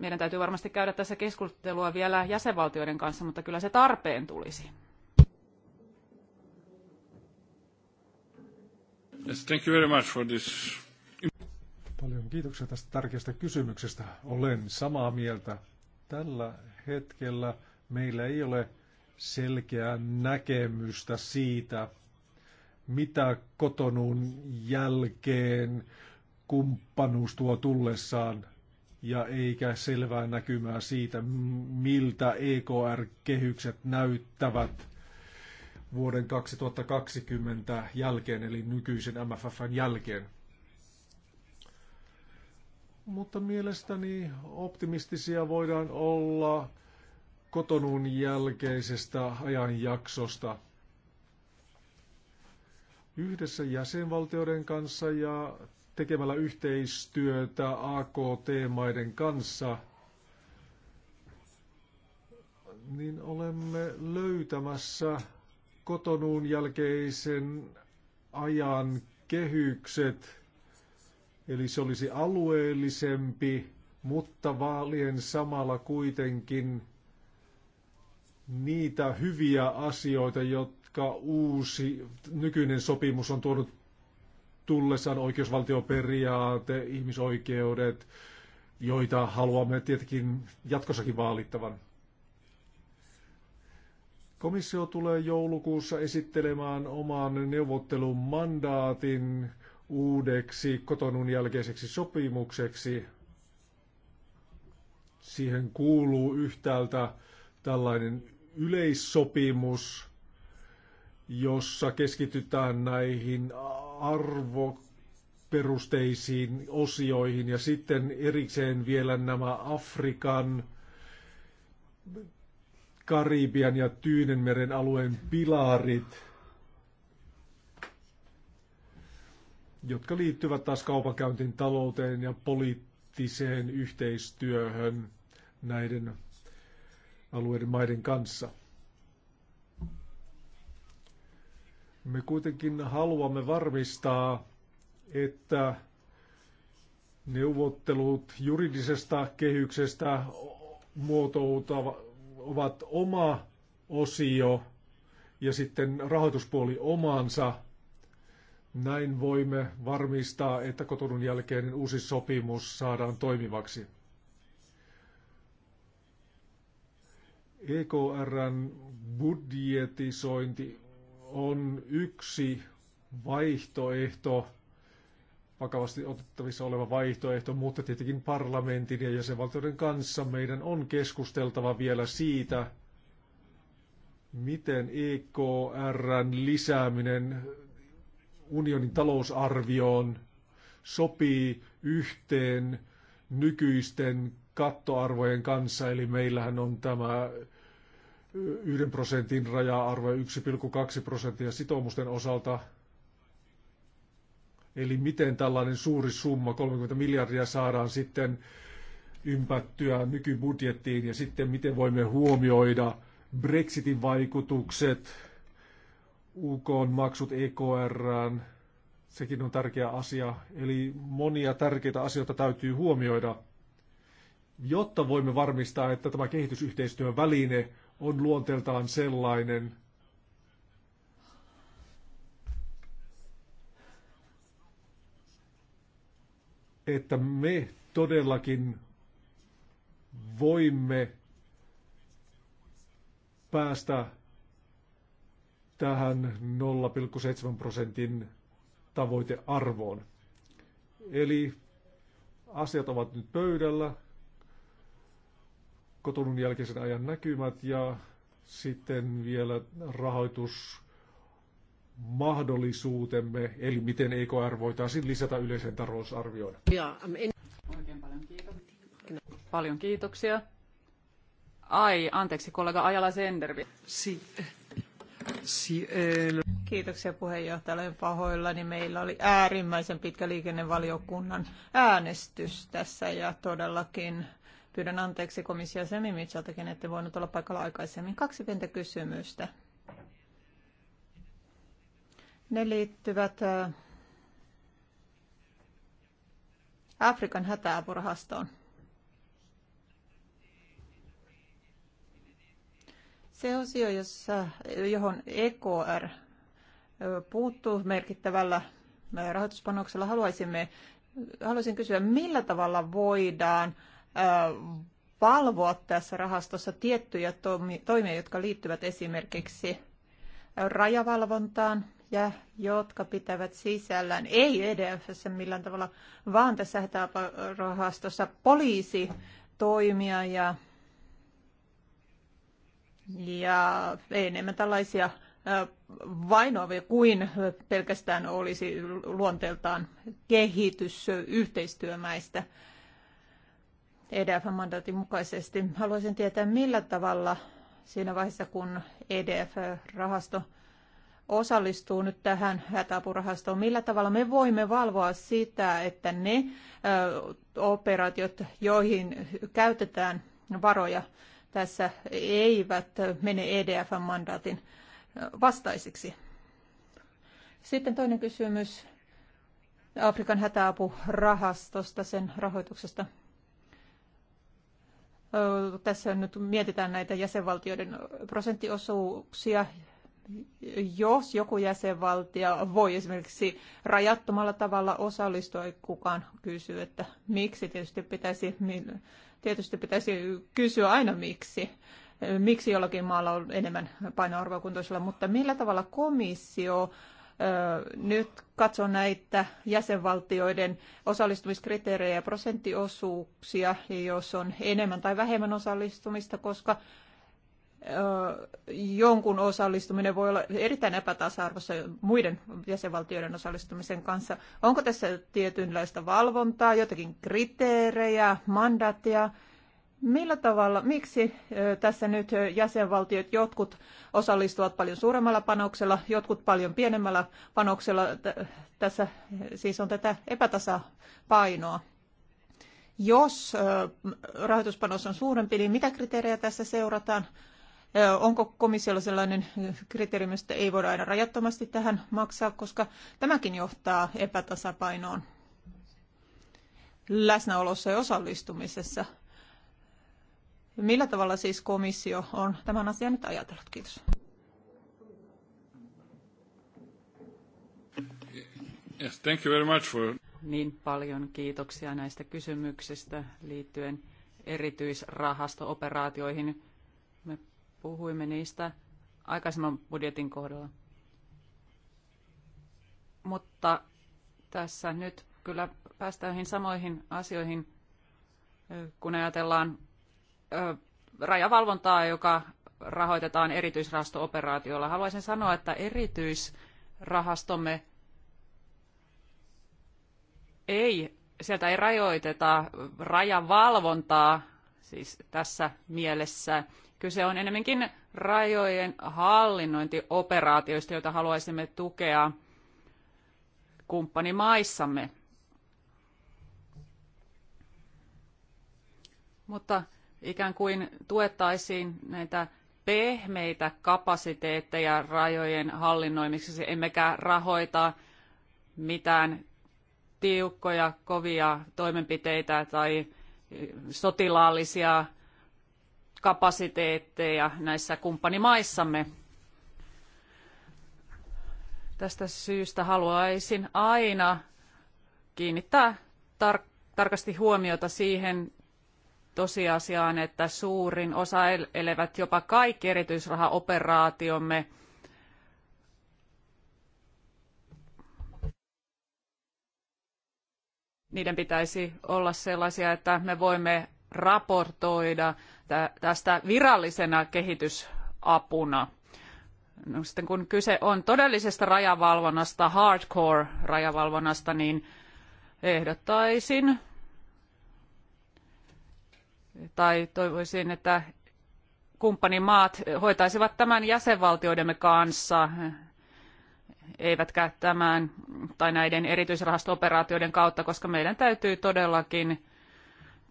Meidän täytyy varmasti käydä tässä keskustelua vielä jäsenvaltioiden kanssa, mutta kyllä se tarpeen tulisi. Yes, thank you very much for this Paljon kiitoksia tästä tärkeästä kysymyksestä. Olen samaa mieltä. Tällä hetkellä meillä ei ole selkeää näkemystä siitä, mitä kotonun jälkeen kumppanuus tuo tullessaan ja eikä selvää näkymää siitä, miltä EKR-kehykset näyttävät vuoden 2020 jälkeen, eli nykyisen MFFn jälkeen. Mutta mielestäni optimistisia voidaan olla kotonun jälkeisestä ajanjaksosta yhdessä jäsenvaltioiden kanssa ja tekemällä yhteistyötä AKT-maiden kanssa, niin olemme löytämässä kotonuun jälkeisen ajan kehykset – Eli se olisi alueellisempi, mutta vaalien samalla kuitenkin niitä hyviä asioita, jotka uusi nykyinen sopimus on tuonut tullessaan oikeusvaltioperiaate, ihmisoikeudet, joita haluamme tietenkin jatkossakin vaalittavan. Komissio tulee joulukuussa esittelemään oman neuvottelun mandaatin uudeksi kotonun jälkeiseksi sopimukseksi. Siihen kuuluu yhtäältä tällainen yleissopimus, jossa keskitytään näihin arvoperusteisiin osioihin ja sitten erikseen vielä nämä Afrikan, Karibian ja Tyynenmeren alueen pilarit – jotka liittyvät taas kaupankäyntiin, talouteen ja poliittiseen yhteistyöhön näiden alueiden maiden kanssa. Me kuitenkin haluamme varmistaa, että neuvottelut juridisesta kehyksestä muotoutuvat ovat oma osio ja sitten rahoituspuoli omaansa. Näin voimme varmistaa, että kotonun jälkeinen uusi sopimus saadaan toimivaksi. EKRn budjetisointi on yksi vaihtoehto, vakavasti otettavissa oleva vaihtoehto, mutta tietenkin parlamentin ja jäsenvaltioiden kanssa meidän on keskusteltava vielä siitä, miten EKRn lisääminen unionin talousarvioon sopii yhteen nykyisten kattoarvojen kanssa, eli meillähän on tämä yhden prosentin raja-arvo 1,2 prosenttia sitoumusten osalta. Eli miten tällainen suuri summa, 30 miljardia, saadaan sitten ympättyä nykybudjettiin ja sitten miten voimme huomioida Brexitin vaikutukset, UK-maksut EKR, sekin on tärkeä asia. Eli monia tärkeitä asioita täytyy huomioida, jotta voimme varmistaa, että tämä kehitysyhteistyön väline on luonteeltaan sellainen, että me todellakin voimme päästä tähän 0,7 prosentin tavoitearvoon. Eli asiat ovat nyt pöydällä, kotonun jälkeisen ajan näkymät ja sitten vielä rahoitus mahdollisuutemme, eli miten EKR voitaisiin lisätä yleisen talousarvioon. Ähm, Oikein paljon kiitoksia. Paljon kiitoksia. Ai, anteeksi kollega Ajala Sendervi. Si. Eh, Kiitoksia puheenjohtaja. Olen pahoillani. Meillä oli äärimmäisen pitkä liikennevaliokunnan äänestys tässä ja todellakin pyydän anteeksi komissio Semimitsaltakin, että voinut olla paikalla aikaisemmin. Kaksi pientä kysymystä. Ne liittyvät äh, Afrikan hätäapurahastoon. Se osio, jossa, johon EKR puuttuu merkittävällä rahoituspanoksella, haluaisimme, haluaisin kysyä, millä tavalla voidaan valvoa tässä rahastossa tiettyjä toimia, jotka liittyvät esimerkiksi rajavalvontaan ja jotka pitävät sisällään, ei EDFS millään tavalla, vaan tässä rahastossa poliisi ja ja enemmän tällaisia vainoavia kuin pelkästään olisi luonteeltaan kehitys yhteistyömäistä EDF-mandaatin mukaisesti. Haluaisin tietää, millä tavalla siinä vaiheessa, kun EDF-rahasto osallistuu nyt tähän hätäapurahastoon, millä tavalla me voimme valvoa sitä, että ne operaatiot, joihin käytetään varoja, tässä eivät mene EDF-mandaatin vastaisiksi. Sitten toinen kysymys Afrikan hätäapurahastosta, sen rahoituksesta. Tässä nyt mietitään näitä jäsenvaltioiden prosenttiosuuksia. Jos joku jäsenvaltio voi esimerkiksi rajattomalla tavalla osallistua, kukaan kysyy, että miksi tietysti pitäisi Tietysti pitäisi kysyä aina miksi. Miksi jollakin maalla on enemmän painoarvoa kuin toisella, mutta millä tavalla komissio nyt katsoo, näitä jäsenvaltioiden osallistumiskriteerejä ja prosenttiosuuksia, jos on enemmän tai vähemmän osallistumista, koska jonkun osallistuminen voi olla erittäin epätasa-arvossa muiden jäsenvaltioiden osallistumisen kanssa. Onko tässä tietynlaista valvontaa, jotakin kriteerejä, mandaattia? Millä tavalla, miksi tässä nyt jäsenvaltiot, jotkut osallistuvat paljon suuremmalla panoksella, jotkut paljon pienemmällä panoksella? Tässä siis on tätä epätasapainoa. Jos rahoituspanos on suurempi, niin mitä kriteerejä tässä seurataan? Onko komissiolla sellainen kriteeri, että ei voida aina rajattomasti tähän maksaa, koska tämäkin johtaa epätasapainoon läsnäolossa ja osallistumisessa. Millä tavalla siis komissio on tämän asian nyt ajatellut? Kiitos. Yes, thank you very much for... Niin paljon kiitoksia näistä kysymyksistä liittyen erityisrahasto-operaatioihin. Puhuimme niistä aikaisemman budjetin kohdalla. Mutta tässä nyt kyllä päästään samoihin asioihin, kun ajatellaan rajavalvontaa, joka rahoitetaan erityisrahasto-operaatiolla. Haluaisin sanoa, että erityisrahastomme ei, sieltä ei rajoiteta rajavalvontaa, siis tässä mielessä Kyse on enemmänkin rajojen hallinnointioperaatioista, joita haluaisimme tukea kumppanimaissamme. Mutta ikään kuin tuettaisiin näitä pehmeitä kapasiteetteja rajojen hallinnoimiseksi, emmekä rahoita mitään tiukkoja, kovia toimenpiteitä tai sotilaallisia kapasiteetteja näissä kumppanimaissamme. Tästä syystä haluaisin aina kiinnittää tar- tarkasti huomiota siihen tosiasiaan, että suurin osa el- elevät jopa kaikki erityisrahaoperaatiomme niiden pitäisi olla sellaisia, että me voimme raportoida tästä virallisena kehitysapuna. No, sitten kun kyse on todellisesta rajavalvonnasta, hardcore-rajavalvonnasta, niin ehdottaisin tai toivoisin, että kumppanimaat hoitaisivat tämän jäsenvaltioidemme kanssa, eivätkä tämän tai näiden erityisrahasto-operaatioiden kautta, koska meidän täytyy todellakin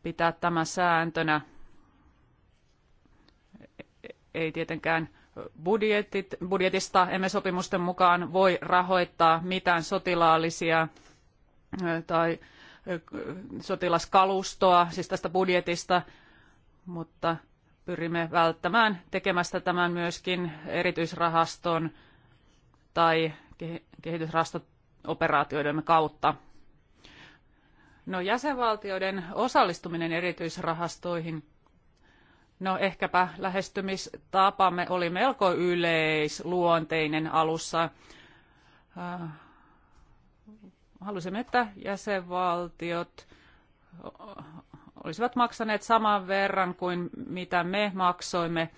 pitää tämä sääntönä – ei tietenkään budjetit, budjetista emme sopimusten mukaan voi rahoittaa mitään sotilaallisia tai sotilaskalustoa, siis tästä budjetista, mutta pyrimme välttämään tekemästä tämän myöskin erityisrahaston tai kehitysrahasto-operaatioidemme kautta. No jäsenvaltioiden osallistuminen erityisrahastoihin – No ehkäpä lähestymistapamme oli melko yleisluonteinen alussa. Äh, halusimme, että jäsenvaltiot olisivat maksaneet saman verran kuin mitä me maksoimme,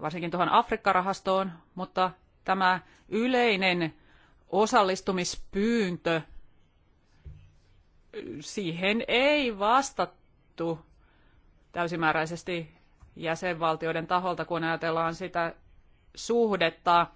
varsinkin tuohon Afrikkarahastoon, mutta tämä yleinen osallistumispyyntö, siihen ei vastattu täysimääräisesti jäsenvaltioiden taholta, kun ajatellaan sitä suhdetta,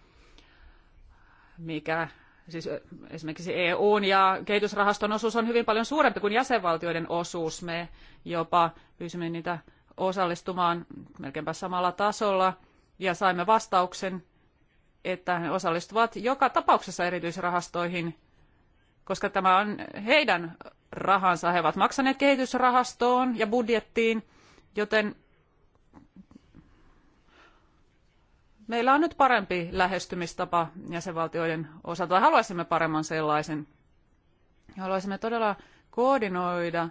mikä siis esimerkiksi EUn ja kehitysrahaston osuus on hyvin paljon suurempi kuin jäsenvaltioiden osuus. Me jopa pyysimme niitä osallistumaan melkeinpä samalla tasolla ja saimme vastauksen, että he osallistuvat joka tapauksessa erityisrahastoihin, koska tämä on heidän rahansa. He ovat maksaneet kehitysrahastoon ja budjettiin, joten Meillä on nyt parempi lähestymistapa jäsenvaltioiden osalta, tai haluaisimme paremman sellaisen. Haluaisimme todella koordinoida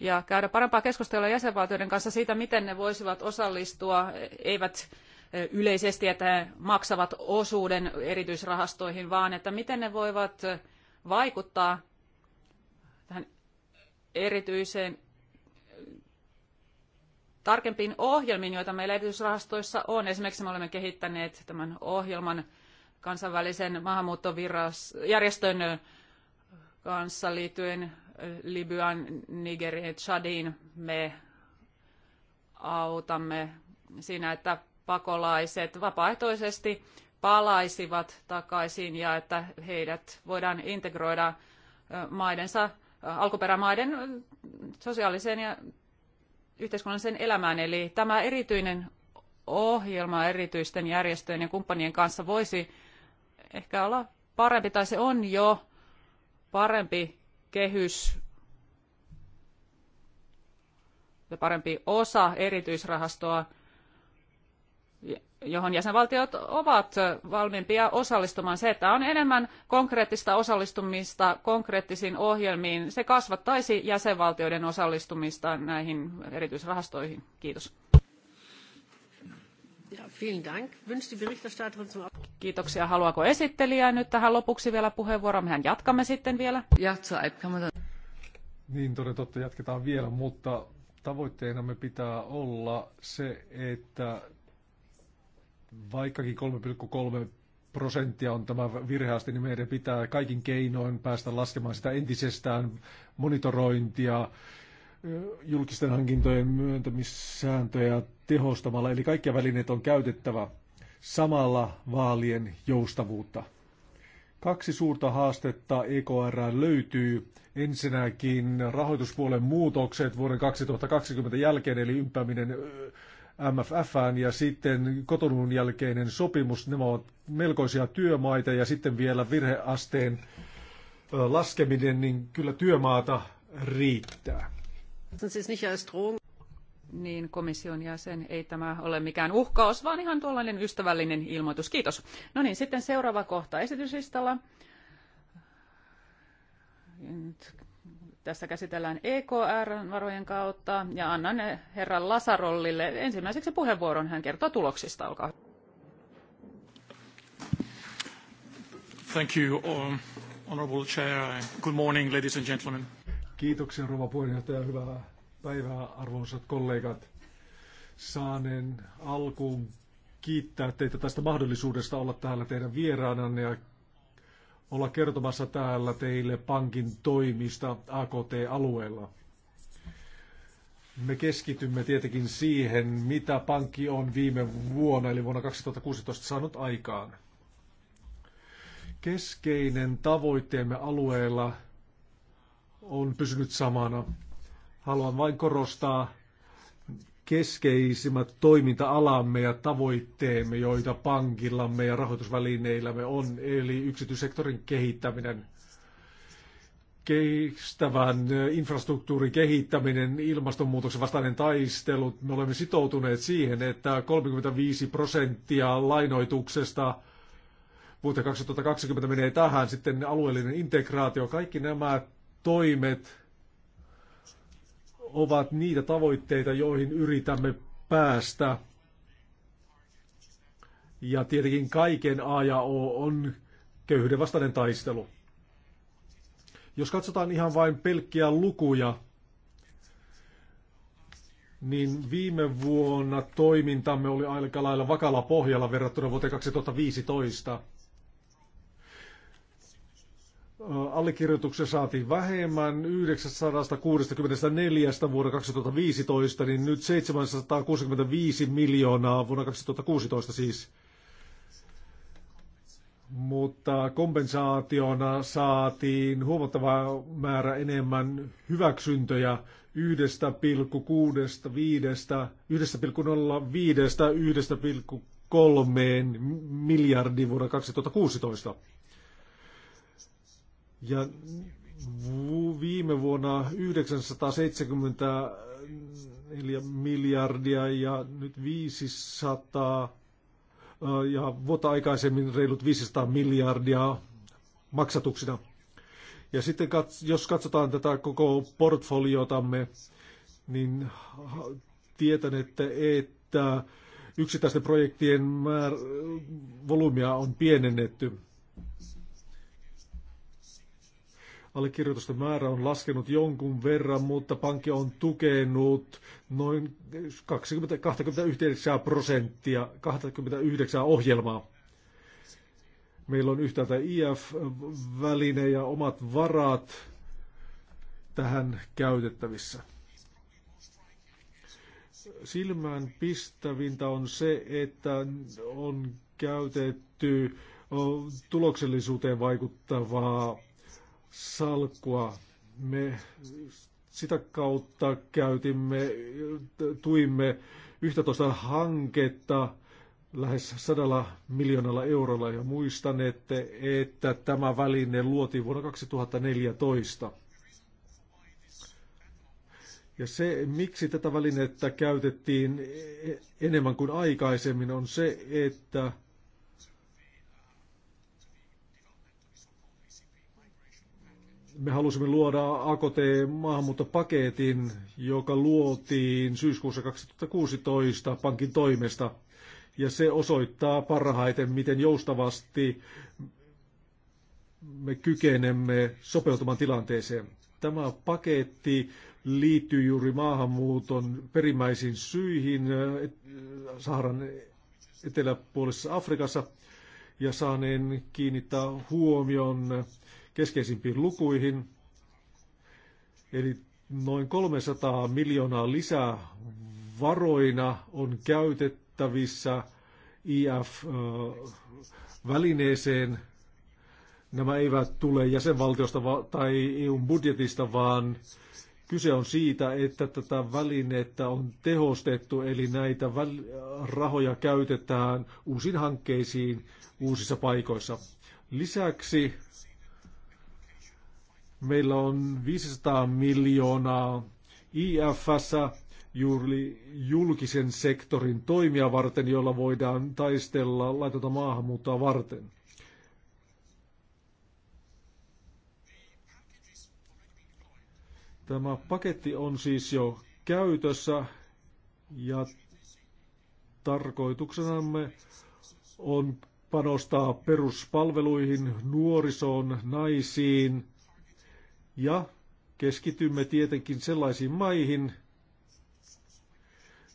ja käydä parempaa keskustelua jäsenvaltioiden kanssa siitä, miten ne voisivat osallistua, eivät e, yleisesti, että he maksavat osuuden erityisrahastoihin, vaan että miten ne voivat vaikuttaa tähän erityiseen tarkempiin ohjelmiin, joita meillä erityisrahastoissa on. Esimerkiksi me olemme kehittäneet tämän ohjelman kansainvälisen maahanmuuttojärjestön kanssa liittyen Libyan, ja Chadiin. Me autamme siinä, että pakolaiset vapaaehtoisesti palaisivat takaisin ja että heidät voidaan integroida maidensa, alkuperämaiden sosiaaliseen ja yhteiskunnalliseen elämään. Eli tämä erityinen ohjelma erityisten järjestöjen ja kumppanien kanssa voisi ehkä olla parempi, tai se on jo parempi kehys ja parempi osa erityisrahastoa johon jäsenvaltiot ovat valmiimpia osallistumaan. Se, että on enemmän konkreettista osallistumista konkreettisiin ohjelmiin, se kasvattaisi jäsenvaltioiden osallistumista näihin erityisrahastoihin. Kiitos. Kiitoksia. Haluaako esittelijä nyt tähän lopuksi vielä puheenvuoron? Mehän jatkamme sitten vielä. Niin, toden totta, jatketaan vielä, mutta tavoitteenamme pitää olla se, että Vaikkakin 3,3 prosenttia on tämä virheasti, niin meidän pitää kaikin keinoin päästä laskemaan sitä entisestään monitorointia, julkisten hankintojen myöntämissääntöjä tehostamalla, eli kaikkia välineitä on käytettävä samalla vaalien joustavuutta. Kaksi suurta haastetta EKR löytyy. Ensinnäkin rahoituspuolen muutokset vuoden 2020 jälkeen, eli ympääminen MFFään ja sitten kotonun jälkeinen sopimus, ne ovat melkoisia työmaita ja sitten vielä virheasteen laskeminen, niin kyllä työmaata riittää. Niin, komission jäsen, ei tämä ole mikään uhkaus, vaan ihan tuollainen ystävällinen ilmoitus. Kiitos. No niin, sitten seuraava kohta esityslistalla tässä käsitellään EKR-varojen kautta ja annan herran Lasarollille ensimmäiseksi puheenvuoron. Hän kertoo tuloksista. Olkaa hyvä. Thank you, um, honorable chair. Good morning, ladies and gentlemen. Kiitoksia, rouva puheenjohtaja. Hyvää päivää, arvoisat kollegat. Saanen alkuun kiittää teitä tästä mahdollisuudesta olla täällä teidän vieraananne ja olla kertomassa täällä teille pankin toimista AKT-alueella. Me keskitymme tietenkin siihen, mitä pankki on viime vuonna, eli vuonna 2016 saanut aikaan. Keskeinen tavoitteemme alueella on pysynyt samana. Haluan vain korostaa, keskeisimmät toiminta-alamme ja tavoitteemme, joita pankillamme ja rahoitusvälineillämme on, eli yksityissektorin kehittäminen, kestävän infrastruktuurin kehittäminen, ilmastonmuutoksen vastainen taistelu. Me olemme sitoutuneet siihen, että 35 prosenttia lainoituksesta vuoteen 2020 menee tähän, sitten alueellinen integraatio, kaikki nämä toimet ovat niitä tavoitteita, joihin yritämme päästä. Ja tietenkin kaiken A ja O on köyhyyden vastainen taistelu. Jos katsotaan ihan vain pelkkiä lukuja, niin viime vuonna toimintamme oli aika lailla vakalla pohjalla verrattuna vuoteen 2015 allekirjoituksia saatiin vähemmän 964 vuonna 2015, niin nyt 765 miljoonaa vuonna 2016 siis. Mutta kompensaationa saatiin huomattava määrä enemmän hyväksyntöjä 1,05 1,3 miljardiin vuonna 2016. Ja viime vuonna 974 miljardia ja nyt 500 ja vuotta aikaisemmin reilut 500 miljardia maksatuksina. Ja sitten jos katsotaan tätä koko portfoliotamme, niin tietänette, että yksittäisten projektien määr, volyymia on pienennetty. Allekirjoitusten määrä on laskenut jonkun verran, mutta pankki on tukenut noin 20, 29 prosenttia, 29 ohjelmaa. Meillä on yhtäältä IF-väline ja omat varat tähän käytettävissä silmään pistävintä on se, että on käytetty tuloksellisuuteen vaikuttavaa salkkua. Me sitä kautta käytimme, tuimme 11 hanketta lähes sadalla miljoonalla eurolla ja muistan, että, että tämä väline luotiin vuonna 2014. Ja se, miksi tätä välinettä käytettiin e-, enemmän kuin aikaisemmin, on se, että me halusimme luoda AKT-maahanmuuttopaketin, joka luotiin syyskuussa 2016 pankin toimesta. Ja se osoittaa parhaiten, miten joustavasti me kykenemme sopeutumaan tilanteeseen. Tämä paketti liittyy juuri maahanmuuton perimmäisiin syihin eh, Saharan eteläpuolisessa Afrikassa ja saaneen kiinnittää huomion keskeisimpiin lukuihin. Eli noin 300 miljoonaa lisää varoina on käytettävissä IF-välineeseen. Nämä eivät tule jäsenvaltiosta tai EUn budjetista, vaan kyse on siitä, että tätä välinettä on tehostettu, eli näitä rahoja käytetään uusiin hankkeisiin uusissa paikoissa. Lisäksi Meillä on 500 miljoonaa IFS juuri julkisen sektorin toimia varten, jolla voidaan taistella laitonta maahanmuuttoa varten. Tämä paketti on siis jo käytössä ja tarkoituksenamme on panostaa peruspalveluihin, nuorisoon, naisiin – ja keskitymme tietenkin sellaisiin maihin,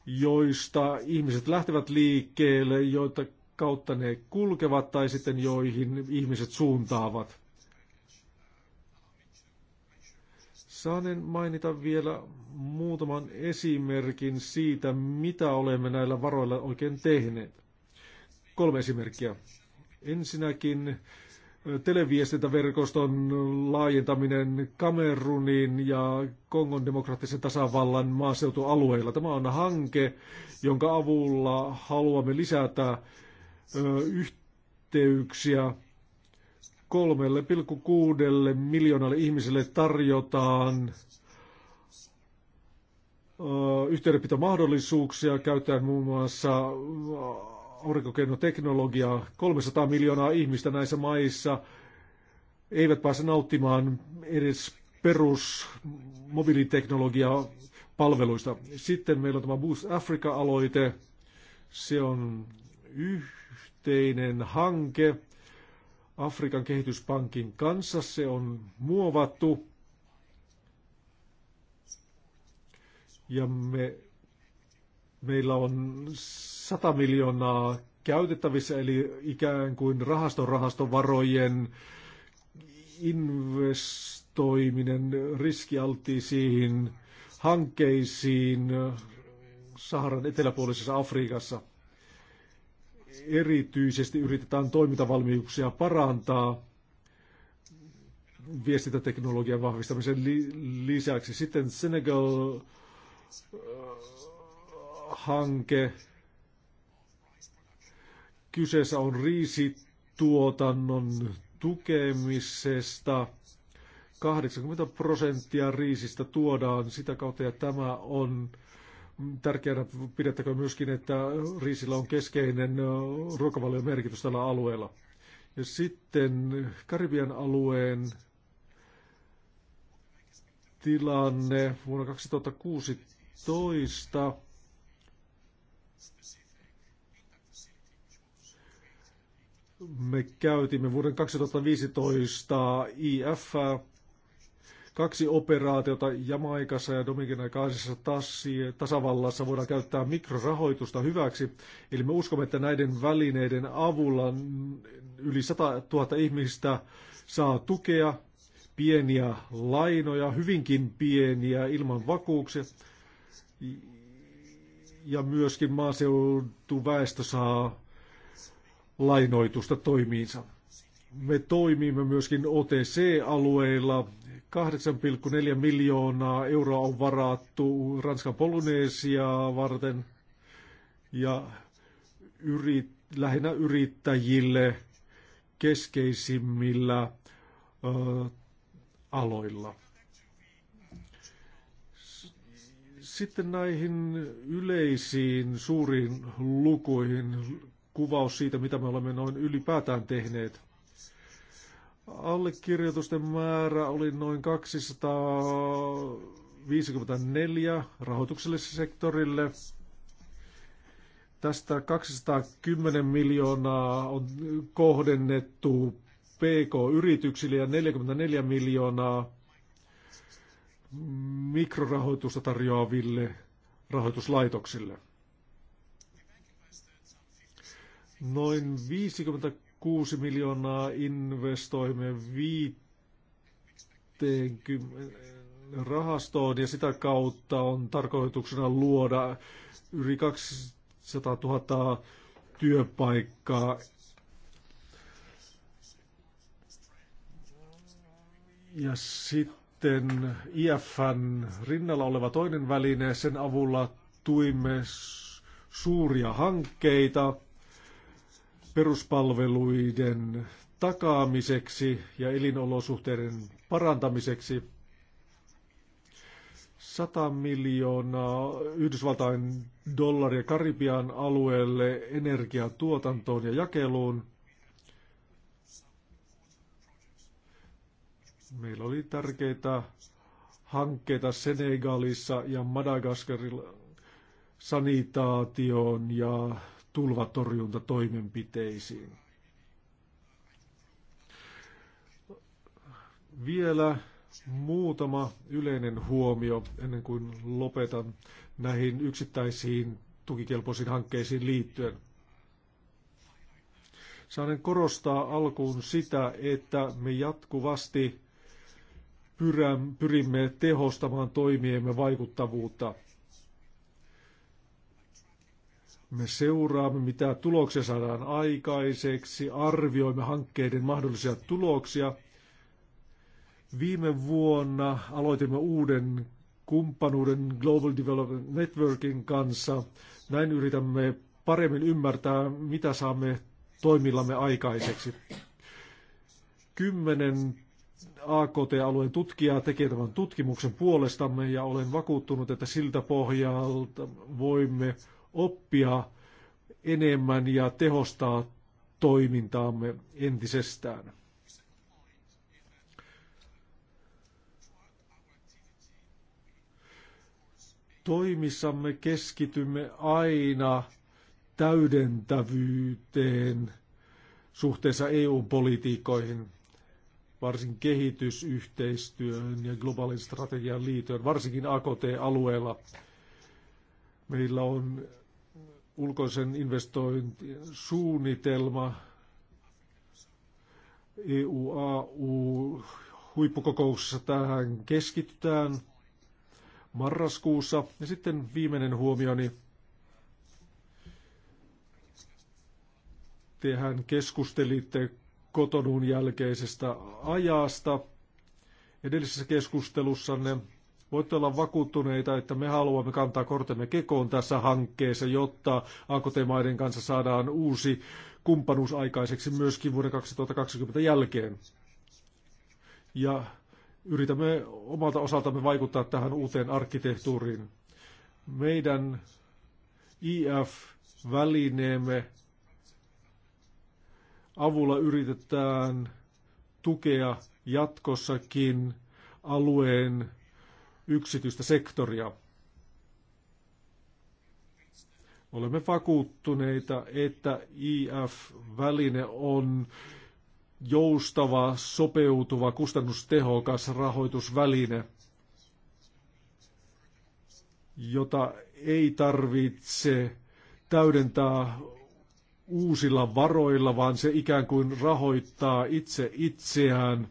joista ihmiset lähtevät liikkeelle, joita kautta ne kulkevat tai sitten joihin ihmiset suuntaavat. Saanen mainita vielä muutaman esimerkin siitä, mitä olemme näillä varoilla oikein tehneet. Kolme esimerkkiä. Ensinnäkin televiestintäverkoston laajentaminen Kamerunin ja Kongon demokraattisen tasavallan maaseutualueilla. Tämä on hanke, jonka avulla haluamme lisätä yhteyksiä 3,6 miljoonalle ihmiselle tarjotaan yhteydenpitomahdollisuuksia käyttäen muun muassa aurinkokennoteknologiaa. 300 miljoonaa ihmistä näissä maissa eivät pääse nauttimaan edes perus palveluista. Sitten meillä on tämä Boost Africa-aloite. Se on yhteinen hanke Afrikan kehityspankin kanssa. Se on muovattu. Ja me meillä on 100 miljoonaa käytettävissä, eli ikään kuin rahasto-rahastovarojen investoiminen riskialttiisiin hankkeisiin Saharan eteläpuolisessa Afrikassa. Erityisesti yritetään toimintavalmiuksia parantaa viestintäteknologian vahvistamisen lisäksi. Sitten Senegal hanke. Kyseessä on riisituotannon tukemisesta. 80 prosenttia riisistä tuodaan sitä kautta ja tämä on tärkeänä pidettäkö myöskin, että riisillä on keskeinen ruokavalion merkitys tällä alueella. Ja sitten Karibian alueen tilanne vuonna 2016 me käytimme vuoden 2015 IF kaksi operaatiota Jamaikassa ja Dominikanaikaisessa tasavallassa voidaan käyttää mikrorahoitusta hyväksi. Eli me uskomme, että näiden välineiden avulla yli 100 000 ihmistä saa tukea, pieniä lainoja, hyvinkin pieniä ilman vakuuksia ja myöskin maaseutuväestö saa lainoitusta toimiinsa. Me toimimme myöskin OTC-alueilla. 8,4 miljoonaa euroa on varattu Ranskan Polynesiaa varten ja yrit, lähinnä yrittäjille keskeisimmillä ö, aloilla. Sitten näihin yleisiin suuriin lukuihin kuvaus siitä, mitä me olemme noin ylipäätään tehneet. Allekirjoitusten määrä oli noin 254 rahoitukselliselle sektorille. Tästä 210 miljoonaa on kohdennettu PK-yrityksille ja 44 miljoonaa mikrorahoitusta tarjoaville rahoituslaitoksille. Noin 56 miljoonaa investoimme 50 rahastoon ja sitä kautta on tarkoituksena luoda yli 200 000 työpaikkaa ja sitten sitten IFN rinnalla oleva toinen väline, sen avulla tuimme suuria hankkeita peruspalveluiden takaamiseksi ja elinolosuhteiden parantamiseksi. 100 miljoonaa Yhdysvaltain dollaria Karibian alueelle energiatuotantoon ja jakeluun. Meillä oli tärkeitä hankkeita Senegalissa ja Madagaskarilla sanitaation ja tulvatorjuntatoimenpiteisiin. Vielä muutama yleinen huomio ennen kuin lopetan näihin yksittäisiin tukikelpoisiin hankkeisiin liittyen. Saan korostaa alkuun sitä, että me jatkuvasti pyrimme tehostamaan toimiemme vaikuttavuutta. Me seuraamme, mitä tuloksia saadaan aikaiseksi, arvioimme hankkeiden mahdollisia tuloksia. Viime vuonna aloitimme uuden kumppanuuden Global Development Networkin kanssa. Näin yritämme paremmin ymmärtää, mitä saamme toimillamme aikaiseksi. Kymmenen AKT-alueen tutkija tekee tämän tutkimuksen puolestamme ja olen vakuuttunut, että siltä pohjalta voimme oppia enemmän ja tehostaa toimintaamme entisestään. Toimissamme keskitymme aina täydentävyyteen suhteessa EU-politiikoihin – varsin kehitysyhteistyön ja globaalin strategian liiton, varsinkin AKT-alueella. Meillä on ulkoisen investointisuunnitelma, EU-AU huippukokouksessa tähän keskitytään marraskuussa. Ja sitten viimeinen huomioni. Tehän keskustelitte kotonuun jälkeisestä ajasta. Edellisessä keskustelussanne voitte olla vakuuttuneita, että me haluamme kantaa kortemme kekoon tässä hankkeessa, jotta AKT-maiden kanssa saadaan uusi kumppanuus aikaiseksi myöskin vuoden 2020 jälkeen. Ja yritämme omalta osaltamme vaikuttaa tähän uuteen arkkitehtuuriin. Meidän IF-välineemme avulla yritetään tukea jatkossakin alueen yksityistä sektoria. Olemme vakuuttuneita, että IF-väline on joustava, sopeutuva, kustannustehokas rahoitusväline, jota ei tarvitse täydentää uusilla varoilla, vaan se ikään kuin rahoittaa itse itseään.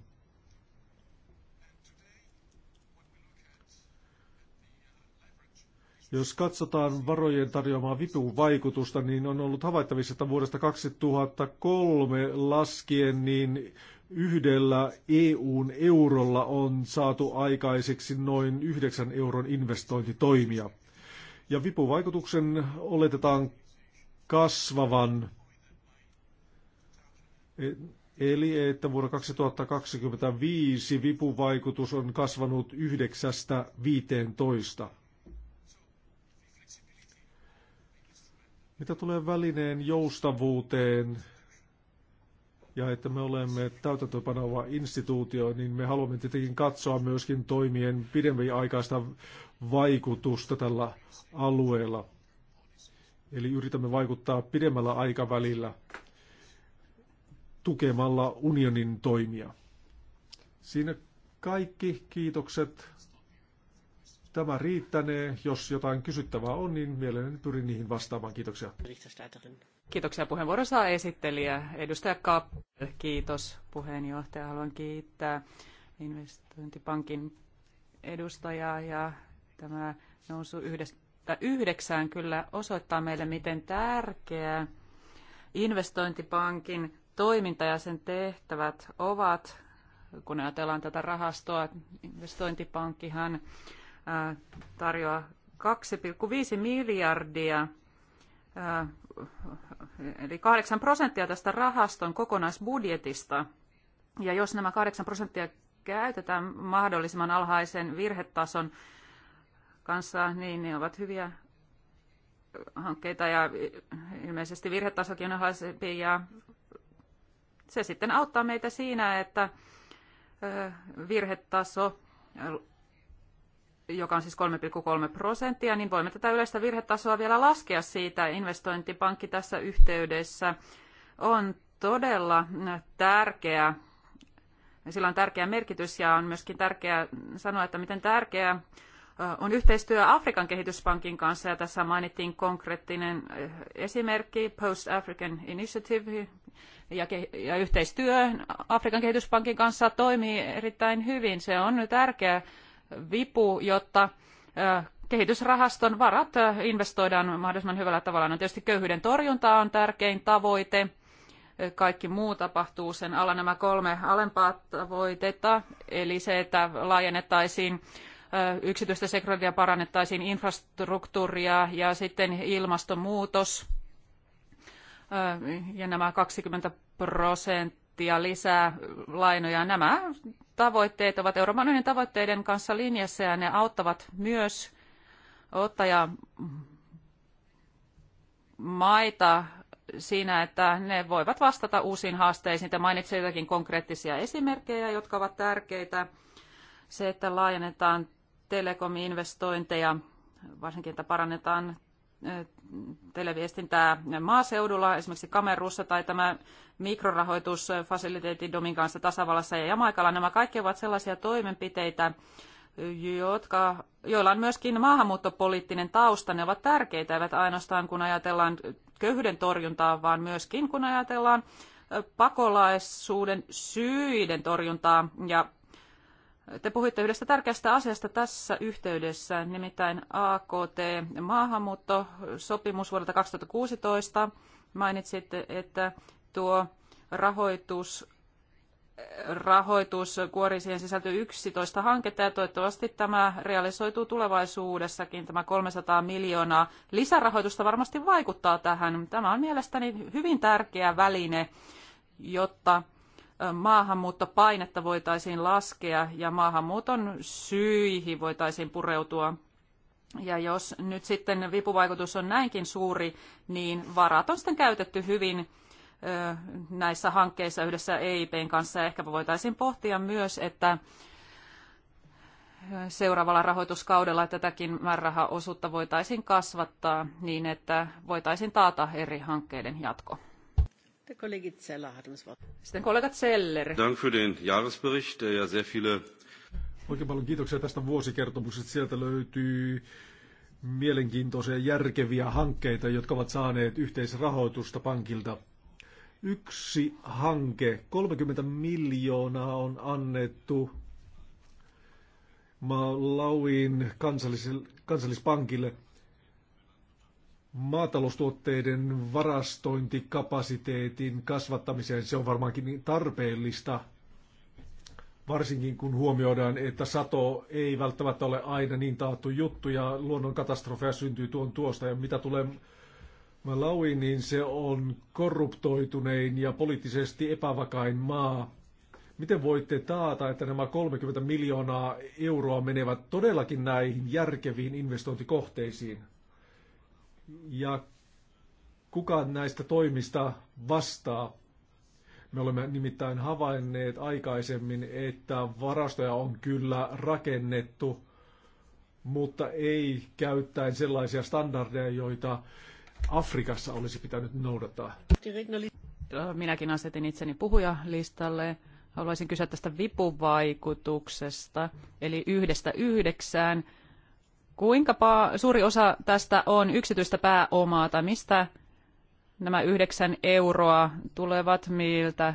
Jos katsotaan varojen tarjoamaa vipuvaikutusta, niin on ollut havaittavissa, että vuodesta 2003 laskien niin yhdellä EUn eurolla on saatu aikaiseksi noin 9 euron investointitoimia. Ja vipuvaikutuksen oletetaan kasvavan. E, eli että vuonna 2025 vipuvaikutus on kasvanut 9-15. Mitä tulee välineen joustavuuteen ja että me olemme täytäntöpanova instituutio, niin me haluamme tietenkin katsoa myöskin toimien aikaista vaikutusta tällä alueella. Eli yritämme vaikuttaa pidemmällä aikavälillä tukemalla unionin toimia. Siinä kaikki kiitokset. Tämä riittänee. Jos jotain kysyttävää on, niin mielelläni pyrin niihin vastaamaan. Kiitoksia. Kiitoksia puheenvuoron saa esittelijä. Edustaja Kappel, kiitos puheenjohtaja. Haluan kiittää investointipankin edustajaa ja tämä nousu yhdessä yhdeksään kyllä osoittaa meille, miten tärkeää investointipankin toiminta ja sen tehtävät ovat, kun ajatellaan tätä rahastoa, investointipankkihan tarjoaa 2,5 miljardia, eli 8 prosenttia tästä rahaston kokonaisbudjetista. Ja jos nämä 8 prosenttia käytetään mahdollisimman alhaisen virhetason kanssa, niin ne ovat hyviä hankkeita ja ilmeisesti virhetasokin on alhaisempi ja se sitten auttaa meitä siinä, että virhetaso, joka on siis 3,3 prosenttia, niin voimme tätä yleistä virhetasoa vielä laskea siitä. Investointipankki tässä yhteydessä on todella tärkeä. Sillä on tärkeä merkitys ja on myöskin tärkeää sanoa, että miten tärkeää on yhteistyö Afrikan kehityspankin kanssa ja tässä mainittiin konkreettinen esimerkki Post African Initiative ja, ja yhteistyö Afrikan kehityspankin kanssa toimii erittäin hyvin. Se on tärkeä vipu, jotta kehitysrahaston varat investoidaan mahdollisimman hyvällä tavalla. No tietysti köyhyyden torjunta on tärkein tavoite. Kaikki muu tapahtuu sen alla nämä kolme alempaa tavoitetta, eli se, että laajennettaisiin yksityistä sektoria parannettaisiin, infrastruktuuria ja sitten ilmastonmuutos ja nämä 20 prosenttia lisää lainoja. Nämä tavoitteet ovat Euroopan unionin tavoitteiden kanssa linjassa ja ne auttavat myös ottaja maita siinä, että ne voivat vastata uusiin haasteisiin. Te mainitsin jotakin konkreettisia esimerkkejä, jotka ovat tärkeitä. Se, että laajennetaan telekomi-investointeja, varsinkin, että parannetaan televiestintää maaseudulla, esimerkiksi Kamerussa tai tämä mikrorahoitusfasiliteetti Domin kanssa tasavallassa ja Jamaikalla. Nämä kaikki ovat sellaisia toimenpiteitä, jotka, joilla on myöskin maahanmuuttopoliittinen tausta. Ne ovat tärkeitä, eivät ainoastaan kun ajatellaan köyhyyden torjuntaa, vaan myöskin kun ajatellaan pakolaisuuden syiden torjuntaa ja te puhuitte yhdestä tärkeästä asiasta tässä yhteydessä, nimittäin AKT-maahanmuuttosopimus vuodelta 2016. Mainitsitte, että tuo rahoitus rahoitus kuori siihen sisältyy 11 hanketta ja toivottavasti tämä realisoituu tulevaisuudessakin. Tämä 300 miljoonaa lisärahoitusta varmasti vaikuttaa tähän. Tämä on mielestäni hyvin tärkeä väline, jotta maahanmuuttopainetta voitaisiin laskea ja maahanmuuton syihin voitaisiin pureutua. Ja jos nyt sitten vipuvaikutus on näinkin suuri, niin varat on sitten käytetty hyvin näissä hankkeissa yhdessä EIPn kanssa. Ja ehkä voitaisiin pohtia myös, että seuraavalla rahoituskaudella tätäkin määrärahaosuutta voitaisiin kasvattaa niin, että voitaisiin taata eri hankkeiden jatko kollega eh, Oikein paljon kiitoksia tästä vuosikertomuksesta. Sieltä löytyy mielenkiintoisia järkeviä hankkeita, jotka ovat saaneet yhteisrahoitusta pankilta. Yksi hanke, 30 miljoonaa on annettu Malawin kansallis- kansallispankille – maataloustuotteiden varastointikapasiteetin kasvattamiseen. Se on varmaankin tarpeellista, varsinkin kun huomioidaan, että sato ei välttämättä ole aina niin taattu juttu ja luonnon katastrofeja syntyy tuon tuosta. Ja mitä tulee Malawi, niin se on korruptoitunein ja poliittisesti epävakain maa. Miten voitte taata, että nämä 30 miljoonaa euroa menevät todellakin näihin järkeviin investointikohteisiin? ja kuka näistä toimista vastaa. Me olemme nimittäin havainneet aikaisemmin, että varastoja on kyllä rakennettu, mutta ei käyttäen sellaisia standardeja, joita Afrikassa olisi pitänyt noudattaa. Minäkin asetin itseni puhujalistalle. Haluaisin kysyä tästä vipuvaikutuksesta, eli yhdestä yhdeksään kuinka suuri osa tästä on yksityistä pääomaa tai mistä nämä yhdeksän euroa tulevat miltä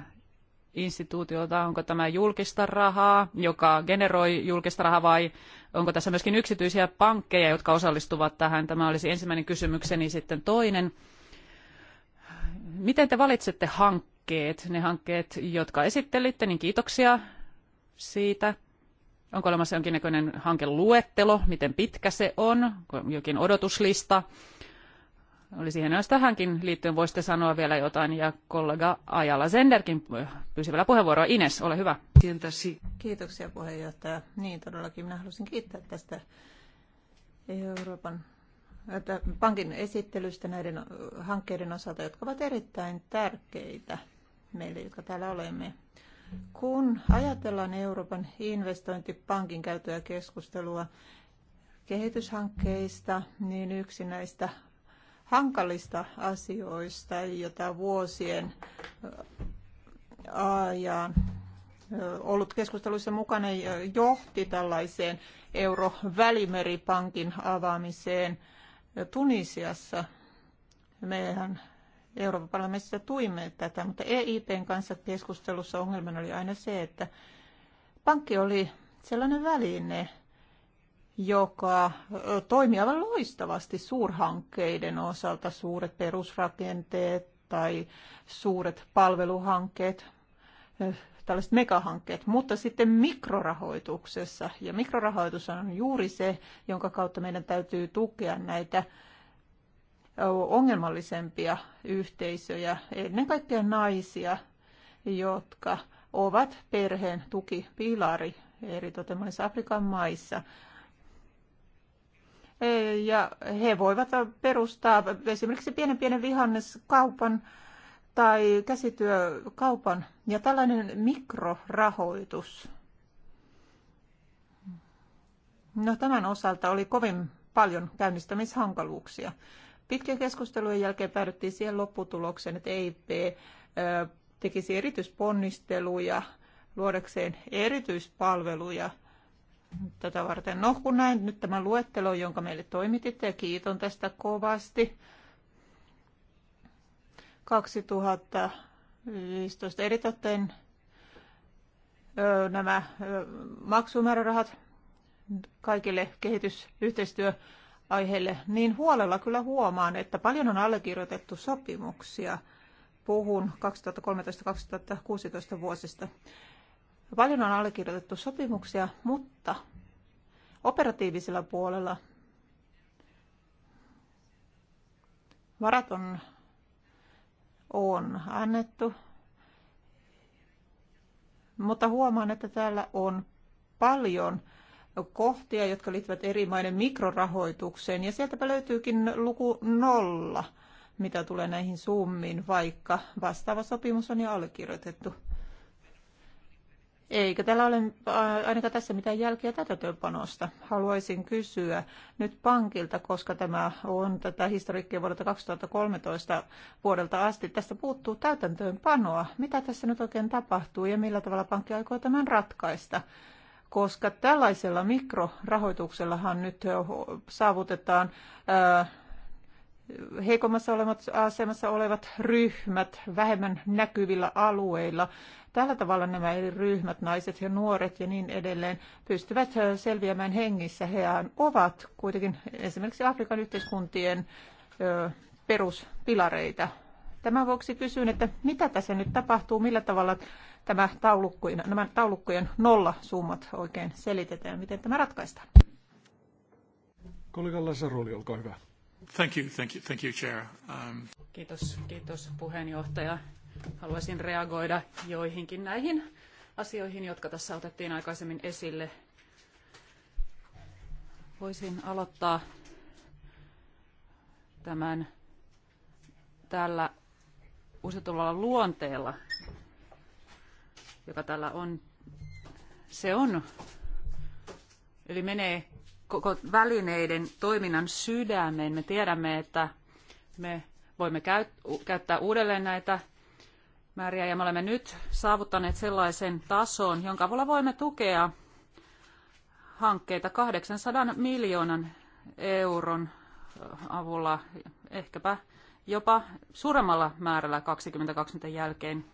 instituutiolta? Onko tämä julkista rahaa, joka generoi julkista rahaa vai onko tässä myöskin yksityisiä pankkeja, jotka osallistuvat tähän? Tämä olisi ensimmäinen kysymykseni. Sitten toinen. Miten te valitsette hankkeet, ne hankkeet, jotka esittelitte, niin kiitoksia siitä. Onko olemassa jonkinnäköinen hankeluettelo, miten pitkä se on, jokin odotuslista? Olisi hienoa, jos tähänkin liittyen voisitte sanoa vielä jotain. Ja kollega Ajala Zenderkin pyysi vielä puheenvuoroa. Ines, ole hyvä. Kiitoksia puheenjohtaja. Niin, todellakin minä haluaisin kiittää tästä Euroopan että pankin esittelystä näiden hankkeiden osalta, jotka ovat erittäin tärkeitä meille, jotka täällä olemme. Kun ajatellaan Euroopan investointipankin käytöä keskustelua kehityshankkeista, niin yksi näistä hankalista asioista, jota vuosien ajan ollut keskusteluissa mukana johti tällaiseen Euro-välimeripankin avaamiseen Tunisiassa. Meidän Euroopan parlamentissa tuimme tätä, mutta EIPn kanssa keskustelussa ongelmana oli aina se, että pankki oli sellainen väline, joka toimii aivan loistavasti suurhankkeiden osalta, suuret perusrakenteet tai suuret palveluhankkeet, tällaiset megahankkeet, mutta sitten mikrorahoituksessa. Ja mikrorahoitus on juuri se, jonka kautta meidän täytyy tukea näitä ongelmallisempia yhteisöjä, ennen kaikkea naisia, jotka ovat perheen tukipilari eri monissa Afrikan maissa. E, ja he voivat perustaa esimerkiksi pienen pienen vihanneskaupan tai käsityökaupan. Ja tällainen mikrorahoitus. No, tämän osalta oli kovin paljon käynnistämishankaluuksia. Pitkien keskustelujen jälkeen päädyttiin siihen lopputulokseen, että EIP tekisi erityisponnisteluja luodakseen erityispalveluja tätä varten. No, kun näin nyt tämän luettelon, jonka meille toimititte, ja kiiton tästä kovasti. 2015 eritoten nämä maksumäärärahat kaikille kehitysyhteistyö aiheelle, niin huolella kyllä huomaan, että paljon on allekirjoitettu sopimuksia. Puhun 2013-2016 vuosista. Paljon on allekirjoitettu sopimuksia, mutta operatiivisella puolella varat on, on annettu, mutta huomaan, että täällä on paljon kohtia, jotka liittyvät eri maiden mikrorahoitukseen. Ja sieltäpä löytyykin luku nolla, mitä tulee näihin summiin, vaikka vastaava sopimus on jo allekirjoitettu. Eikä täällä ole ainakaan tässä mitään jälkiä tätä työpanosta. Haluaisin kysyä nyt pankilta, koska tämä on tätä historiikkia vuodelta 2013 vuodelta asti. Tästä puuttuu täytäntöönpanoa. Mitä tässä nyt oikein tapahtuu ja millä tavalla pankki aikoo tämän ratkaista? koska tällaisella mikrorahoituksellahan nyt saavutetaan heikommassa asemassa olevat ryhmät vähemmän näkyvillä alueilla. Tällä tavalla nämä eri ryhmät, naiset ja nuoret ja niin edelleen, pystyvät selviämään hengissä. He ovat kuitenkin esimerkiksi Afrikan yhteiskuntien peruspilareita. Tämän vuoksi kysyn, että mitä tässä nyt tapahtuu, millä tavalla tämä taulukkojen, nämä taulukkojen nollasummat oikein selitetään? Miten tämä ratkaistaan? Kollega Lasaroli, olkaa hyvä. Thank you, thank you, thank you, Chair. Um... Kiitos, kiitos puheenjohtaja. Haluaisin reagoida joihinkin näihin asioihin, jotka tässä otettiin aikaisemmin esille. Voisin aloittaa tämän tällä uusiutuvalla luonteella joka täällä on, se on, eli menee koko välineiden toiminnan sydämeen. Me tiedämme, että me voimme käyttää uudelleen näitä määriä ja me olemme nyt saavuttaneet sellaisen tason, jonka avulla voimme tukea hankkeita 800 miljoonan euron avulla, ehkäpä jopa suuremmalla määrällä 2020 jälkeen.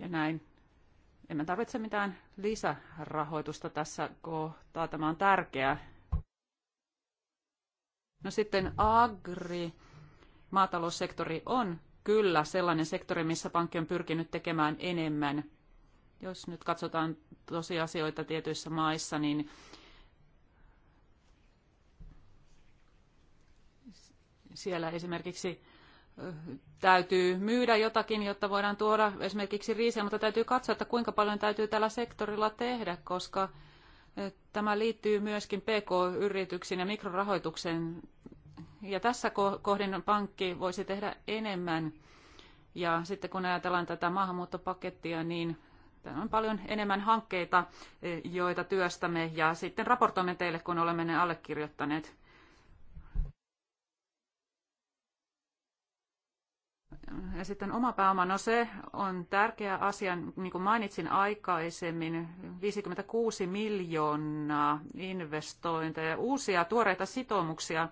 ja näin. Emme tarvitse mitään lisärahoitusta tässä kohtaa. Tämä on tärkeää. No sitten agri, maataloussektori on kyllä sellainen sektori, missä pankki on pyrkinyt tekemään enemmän. Jos nyt katsotaan tosiasioita tietyissä maissa, niin siellä esimerkiksi täytyy myydä jotakin, jotta voidaan tuoda esimerkiksi riisiä, mutta täytyy katsoa, että kuinka paljon täytyy tällä sektorilla tehdä, koska eh, tämä liittyy myöskin PK-yrityksiin ja mikrorahoitukseen. Ja tässä kohdin pankki voisi tehdä enemmän. Ja sitten kun ajatellaan tätä maahanmuuttopakettia, niin Täällä on paljon enemmän hankkeita, eh, joita työstämme ja sitten raportoimme teille, kun olemme ne allekirjoittaneet. Ja sitten oma pääoma, no se on tärkeä asia, niin kuin mainitsin aikaisemmin, 56 miljoonaa investointeja, uusia tuoreita sitoumuksia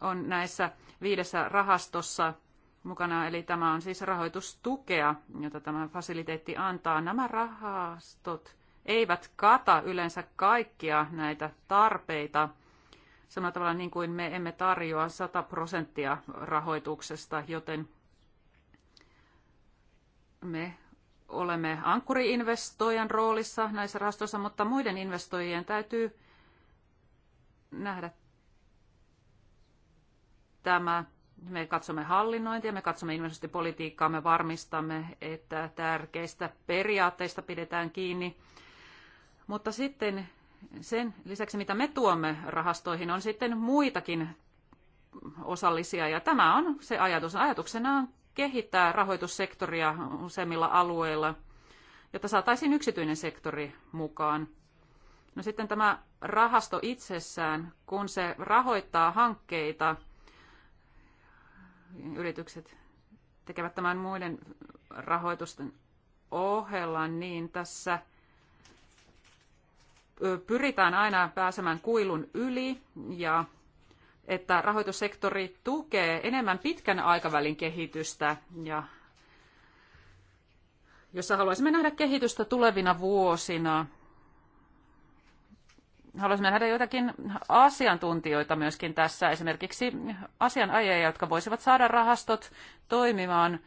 on näissä viidessä rahastossa mukana, eli tämä on siis rahoitustukea, jota tämä fasiliteetti antaa. Nämä rahastot eivät kata yleensä kaikkia näitä tarpeita, samalla tavalla niin kuin me emme tarjoa 100 prosenttia rahoituksesta, joten me olemme ankkuriinvestoijan roolissa näissä rahastoissa, mutta muiden investoijien täytyy nähdä tämä. Me katsomme hallinnointia, me katsomme investointipolitiikkaa, me varmistamme, että tärkeistä periaatteista pidetään kiinni. Mutta sitten sen lisäksi, mitä me tuomme rahastoihin, on sitten muitakin osallisia. Ja tämä on se ajatus. Ajatuksena on kehittää rahoitussektoria useimmilla alueilla, jotta saataisiin yksityinen sektori mukaan. No sitten tämä rahasto itsessään, kun se rahoittaa hankkeita, yritykset tekevät tämän muiden rahoitusten ohella, niin tässä pyritään aina pääsemään kuilun yli ja että rahoitussektori tukee enemmän pitkän aikavälin kehitystä ja jossa haluaisimme nähdä kehitystä tulevina vuosina. Haluaisimme nähdä joitakin asiantuntijoita myöskin tässä, esimerkiksi asianajajia, jotka voisivat saada rahastot toimimaan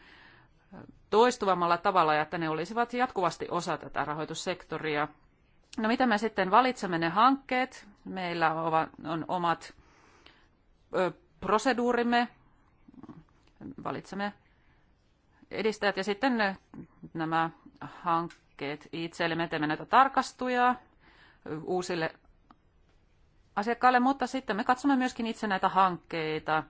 toistuvammalla tavalla ja että ne olisivat jatkuvasti osa tätä rahoitussektoria. No mitä me sitten valitsemme ne hankkeet? Meillä on omat proseduurimme, valitsemme edistäjät ja sitten nämä hankkeet itse, eli me teemme näitä tarkastuja uusille asiakkaille, mutta sitten me katsomme myöskin itse näitä hankkeita.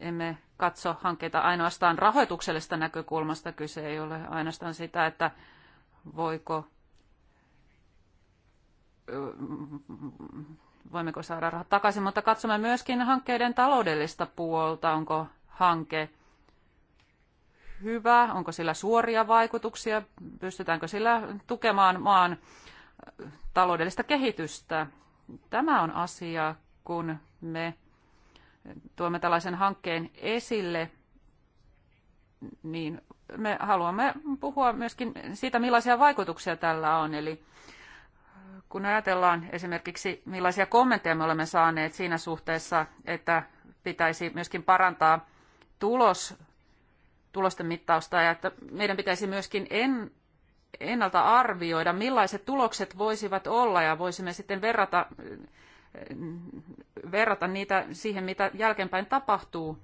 Emme katso hankkeita ainoastaan rahoituksellisesta näkökulmasta. Kyse ei ole ainoastaan sitä, että voiko voimmeko saada rahat takaisin, mutta katsomme myöskin hankkeiden taloudellista puolta, onko hanke hyvä, onko sillä suoria vaikutuksia, pystytäänkö sillä tukemaan maan taloudellista kehitystä. Tämä on asia, kun me tuomme tällaisen hankkeen esille, niin me haluamme puhua myöskin siitä, millaisia vaikutuksia tällä on. Eli kun ajatellaan esimerkiksi millaisia kommentteja me olemme saaneet siinä suhteessa, että pitäisi myöskin parantaa tulos, tulosten mittausta ja että meidän pitäisi myöskin en, ennalta arvioida, millaiset tulokset voisivat olla ja voisimme sitten verrata, verrata niitä siihen, mitä jälkeenpäin tapahtuu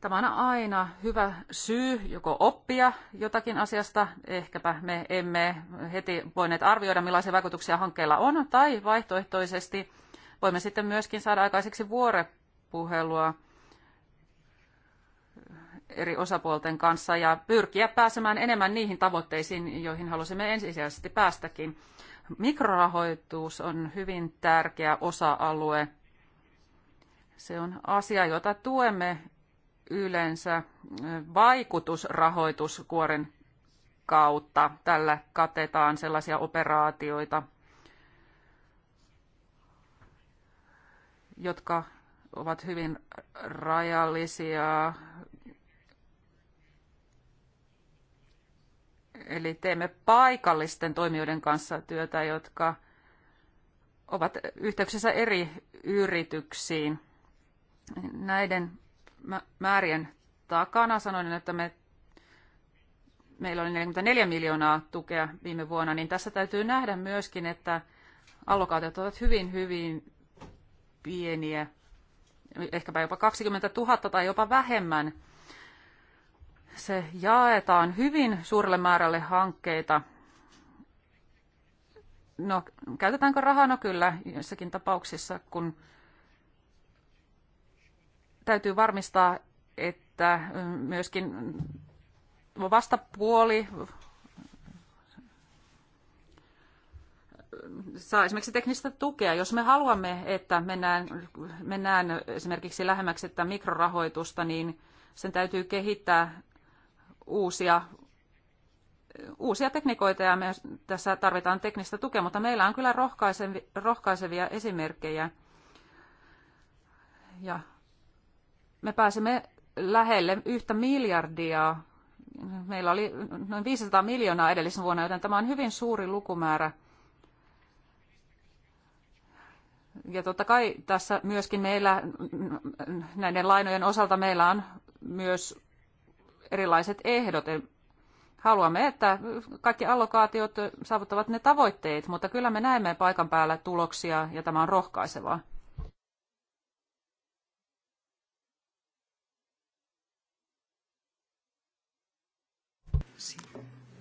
Tämä on aina hyvä syy joko oppia jotakin asiasta, ehkäpä me emme heti voineet arvioida millaisia vaikutuksia hankkeilla on, tai vaihtoehtoisesti voimme sitten myöskin saada aikaiseksi vuoropuhelua eri osapuolten kanssa ja pyrkiä pääsemään enemmän niihin tavoitteisiin, joihin halusimme ensisijaisesti päästäkin. Mikrorahoitus on hyvin tärkeä osa-alue. Se on asia, jota tuemme yleensä vaikutusrahoituskuoren kautta. Tällä katetaan sellaisia operaatioita, jotka ovat hyvin rajallisia. Eli teemme paikallisten toimijoiden kanssa työtä, jotka ovat yhteyksissä eri yrityksiin. Näiden määrien takana. Sanoin, että me, meillä oli 44 miljoonaa tukea viime vuonna, niin tässä täytyy nähdä myöskin, että allokaatiot ovat hyvin, hyvin pieniä, ehkäpä jopa 20 000 tai jopa vähemmän. Se jaetaan hyvin suurelle määrälle hankkeita. No, käytetäänkö rahaa? No kyllä, joissakin tapauksissa, kun täytyy varmistaa, että myöskin vastapuoli saa esimerkiksi teknistä tukea. Jos me haluamme, että mennään, mennään esimerkiksi lähemmäksi tätä mikrorahoitusta, niin sen täytyy kehittää uusia, uusia teknikoita ja myös tässä tarvitaan teknistä tukea, mutta meillä on kyllä rohkaisevia esimerkkejä. Ja me pääsemme lähelle yhtä miljardia. Meillä oli noin 500 miljoonaa edellisen vuonna, joten tämä on hyvin suuri lukumäärä. Ja totta kai tässä myöskin meillä näiden lainojen osalta meillä on myös erilaiset ehdot. Haluamme, että kaikki allokaatiot saavuttavat ne tavoitteet, mutta kyllä me näemme paikan päällä tuloksia ja tämä on rohkaisevaa.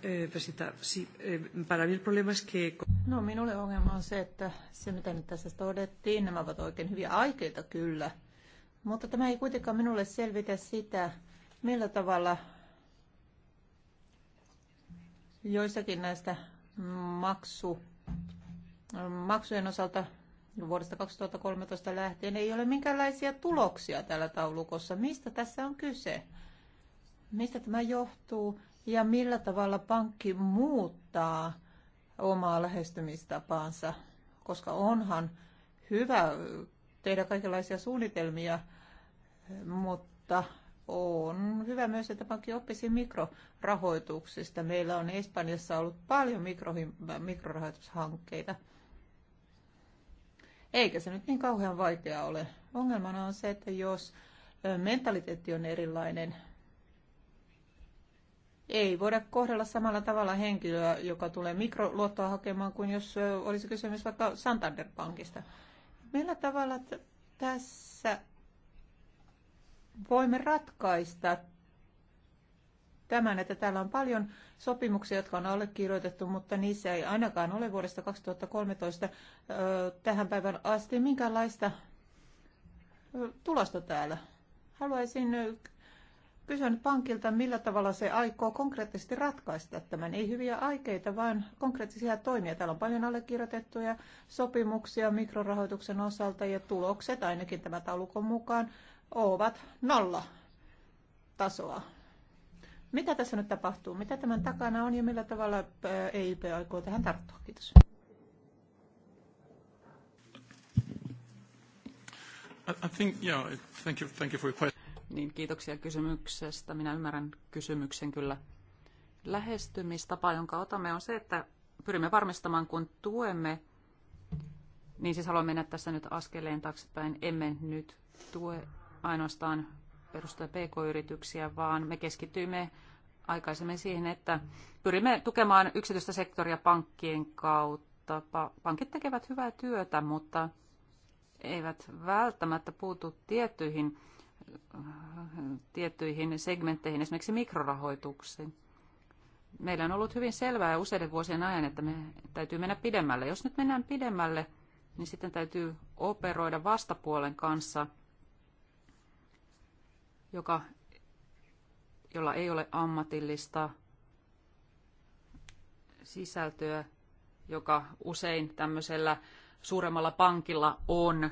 Eh, Presidenta, sí, eh, para mí el problema es que... No, minulle ongelma on se, että se mitä nyt tässä todettiin, nämä ovat oikein hyviä aikeita kyllä. Mutta tämä ei kuitenkaan minulle selvitä sitä, millä tavalla joissakin näistä maksu, maksujen osalta vuodesta 2013 lähtien ei ole minkäänlaisia tuloksia täällä taulukossa. Mistä tässä on kyse? Mistä tämä johtuu? ja millä tavalla pankki muuttaa omaa lähestymistapaansa, koska onhan hyvä tehdä kaikenlaisia suunnitelmia, mutta on hyvä myös, että pankki oppisi mikrorahoituksista. Meillä on Espanjassa ollut paljon mikro, mikrorahoitushankkeita. Eikä se nyt niin kauhean vaikeaa ole. Ongelmana on se, että jos mentaliteetti on erilainen, ei voida kohdella samalla tavalla henkilöä, joka tulee mikroluottoa hakemaan, kuin jos olisi kysymys vaikka Santander Pankista. Millä tavalla tässä voimme ratkaista tämän, että täällä on paljon sopimuksia, jotka on allekirjoitettu, mutta niissä ei ainakaan ole vuodesta 2013 tähän päivän asti minkäänlaista tulosta täällä. Haluaisin Kysyn pankilta, millä tavalla se aikoo konkreettisesti ratkaista tämän. Ei hyviä aikeita, vaan konkreettisia toimia. Täällä on paljon allekirjoitettuja sopimuksia mikrorahoituksen osalta ja tulokset, ainakin tämä taulukon mukaan, ovat nolla tasoa. Mitä tässä nyt tapahtuu? Mitä tämän takana on ja millä tavalla äh, EIP aikoo tähän tarttua? Kiitos. I think, yeah, thank you, thank you for your question. Niin kiitoksia kysymyksestä. Minä ymmärrän kysymyksen kyllä. Lähestymistapa, jonka otamme, on se, että pyrimme varmistamaan, kun tuemme, niin siis haluan mennä tässä nyt askeleen taaksepäin, emme nyt tue ainoastaan perustaa pk-yrityksiä, vaan me keskityimme aikaisemmin siihen, että pyrimme tukemaan yksityistä sektoria pankkien kautta. Pankit tekevät hyvää työtä, mutta eivät välttämättä puutu tiettyihin tiettyihin segmentteihin, esimerkiksi mikrorahoituksiin. Meillä on ollut hyvin selvää useiden vuosien ajan, että me täytyy mennä pidemmälle. Jos nyt mennään pidemmälle, niin sitten täytyy operoida vastapuolen kanssa, joka, jolla ei ole ammatillista sisältöä, joka usein tämmöisellä suuremmalla pankilla on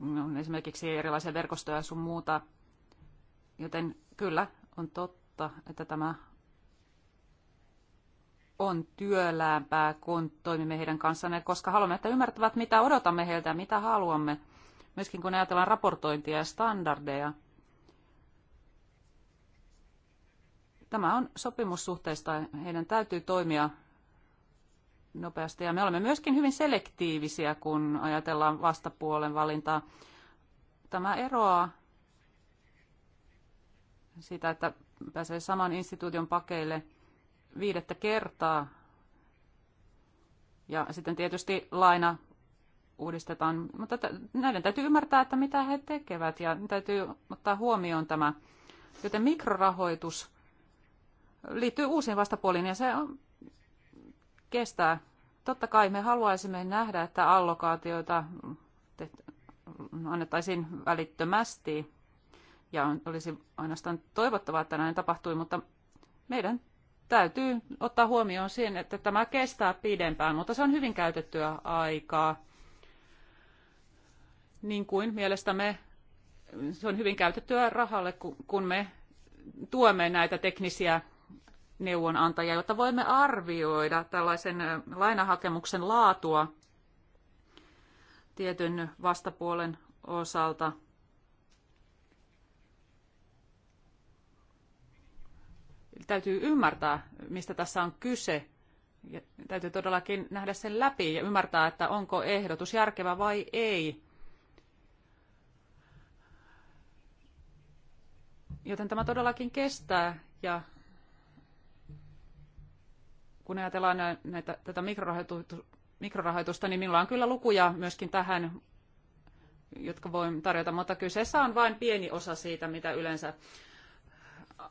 on esimerkiksi erilaisia verkostoja sun muuta. Joten kyllä on totta, että tämä on työläämpää, kun toimimme heidän kanssaan, koska haluamme, että ymmärtävät, mitä odotamme heiltä ja mitä haluamme. Myöskin kun ajatellaan raportointia ja standardeja. Tämä on sopimussuhteista. Heidän täytyy toimia nopeasti. Ja me olemme myöskin hyvin selektiivisiä, kun ajatellaan vastapuolen valintaa. Tämä eroaa sitä, että pääsee saman instituution pakeille viidettä kertaa. Ja sitten tietysti laina uudistetaan, mutta näiden täytyy ymmärtää, että mitä he tekevät ja täytyy ottaa huomioon tämä. Joten mikrorahoitus liittyy uusiin vastapuoliin ja se on kestää. Totta kai me haluaisimme nähdä, että allokaatioita annettaisiin välittömästi ja olisi ainoastaan toivottavaa, että näin tapahtui, mutta meidän täytyy ottaa huomioon siihen, että tämä kestää pidempään, mutta se on hyvin käytettyä aikaa, niin kuin mielestämme se on hyvin käytettyä rahalle, kun me tuemme näitä teknisiä neuvonantajia, jotta voimme arvioida tällaisen lainahakemuksen laatua tietyn vastapuolen osalta. Täytyy ymmärtää, mistä tässä on kyse. Ja täytyy todellakin nähdä sen läpi ja ymmärtää, että onko ehdotus järkevä vai ei. Joten tämä todellakin kestää ja kun ajatellaan näitä, tätä mikrorahoitusta, niin minulla on kyllä lukuja myöskin tähän, jotka voin tarjota, mutta kyseessä on vain pieni osa siitä, mitä yleensä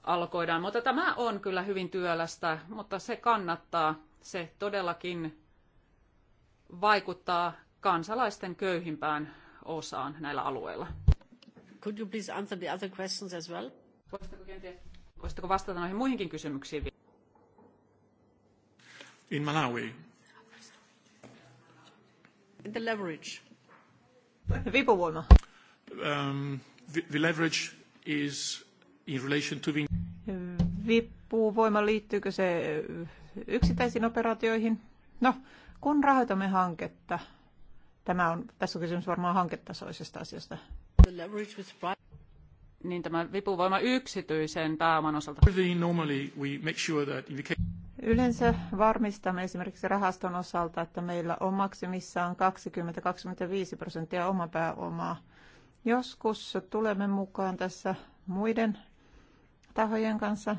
alkoidaan. Mutta tämä on kyllä hyvin työlästä, mutta se kannattaa. Se todellakin vaikuttaa kansalaisten köyhimpään osaan näillä alueilla. Could you please answer the other questions as well? Voisitteko, kenties, voisitteko vastata noihin muihinkin kysymyksiin? in Malawi? The leverage. Vipuvoima. Um, the, the leverage is in relation to the... Vipuvoima liittyykö se yksittäisiin operaatioihin? No, kun rahoitamme hanketta, tämä on, tässä on kysymys varmaan hanketasoisesta asiasta. The leverage niin tämä vipuvoima yksityisen pääoman osalta. Normally we make sure that Yleensä varmistamme esimerkiksi rahaston osalta, että meillä on maksimissaan 20-25 prosenttia pääomaa. Joskus tulemme mukaan tässä muiden tahojen kanssa.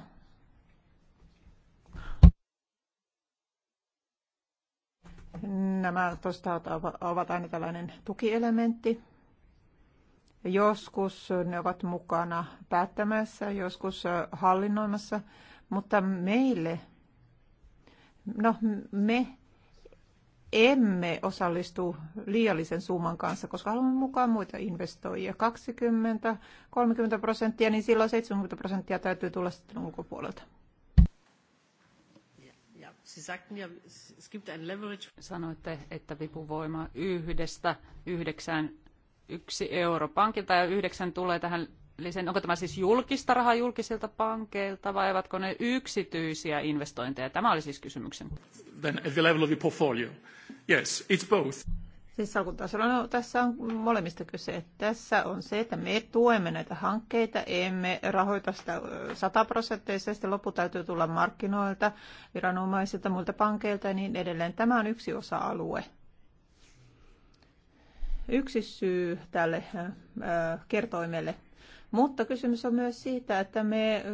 Nämä tuosta ovat aina tällainen tukielementti. Joskus ne ovat mukana päättämässä, joskus hallinnoimassa, mutta meille No, me emme osallistu liiallisen summan kanssa, koska haluamme mukaan muita investoijia. 20-30 prosenttia, niin silloin 70 prosenttia täytyy tulla sitten ulkopuolelta. Sanoitte, että vipuvoima yhdestä yhdeksään yksi euro pankilta ja yhdeksän tulee tähän sen, onko tämä siis julkista rahaa julkisilta pankeilta vai ovatko ne yksityisiä investointeja? Tämä oli siis kysymyksen. Then at the level of the portfolio. Yes, it's both. Siis salkuntasolla no, tässä on molemmista kyse. Tässä on se, että me tuemme näitä hankkeita, emme rahoita sitä sataprosenttisesti. Loppu täytyy tulla markkinoilta, viranomaisilta, muilta pankeilta ja niin edelleen. Tämä on yksi osa-alue yksi syy tälle kertoimelle mutta kysymys on myös siitä, että me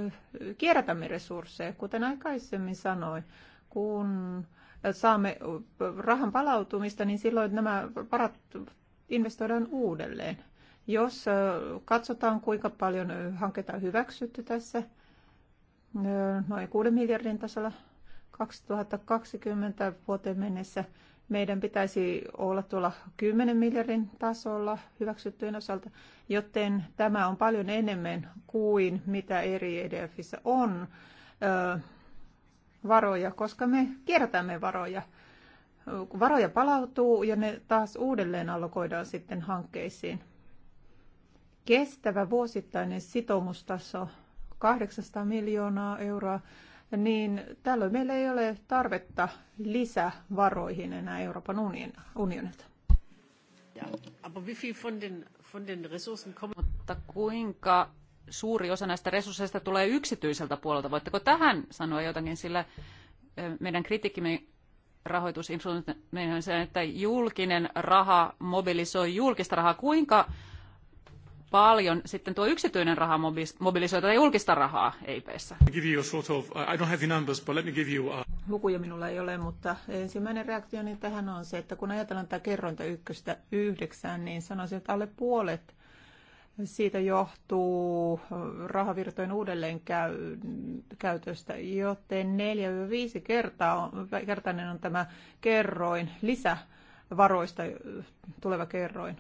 kierrätämme resursseja, kuten aikaisemmin sanoin, kun saamme rahan palautumista, niin silloin nämä varat investoidaan uudelleen. Jos katsotaan, kuinka paljon hanketta on hyväksytty tässä, noin 6 miljardin tasolla 2020 vuoteen mennessä, meidän pitäisi olla tuolla 10 miljardin tasolla hyväksyttyjen osalta, joten tämä on paljon enemmän kuin mitä eri EDFissä on ö, varoja, koska me kiertämme varoja. Varoja palautuu ja ne taas uudelleen allokoidaan sitten hankkeisiin. Kestävä vuosittainen sitoumustaso 800 miljoonaa euroa niin tällöin meillä ei ole tarvetta lisävaroihin enää Euroopan unionilta. Mutta kuinka suuri osa näistä resursseista tulee yksityiseltä puolelta? Voitteko tähän sanoa jotakin, sillä meidän kritiikkimme rahoitusinstrumentti on se, että julkinen raha mobilisoi julkista rahaa. Kuinka paljon sitten tuo yksityinen raha mobilisoi tätä julkista rahaa EIPissä. Lukuja minulla ei ole, mutta ensimmäinen niin tähän on se, että kun ajatellaan tätä kerrointa ykköstä yhdeksään, niin sanoisin, että alle puolet siitä johtuu rahavirtojen käytöstä, joten 4-5 kertaa kertainen on tämä kerroin, lisävaroista tuleva kerroin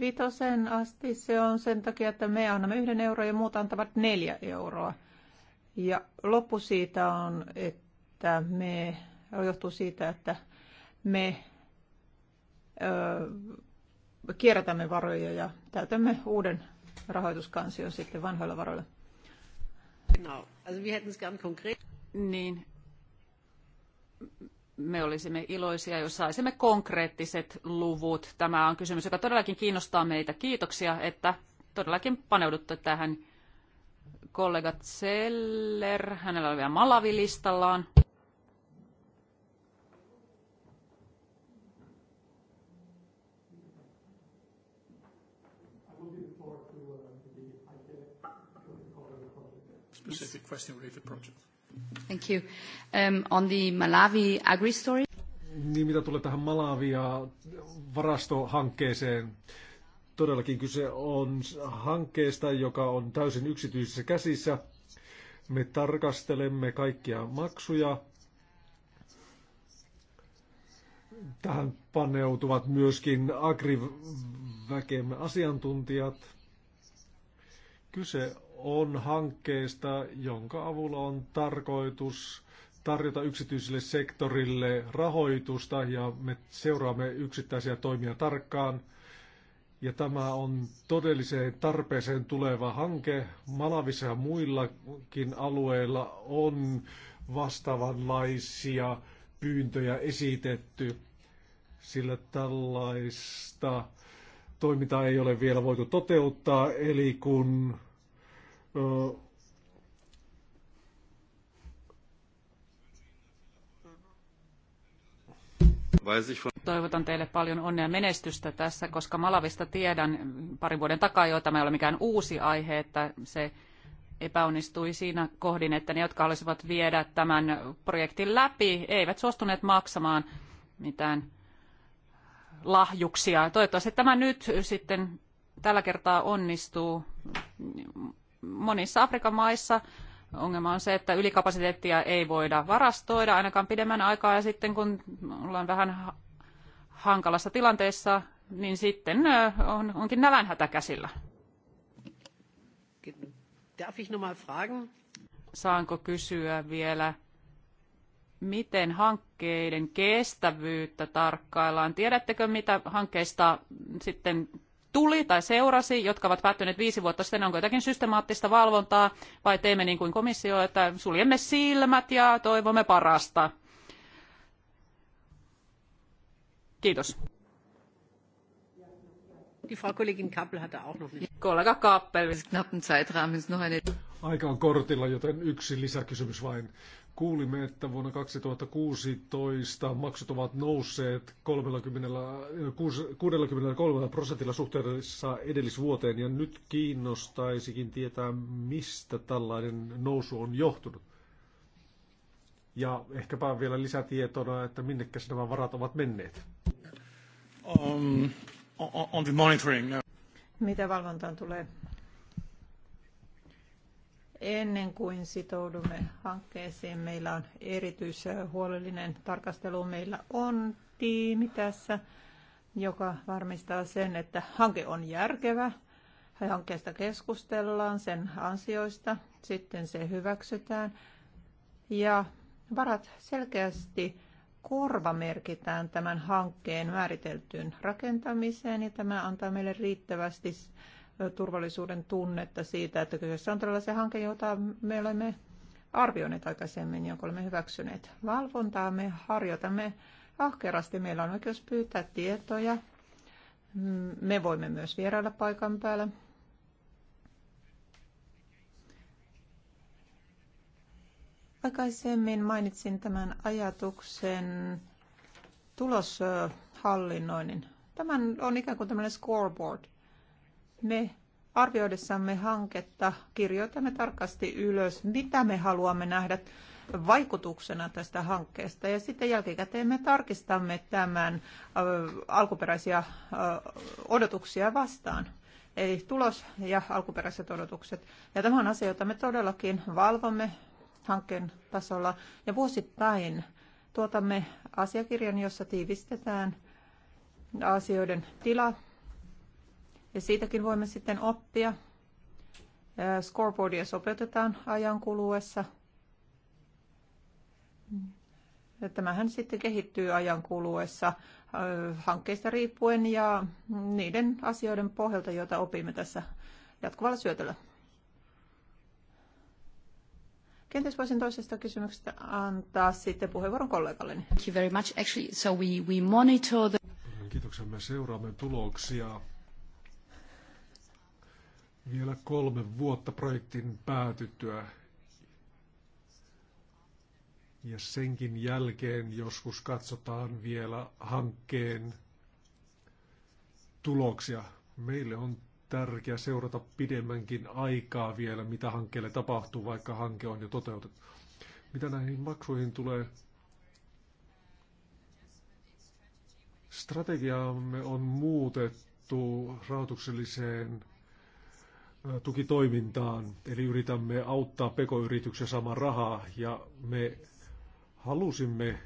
vitosen asti. Se on sen takia, että me annamme yhden euroa ja muut antavat neljä euroa. Ja loppu siitä on, että me johtuu siitä, että me ö, kierrätämme varoja ja täytämme uuden rahoituskansion sitten vanhoilla varoilla. Genau. Also wir hätten es gern konkret. Niin me olisimme iloisia, jos saisimme konkreettiset luvut. Tämä on kysymys, joka todellakin kiinnostaa meitä. Kiitoksia, että todellakin paneudutte tähän kollega Zeller. Hänellä oli vielä Malavi-listallaan. specific question related Thank you. Um, on the Malawi agri-story. Niin mitä tulee tähän Malavia varastohankkeeseen, todellakin kyse on hankkeesta, joka on täysin yksityisissä käsissä. Me tarkastelemme kaikkia maksuja. Tähän paneutuvat myöskin agriväkemme asiantuntijat. Kyse on hankkeesta, jonka avulla on tarkoitus tarjota yksityiselle sektorille rahoitusta ja me seuraamme yksittäisiä toimia tarkkaan. Ja tämä on todelliseen tarpeeseen tuleva hanke. Malavissa ja muillakin alueilla on vastaavanlaisia pyyntöjä esitetty, sillä tällaista toimintaa ei ole vielä voitu toteuttaa. Eli kun Toivotan teille paljon onnea menestystä tässä, koska Malavista tiedän parin vuoden takaa jo, tämä ei ole mikään uusi aihe, että se epäonnistui siinä kohdin, että ne, jotka halusivat viedä tämän projektin läpi, eivät suostuneet maksamaan mitään lahjuksia. Toivottavasti tämä nyt sitten tällä kertaa onnistuu monissa Afrikan maissa ongelma on se, että ylikapasiteettia ei voida varastoida ainakaan pidemmän aikaa ja sitten kun ollaan vähän hankalassa tilanteessa, niin sitten on, onkin nälänhätä käsillä. Darf ich fragen? Saanko kysyä vielä, miten hankkeiden kestävyyttä tarkkaillaan? Tiedättekö, mitä hankkeista sitten tuli tai seurasi, jotka ovat päättyneet viisi vuotta sitten, onko jotakin systemaattista valvontaa vai teemme niin kuin komissio, että suljemme silmät ja toivomme parasta. Kiitos. Kappel Kollega Kappel. Aika on kortilla, joten yksi lisäkysymys vain. Kuulimme, että vuonna 2016 maksut ovat nousseet 30, 63 prosentilla suhteessa edellisvuoteen, ja nyt kiinnostaisikin tietää, mistä tällainen nousu on johtunut. Ja ehkäpä vielä lisätietona, että minnekäs nämä varat ovat menneet. Um, on the monitoring. Mitä valvontaan tulee? ennen kuin sitoudumme hankkeeseen, meillä on erityishuolellinen tarkastelu. Meillä on tiimi tässä, joka varmistaa sen, että hanke on järkevä. Hankkeesta keskustellaan, sen ansioista, sitten se hyväksytään ja varat selkeästi korva merkitään tämän hankkeen määriteltyyn rakentamiseen ja tämä antaa meille riittävästi turvallisuuden tunnetta siitä, että kyseessä on todella se hanke, jota me olemme arvioineet aikaisemmin, jonka olemme hyväksyneet. Valvontaa me harjoitamme ahkerasti. Meillä on oikeus pyytää tietoja. Mm, me voimme myös vierailla paikan päällä. Aikaisemmin mainitsin tämän ajatuksen tuloshallinnoinnin. Tämän on ikään kuin tämmöinen scoreboard, me arvioidessamme hanketta kirjoitamme tarkasti ylös, mitä me haluamme nähdä vaikutuksena tästä hankkeesta. Ja sitten jälkikäteen me tarkistamme tämän alkuperäisiä odotuksia vastaan. Eli tulos ja alkuperäiset odotukset. Ja tämä on asia, jota me todellakin valvomme hankkeen tasolla. Ja vuosittain tuotamme asiakirjan, jossa tiivistetään asioiden tila, ja siitäkin voimme sitten oppia. Scoreboardia sopeutetaan ajan kuluessa. Tämähän sitten kehittyy ajan kuluessa hankkeista riippuen ja niiden asioiden pohjalta, joita opimme tässä jatkuvalla syötöllä. Kenties voisin toisesta kysymyksestä antaa sitten puheenvuoron kollegalleni. Kiitoksia. Me seuraamme tuloksia vielä kolme vuotta projektin päätyttyä. Ja senkin jälkeen joskus katsotaan vielä hankkeen tuloksia. Meille on tärkeää seurata pidemmänkin aikaa vielä, mitä hankkeelle tapahtuu, vaikka hanke on jo toteutettu. Mitä näihin maksuihin tulee? Strategiaamme on muutettu rahoitukselliseen tukitoimintaan. Eli yritämme auttaa pekoyrityksiä saamaan rahaa ja me halusimme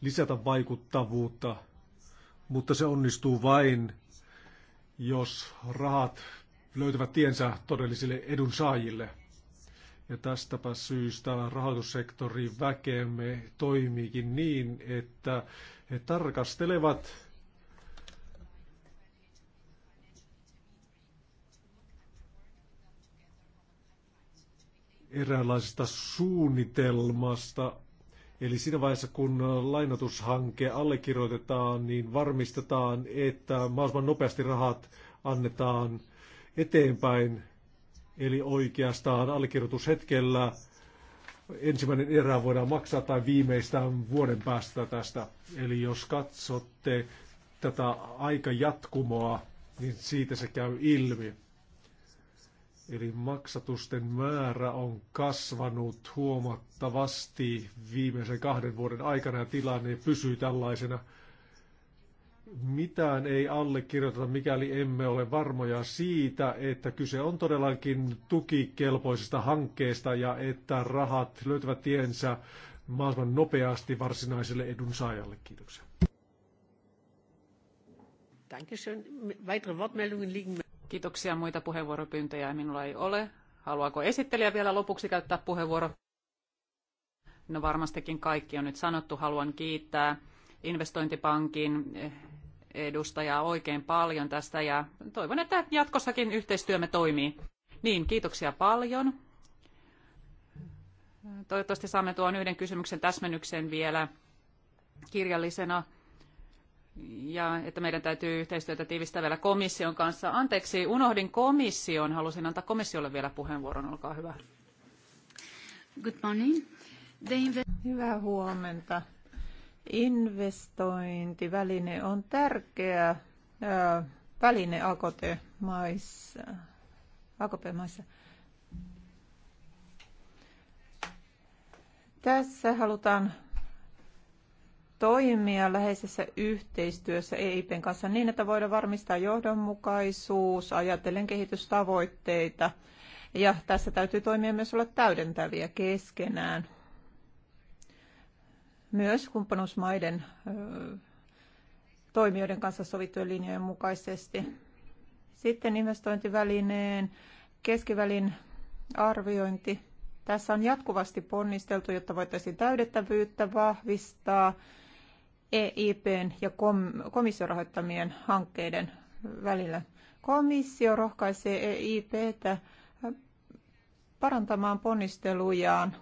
lisätä vaikuttavuutta, mutta se onnistuu vain, jos rahat löytävät tiensä todellisille edunsaajille. Ja tästäpä syystä rahoitussektorin väkeemme toimiikin niin, että he tarkastelevat eräänlaisesta suunnitelmasta. Eli siinä vaiheessa, kun lainatushanke allekirjoitetaan, niin varmistetaan, että mahdollisimman nopeasti rahat annetaan eteenpäin. Eli oikeastaan allekirjoitushetkellä ensimmäinen erä voidaan maksaa tai viimeistään vuoden päästä tästä. Eli jos katsotte tätä aikajatkumoa, niin siitä se käy ilmi. Eli maksatusten määrä on kasvanut huomattavasti viimeisen kahden vuoden aikana ja tilanne pysyy tällaisena. Mitään ei allekirjoiteta, mikäli emme ole varmoja siitä, että kyse on todellakin tukikelpoisesta hankkeesta ja että rahat löytävät tiensä mahdollisimman nopeasti varsinaiselle edunsaajalle. Kiitoksia. Dankeschön. Weitere Wortmeldungen liegen Kiitoksia. Muita puheenvuoropyyntöjä minulla ei ole. Haluaako esittelijä vielä lopuksi käyttää puheenvuoro? No varmastikin kaikki on nyt sanottu. Haluan kiittää investointipankin edustajaa oikein paljon tästä ja toivon, että jatkossakin yhteistyömme toimii. Niin, kiitoksia paljon. Toivottavasti saamme tuon yhden kysymyksen täsmennyksen vielä kirjallisena ja että meidän täytyy yhteistyötä tiivistää vielä komission kanssa. Anteeksi, unohdin komission. Halusin antaa komissiolle vielä puheenvuoron. Olkaa hyvä. Good morning. Hyvää huomenta. Investointiväline on tärkeä väline AKT-maissa. AKP-maissa. Tässä halutaan toimia läheisessä yhteistyössä EIPn kanssa niin, että voidaan varmistaa johdonmukaisuus, ajatellen kehitystavoitteita. Ja tässä täytyy toimia myös olla täydentäviä keskenään. Myös kumppanuusmaiden toimijoiden kanssa sovittujen linjojen mukaisesti. Sitten investointivälineen keskivälin arviointi. Tässä on jatkuvasti ponnisteltu, jotta voitaisiin täydettävyyttä vahvistaa EIPn ja komission rahoittamien hankkeiden välillä. Komissio rohkaisee EIPtä äh, parantamaan ponnistelujaan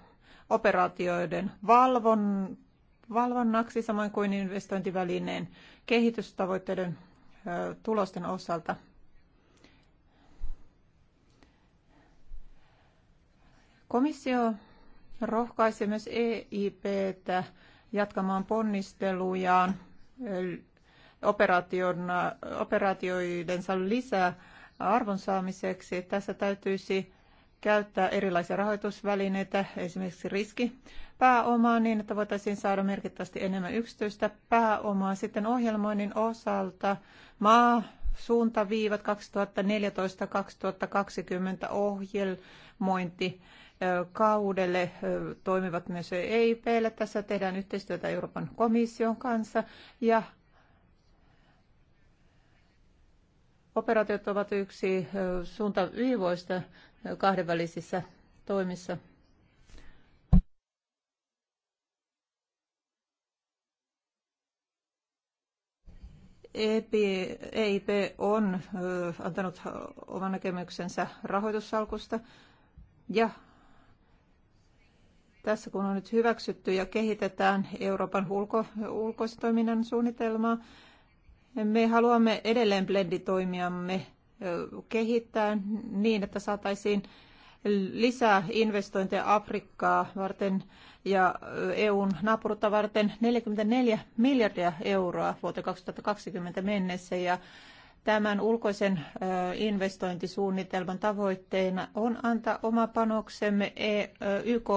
operaatioiden valvon, valvonnaksi, samoin kuin investointivälineen kehitystavoitteiden ö, äh, tulosten osalta. Komissio rohkaisee myös EIPtä jatkamaan ponnistelujaan operaatioidensa lisää arvon saamiseksi. Tässä täytyisi käyttää erilaisia rahoitusvälineitä, esimerkiksi riskipääomaa, niin että voitaisiin saada merkittävästi enemmän yksityistä pääomaa. Sitten ohjelmoinnin osalta maa suuntaviivat 2014-2020 ohjelmointi kaudelle toimivat myös EIP. Tässä tehdään yhteistyötä Euroopan komission kanssa ja operaatiot ovat yksi suunta yivoista kahdenvälisissä toimissa. EIP e on antanut oman näkemyksensä rahoitussalkusta ja tässä kun on nyt hyväksytty ja kehitetään Euroopan ulko, ulkoistoiminnan suunnitelmaa, me haluamme edelleen blenditoimiamme kehittää niin, että saataisiin lisää investointeja Afrikkaa varten ja EUn naapurutta varten 44 miljardia euroa vuoteen 2020 mennessä. Ja tämän ulkoisen investointisuunnitelman tavoitteena on antaa oma panoksemme e, YK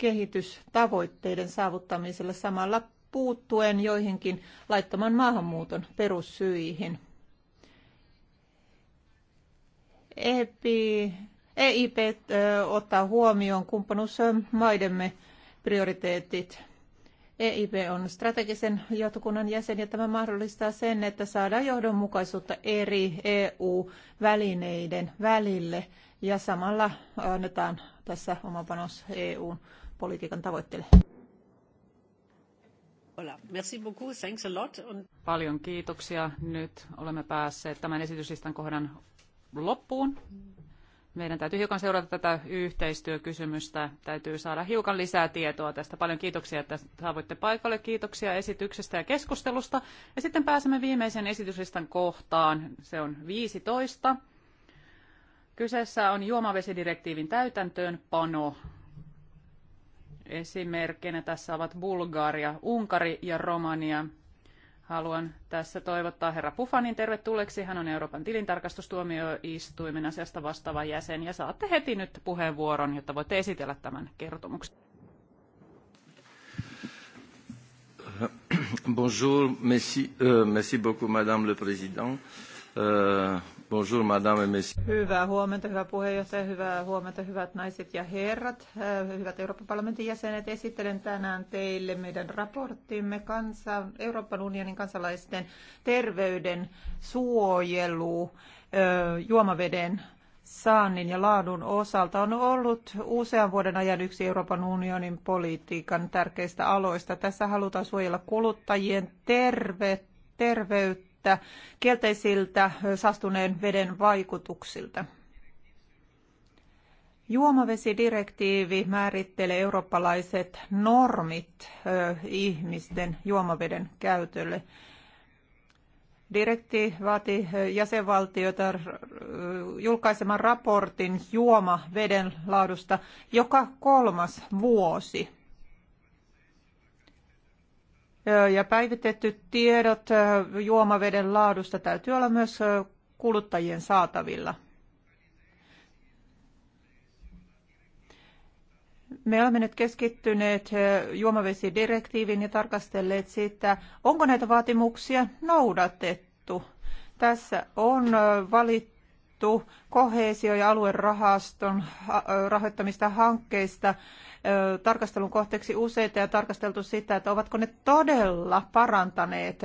kehitystavoitteiden saavuttamiselle samalla puuttuen joihinkin laittoman maahanmuuton perussyihin. EPI, EIP ottaa huomioon kumppanuusmaidemme prioriteetit. EIP on strategisen johtokunnan jäsen ja tämä mahdollistaa sen, että saadaan johdonmukaisuutta eri EU-välineiden välille ja samalla annetaan tässä oma panos EUn politiikan tavoitteille. Paljon kiitoksia. Nyt olemme päässeet tämän esityslistan kohdan loppuun. Meidän täytyy hiukan seurata tätä yhteistyökysymystä. Täytyy saada hiukan lisää tietoa tästä. Paljon kiitoksia, että saavuitte paikalle. Kiitoksia esityksestä ja keskustelusta. Ja sitten pääsemme viimeisen esityslistan kohtaan. Se on 15. Kyseessä on juomavesidirektiivin täytäntöönpano. Esimerkkinä tässä ovat Bulgaria, Unkari ja Romania. Haluan tässä toivottaa herra Pufanin tervetulleeksi. Hän on Euroopan tilintarkastustuomioistuimen asiasta vastaava jäsen ja saatte heti nyt puheenvuoron, jotta voitte esitellä tämän kertomuksen. Bonjour, merci, euh, merci beaucoup, Madame le Président. Euh, Bonjour, madame, Hyvää huomenta, hyvä puheenjohtaja, hyvää huomenta, hyvät naiset ja herrat, äh, hyvät Euroopan parlamentin jäsenet. Esittelen tänään teille meidän raporttimme kansa, Euroopan unionin kansalaisten terveyden suojelu äh, juomaveden saannin ja laadun osalta on ollut usean vuoden ajan yksi Euroopan unionin politiikan tärkeistä aloista. Tässä halutaan suojella kuluttajien terve, terveyttä että kielteisiltä saastuneen veden vaikutuksilta. Juomavesidirektiivi määrittelee eurooppalaiset normit ihmisten juomaveden käytölle. Direkti vaati jäsenvaltiota julkaisemaan raportin juomaveden laadusta joka kolmas vuosi ja päivitetty tiedot juomaveden laadusta täytyy olla myös kuluttajien saatavilla. Me olemme nyt keskittyneet juomavesidirektiiviin ja tarkastelleet sitä, onko näitä vaatimuksia noudatettu. Tässä on valittu puhuttu kohesio- ja aluerahaston rahoittamista hankkeista tarkastelun kohteeksi useita ja tarkasteltu sitä, että ovatko ne todella parantaneet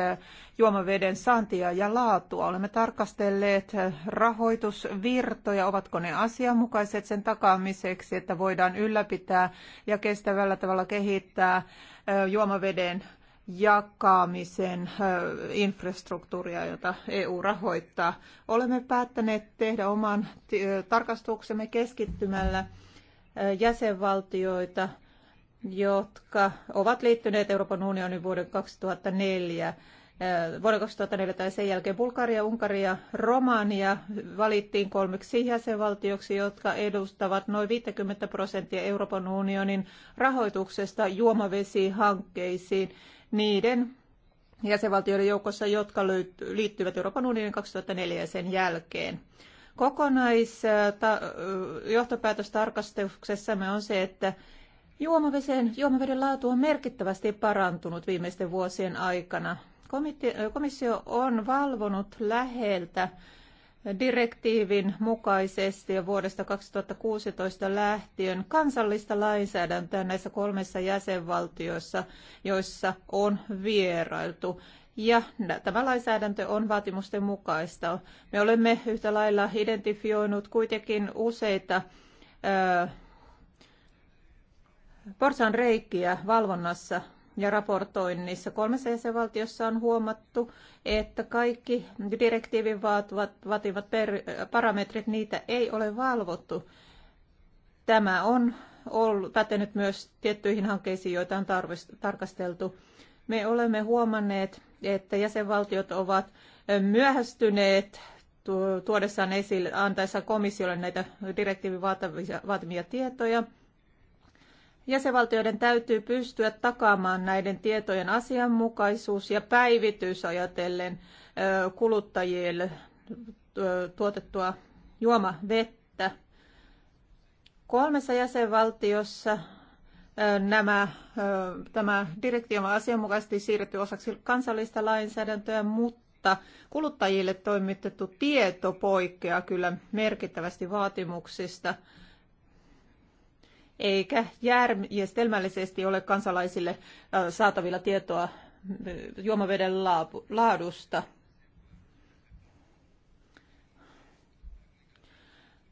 juomaveden saantia ja laatua. Olemme tarkastelleet rahoitusvirtoja, ovatko ne asianmukaiset sen takaamiseksi, että voidaan ylläpitää ja kestävällä tavalla kehittää juomaveden jakamisen infrastruktuuria, jota EU rahoittaa. Olemme päättäneet tehdä oman tarkastuksemme keskittymällä jäsenvaltioita, jotka ovat liittyneet Euroopan unionin vuoden 2004 vuoden 2004 tai sen jälkeen Bulgaria, Unkari ja Romania valittiin kolmeksi jäsenvaltioksi, jotka edustavat noin 50 prosenttia Euroopan unionin rahoituksesta juomavesihankkeisiin niiden jäsenvaltioiden joukossa, jotka liittyvät Euroopan unionin 2004 ja sen jälkeen. Kokonaisjohtopäätöstarkastuksessamme äh, äh, on se, että juomaveden, juomaveden laatu on merkittävästi parantunut viimeisten vuosien aikana. Äh, komissio on valvonut läheltä direktiivin mukaisesti ja vuodesta 2016 lähtien kansallista lainsäädäntöä näissä kolmessa jäsenvaltiossa, joissa on vierailtu. Ja tämä lainsäädäntö on vaatimusten mukaista. Me olemme yhtä lailla identifioinut kuitenkin useita porsan valvonnassa ja raportoinnissa kolmessa jäsenvaltiossa on huomattu, että kaikki direktiivin vaativat, vaativat per, parametrit, niitä ei ole valvottu. Tämä on ollut, pätenyt myös tiettyihin hankkeisiin, joita on tarkasteltu. Me olemme huomanneet, että jäsenvaltiot ovat myöhästyneet tuodessaan esille, antaessa komissiolle näitä direktiivin vaatimia tietoja – Jäsenvaltioiden täytyy pystyä takaamaan näiden tietojen asianmukaisuus ja päivitys ajatellen kuluttajille tuotettua juomavettä. Kolmessa jäsenvaltiossa nämä, tämä direktio on asianmukaisesti siirretty osaksi kansallista lainsäädäntöä, mutta kuluttajille toimitettu tieto poikkeaa kyllä merkittävästi vaatimuksista – eikä järjestelmällisesti ole kansalaisille saatavilla tietoa juomaveden laadusta.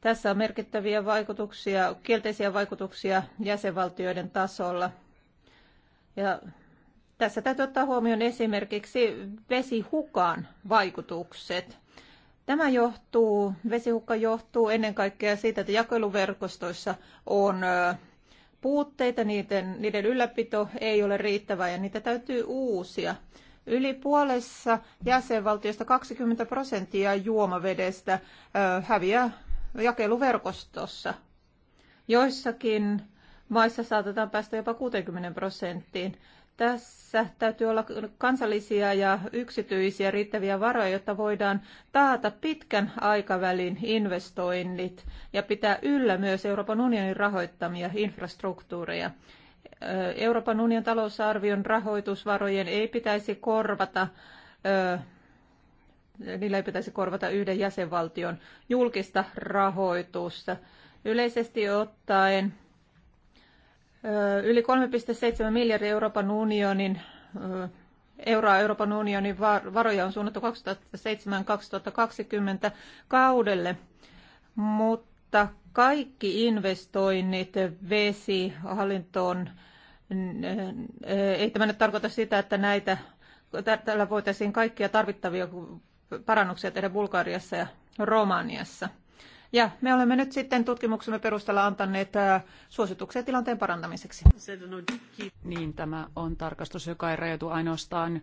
Tässä on merkittäviä vaikutuksia, kielteisiä vaikutuksia jäsenvaltioiden tasolla. Ja tässä täytyy ottaa huomioon esimerkiksi vesihukan vaikutukset. Tämä johtuu, vesihukka johtuu ennen kaikkea siitä, että jakeluverkostoissa on puutteita, niiden, niiden ylläpito ei ole riittävää ja niitä täytyy uusia. Yli puolessa jäsenvaltiosta 20 prosenttia juomavedestä häviää jakeluverkostossa. Joissakin maissa saatetaan päästä jopa 60 prosenttiin. Tässä täytyy olla kansallisia ja yksityisiä riittäviä varoja, jotta voidaan taata pitkän aikavälin investoinnit ja pitää yllä myös Euroopan unionin rahoittamia infrastruktuureja. Euroopan unionin talousarvion rahoitusvarojen ei pitäisi korvata niillä ei pitäisi korvata yhden jäsenvaltion julkista rahoitusta. Yleisesti ottaen Yli 3,7 miljardia Euroopan unionin euroa Euroopan unionin varoja on suunnattu 2007-2020 kaudelle, mutta kaikki investoinnit vesihallintoon, ei tämä nyt tarkoita sitä, että näitä, tällä voitaisiin kaikkia tarvittavia parannuksia tehdä Bulgariassa ja Romaniassa – ja me olemme nyt sitten tutkimuksemme perusteella antaneet äh, suosituksia tilanteen parantamiseksi. Niin, tämä on tarkastus, joka ei rajoitu ainoastaan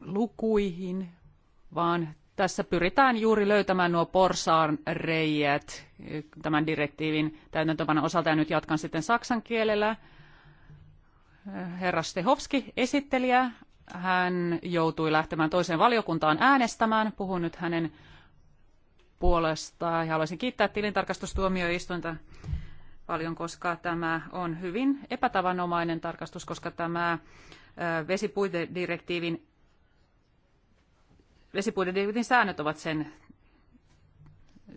lukuihin, vaan tässä pyritään juuri löytämään nuo porsaan reijät eh, tämän direktiivin täytäntöpanon osalta. Ja nyt jatkan sitten saksan kielellä. Eh, herra Stehovski, esittelijä, hän joutui lähtemään toiseen valiokuntaan äänestämään. Puhun nyt hänen puolesta ja haluaisin kiittää tilintarkastustuomioistuinta paljon, koska tämä on hyvin epätavanomainen tarkastus, koska tämä vesipuitedirektiivin vesipuitedirektiivin säännöt ovat sen,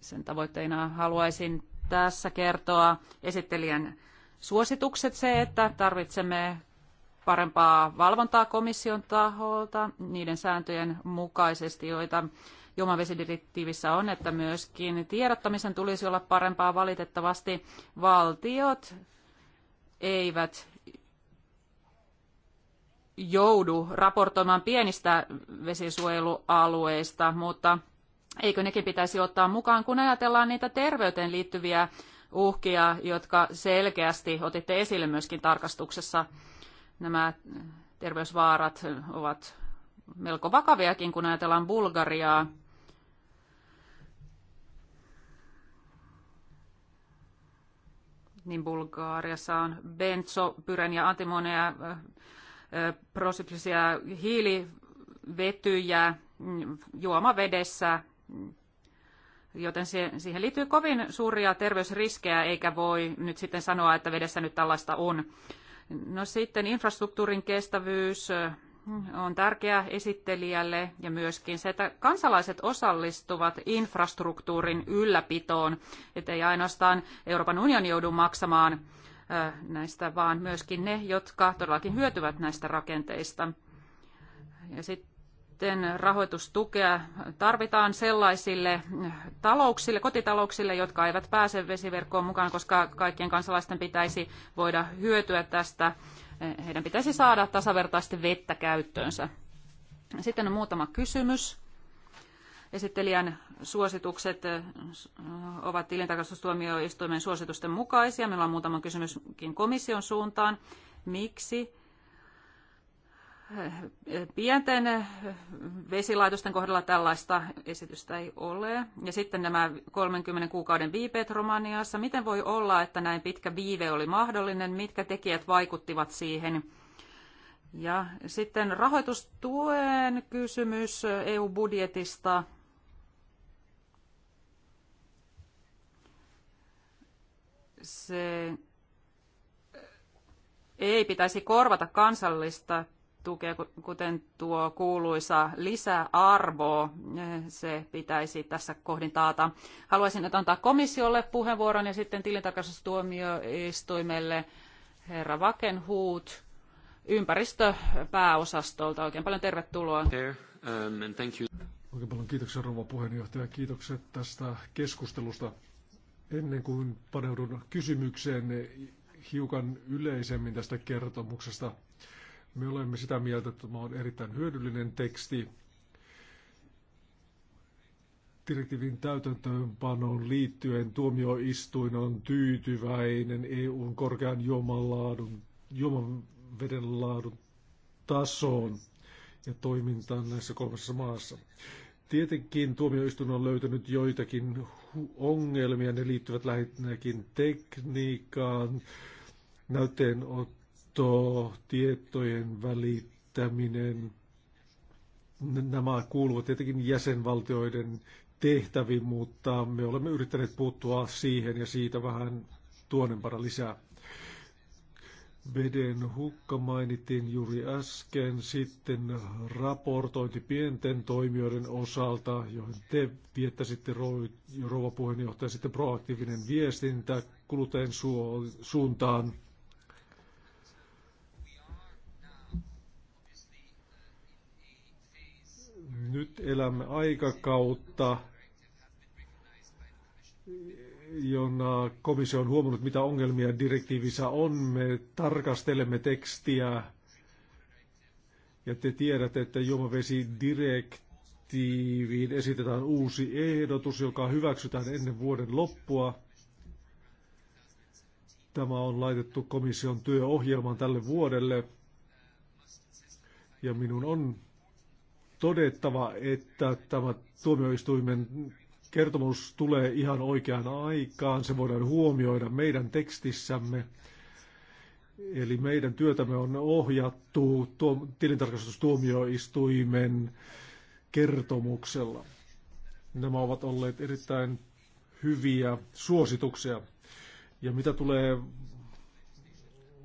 sen tavoitteena. Haluaisin tässä kertoa esittelijän suositukset se, että tarvitsemme parempaa valvontaa komission taholta niiden sääntöjen mukaisesti, joita juomavesidirektiivissä on, että myöskin tiedottamisen tulisi olla parempaa. Valitettavasti valtiot eivät joudu raportoimaan pienistä vesisuojelualueista, mutta eikö nekin pitäisi ottaa mukaan, kun ajatellaan niitä terveyteen liittyviä uhkia, jotka selkeästi otitte esille myöskin tarkastuksessa. Nämä terveysvaarat ovat melko vakaviakin, kun ajatellaan Bulgariaa. niin Bulgaariassa on benzo pyren ja antimonia, prosyklisia hiilivetyjä juomavedessä, joten siihen liittyy kovin suuria terveysriskejä, eikä voi nyt sitten sanoa, että vedessä nyt tällaista on. No sitten infrastruktuurin kestävyys, on tärkeä esittelijälle ja myöskin se, että kansalaiset osallistuvat infrastruktuurin ylläpitoon, ettei ainoastaan Euroopan unioni joudu maksamaan näistä, vaan myöskin ne, jotka todellakin hyötyvät näistä rakenteista. Ja sitten rahoitustukea tarvitaan sellaisille talouksille, kotitalouksille, jotka eivät pääse vesiverkkoon mukaan, koska kaikkien kansalaisten pitäisi voida hyötyä tästä heidän pitäisi saada tasavertaisesti vettä käyttöönsä. Sitten on muutama kysymys. Esittelijän suositukset äh, äh, ovat tilintarkastustuomioistuimen suositusten mukaisia. Meillä on muutama kysymyskin komission suuntaan. Miksi Pienten vesilaitosten kohdalla tällaista esitystä ei ole. Ja sitten nämä 30 kuukauden viipeet Romaniassa. Miten voi olla, että näin pitkä viive oli mahdollinen? Mitkä tekijät vaikuttivat siihen? Ja sitten rahoitustuen kysymys EU-budjetista. Se ei pitäisi korvata kansallista tukea, kuten tuo kuuluisa lisäarvo, eh, se pitäisi tässä kohdin taata. Haluaisin nyt antaa komissiolle puheenvuoron ja sitten tilintarkastustuomioistuimelle herra Vakenhuut ympäristöpääosastolta. Oikein paljon tervetuloa. Um, Oikein paljon kiitoksia rouva puheenjohtaja. Kiitokset tästä keskustelusta. Ennen kuin paneudun kysymykseen hiukan yleisemmin tästä kertomuksesta, me olemme sitä mieltä, että tämä on erittäin hyödyllinen teksti. Direktiivin täytäntöönpanoon liittyen tuomioistuin on tyytyväinen EUn korkean juomanlaadun, juoman veden laadun tasoon ja toimintaan näissä kolmessa maassa. Tietenkin tuomioistuin on löytänyt joitakin ongelmia, ne liittyvät lähinnäkin tekniikkaan, näytteen tieto, tietojen välittäminen, nämä kuuluvat tietenkin jäsenvaltioiden tehtäviin, mutta me olemme yrittäneet puuttua siihen ja siitä vähän tuonempana lisää. Veden hukka mainittiin juuri äsken. Sitten raportointi pienten toimijoiden osalta, johon te viettäisitte rouva puheenjohtaja, sitten proaktiivinen viestintä kuluteen suuntaan. nyt elämme aikakautta, jona komissio on huomannut, mitä ongelmia direktiivissä on. Me tarkastelemme tekstiä ja te tiedätte, että juomavesidirektiiviin esitetään uusi ehdotus, joka hyväksytään ennen vuoden loppua. Tämä on laitettu komission työohjelmaan tälle vuodelle. Ja minun on todettava, että tämä tuomioistuimen kertomus tulee ihan oikeaan aikaan. Se voidaan huomioida meidän tekstissämme. Eli meidän työtämme on ohjattu tuo, tilintarkastustuomioistuimen kertomuksella. Nämä ovat olleet erittäin hyviä suosituksia. Ja mitä tulee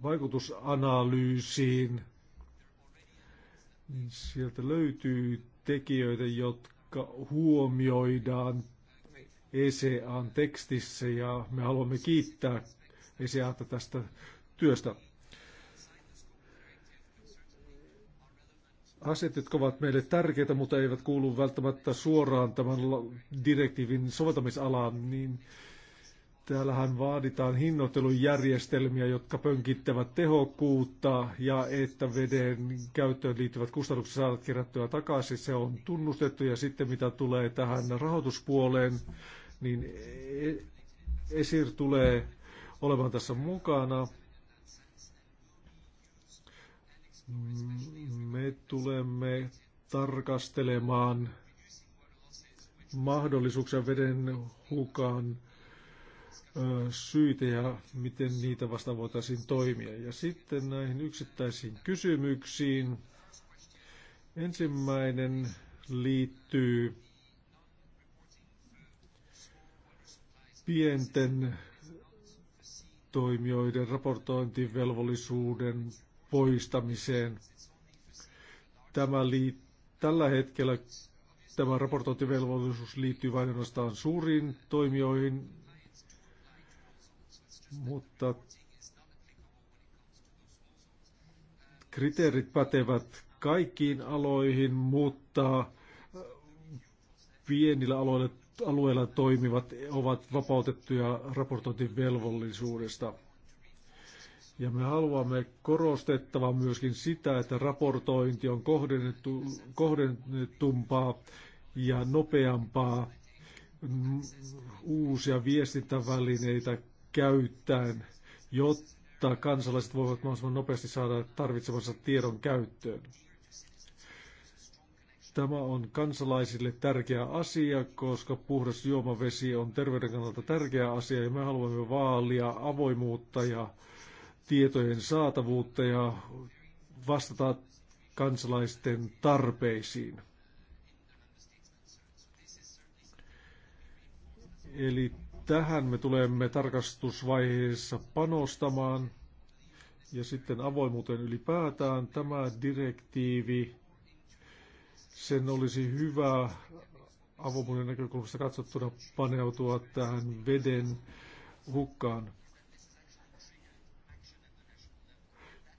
vaikutusanalyysiin, niin sieltä löytyy tekijöitä, jotka huomioidaan ECAn tekstissä ja me haluamme kiittää ECAta tästä työstä. Asiat, jotka ovat meille tärkeitä, mutta eivät kuulu välttämättä suoraan tämän direktiivin soveltamisalaan, niin Täällähän vaaditaan hinnoittelujärjestelmiä, jotka pönkittävät tehokkuutta ja että veden käyttöön liittyvät kustannukset saadaan kerättyä takaisin. Se on tunnustettu ja sitten mitä tulee tähän rahoituspuoleen, niin e-, ESIR tulee olemaan tässä mukana. Me tulemme tarkastelemaan mahdollisuuksia veden hukaan syitä ja miten niitä vasta voitaisiin toimia. Ja sitten näihin yksittäisiin kysymyksiin. Ensimmäinen liittyy pienten toimijoiden raportointivelvollisuuden poistamiseen. Tämä liit, tällä hetkellä tämä raportointivelvollisuus liittyy vain ainoastaan suuriin toimijoihin, mutta kriteerit pätevät kaikkiin aloihin, mutta pienillä aloilla, alueilla toimivat ovat vapautettuja raportointivelvollisuudesta. Ja me haluamme korostettava myöskin sitä, että raportointi on kohdennettu, kohdennettumpaa ja nopeampaa. Mm, uusia viestintävälineitä käyttäen, jotta kansalaiset voivat mahdollisimman nopeasti saada tarvitsemansa tiedon käyttöön. Tämä on kansalaisille tärkeä asia, koska puhdas juomavesi on terveyden kannalta tärkeä asia ja me haluamme vaalia avoimuutta ja tietojen saatavuutta ja vastata kansalaisten tarpeisiin. Eli Tähän me tulemme tarkastusvaiheessa panostamaan ja sitten avoimuuteen ylipäätään tämä direktiivi, sen olisi hyvä avoimuuden näkökulmasta katsottuna paneutua tähän veden hukkaan.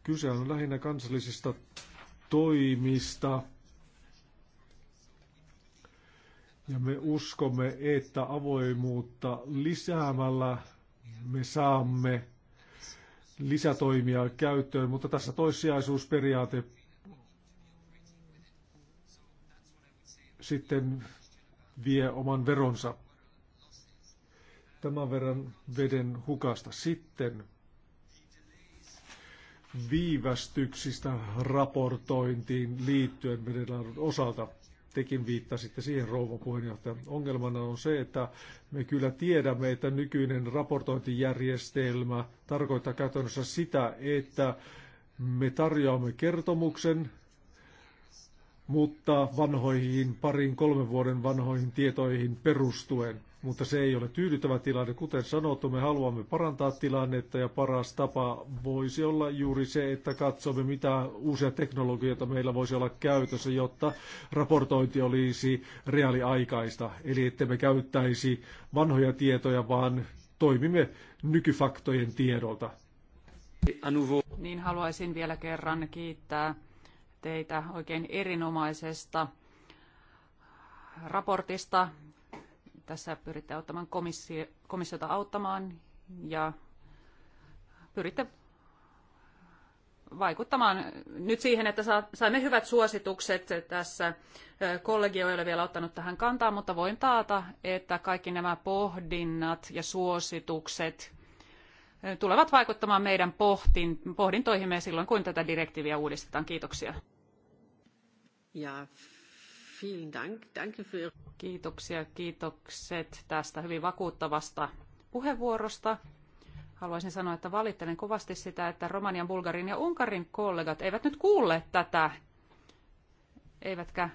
Kyse on lähinnä kansallisista toimista Ja me uskomme, että avoimuutta lisäämällä me saamme lisätoimia käyttöön, mutta tässä toissijaisuusperiaate sitten vie oman veronsa tämän verran veden hukasta. Sitten viivästyksistä raportointiin liittyen veden osalta tekin viittasitte siihen, rouva puheenjohtaja. Ongelmana on se, että me kyllä tiedämme, että nykyinen raportointijärjestelmä tarkoittaa käytännössä sitä, että me tarjoamme kertomuksen, mutta vanhoihin, parin kolmen vuoden vanhoihin tietoihin perustuen mutta se ei ole tyydyttävä tilanne. Kuten sanottu, me haluamme parantaa tilannetta ja paras tapa voisi olla juuri se, että katsomme mitä uusia teknologioita meillä voisi olla käytössä, jotta raportointi olisi reaaliaikaista. Eli että me käyttäisi vanhoja tietoja, vaan toimimme nykyfaktojen tiedolta. Niin haluaisin vielä kerran kiittää teitä oikein erinomaisesta raportista tässä pyritte auttamaan komissio, komissiota auttamaan ja pyritte vaikuttamaan nyt siihen, että saimme hyvät suositukset tässä. Kollegio ei ole vielä ottanut tähän kantaa, mutta voin taata, että kaikki nämä pohdinnat ja suositukset tulevat vaikuttamaan meidän pohtin, pohdintoihimme silloin, kun tätä direktiiviä uudistetaan. Kiitoksia. Ja vielen Dank. Danke für Kiitoksia, kiitokset tästä hyvin vakuuttavasta puheenvuorosta. Haluaisin sanoa, että valittelen kovasti sitä, että Romanian, Bulgarin ja Unkarin kollegat eivät nyt kuulle tätä, eivätkä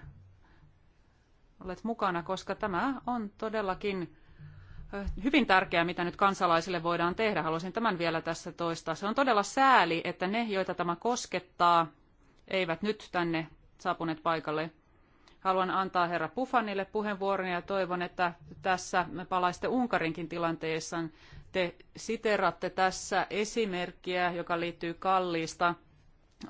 olet mukana, koska tämä on todellakin hyvin tärkeää, mitä nyt kansalaisille voidaan tehdä. Haluaisin tämän vielä tässä toistaa. Se on todella sääli, että ne, joita tämä koskettaa, eivät nyt tänne saapuneet paikalle. Haluan antaa herra Pufanille puheenvuoron ja toivon, että tässä me palaiste Unkarinkin tilanteessa. Te siteratte tässä esimerkkiä, joka liittyy kalliista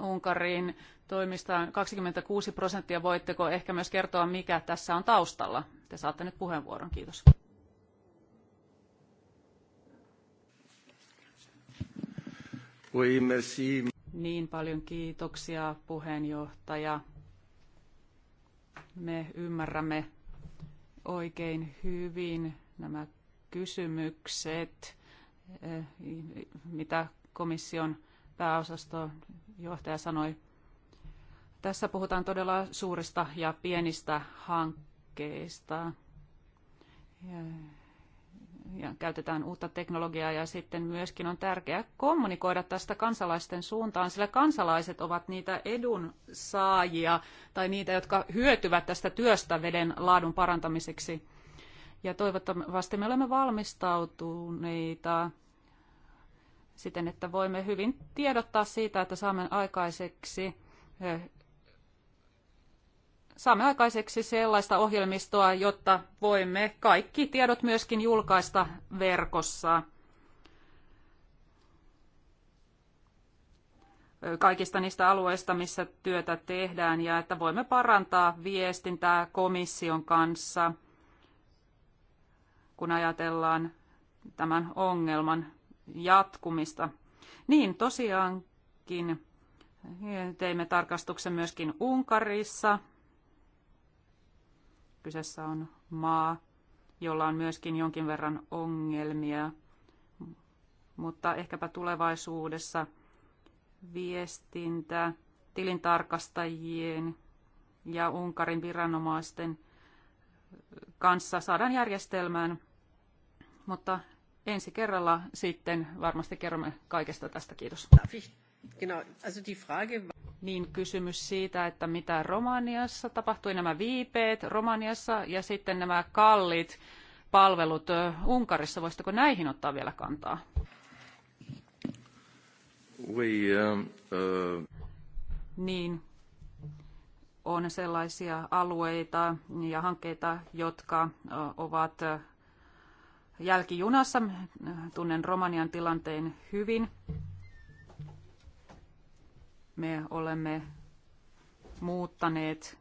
Unkarin toimistaan 26 prosenttia. Voitteko ehkä myös kertoa, mikä tässä on taustalla? Te saatte nyt puheenvuoron. Kiitos. Oui, merci. Niin paljon kiitoksia puheenjohtaja me ymmärrämme oikein hyvin nämä kysymykset, eh, mitä komission pääosaston johtaja sanoi. Tässä puhutaan todella suurista ja pienistä hankkeista ja käytetään uutta teknologiaa ja sitten myöskin on tärkeää kommunikoida tästä kansalaisten suuntaan, sillä kansalaiset ovat niitä edunsaajia tai niitä, jotka hyötyvät tästä työstä veden laadun parantamiseksi. Ja toivottavasti me olemme valmistautuneita siten, että voimme hyvin tiedottaa siitä, että saamme aikaiseksi saamme aikaiseksi sellaista ohjelmistoa, jotta voimme kaikki tiedot myöskin julkaista verkossa. kaikista niistä alueista, missä työtä tehdään, ja että voimme parantaa viestintää komission kanssa, kun ajatellaan tämän ongelman jatkumista. Niin, tosiaankin teimme tarkastuksen myöskin Unkarissa, Kyseessä on maa, jolla on myöskin jonkin verran ongelmia, mutta ehkäpä tulevaisuudessa viestintä tilintarkastajien ja Unkarin viranomaisten kanssa saadaan järjestelmään, mutta ensi kerralla sitten varmasti kerromme kaikesta tästä. Kiitos niin kysymys siitä, että mitä Romaniassa tapahtui, nämä viipeet Romaniassa ja sitten nämä kallit palvelut Unkarissa. Voisitteko näihin ottaa vielä kantaa? We, um, uh... Niin, on sellaisia alueita ja hankkeita, jotka ovat jälkijunassa. Tunnen Romanian tilanteen hyvin. Me olemme muuttaneet,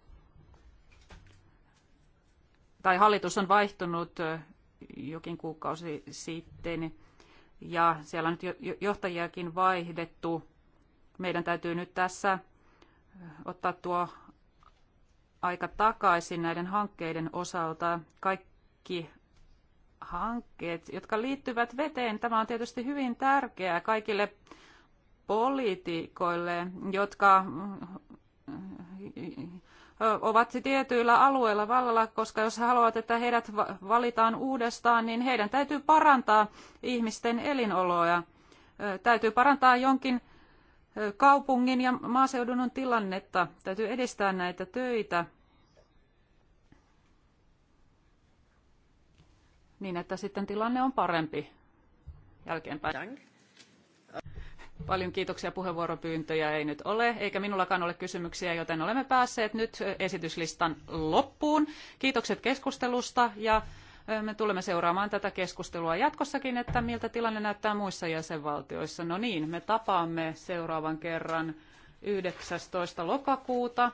tai hallitus on vaihtunut jokin kuukausi sitten, ja siellä on nyt johtajiakin vaihdettu. Meidän täytyy nyt tässä ottaa tuo aika takaisin näiden hankkeiden osalta. Kaikki hankkeet, jotka liittyvät veteen, tämä on tietysti hyvin tärkeää kaikille poliitikoille, jotka mm, ovat tietyillä alueilla vallalla, koska jos he haluavat, että heidät valitaan uudestaan, niin heidän täytyy parantaa ihmisten elinoloja. Täytyy parantaa jonkin kaupungin ja maaseudun tilannetta. Täytyy edistää näitä töitä. Niin, että sitten tilanne on parempi jälkeenpäin. Paljon kiitoksia puheenvuoropyyntöjä ei nyt ole, eikä minullakaan ole kysymyksiä, joten olemme päässeet nyt esityslistan loppuun. Kiitokset keskustelusta ja me tulemme seuraamaan tätä keskustelua jatkossakin, että miltä tilanne näyttää muissa jäsenvaltioissa. No niin, me tapaamme seuraavan kerran 19. lokakuuta.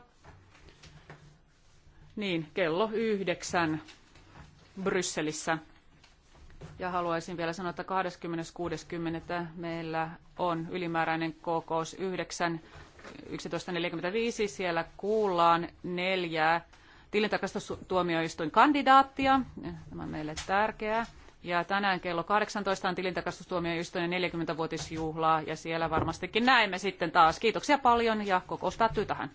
Niin, kello yhdeksän Brysselissä. Ja haluaisin vielä sanoa, että 26.10. meillä on ylimääräinen kokous 9 11.45. Siellä kuullaan neljää tilintarkastustuomioistuin kandidaattia. Tämä on meille tärkeää. Ja tänään kello 18 on tilintarkastustuomioistuimen 40-vuotisjuhlaa ja siellä varmastikin näemme sitten taas. Kiitoksia paljon ja kokous päättyy tähän.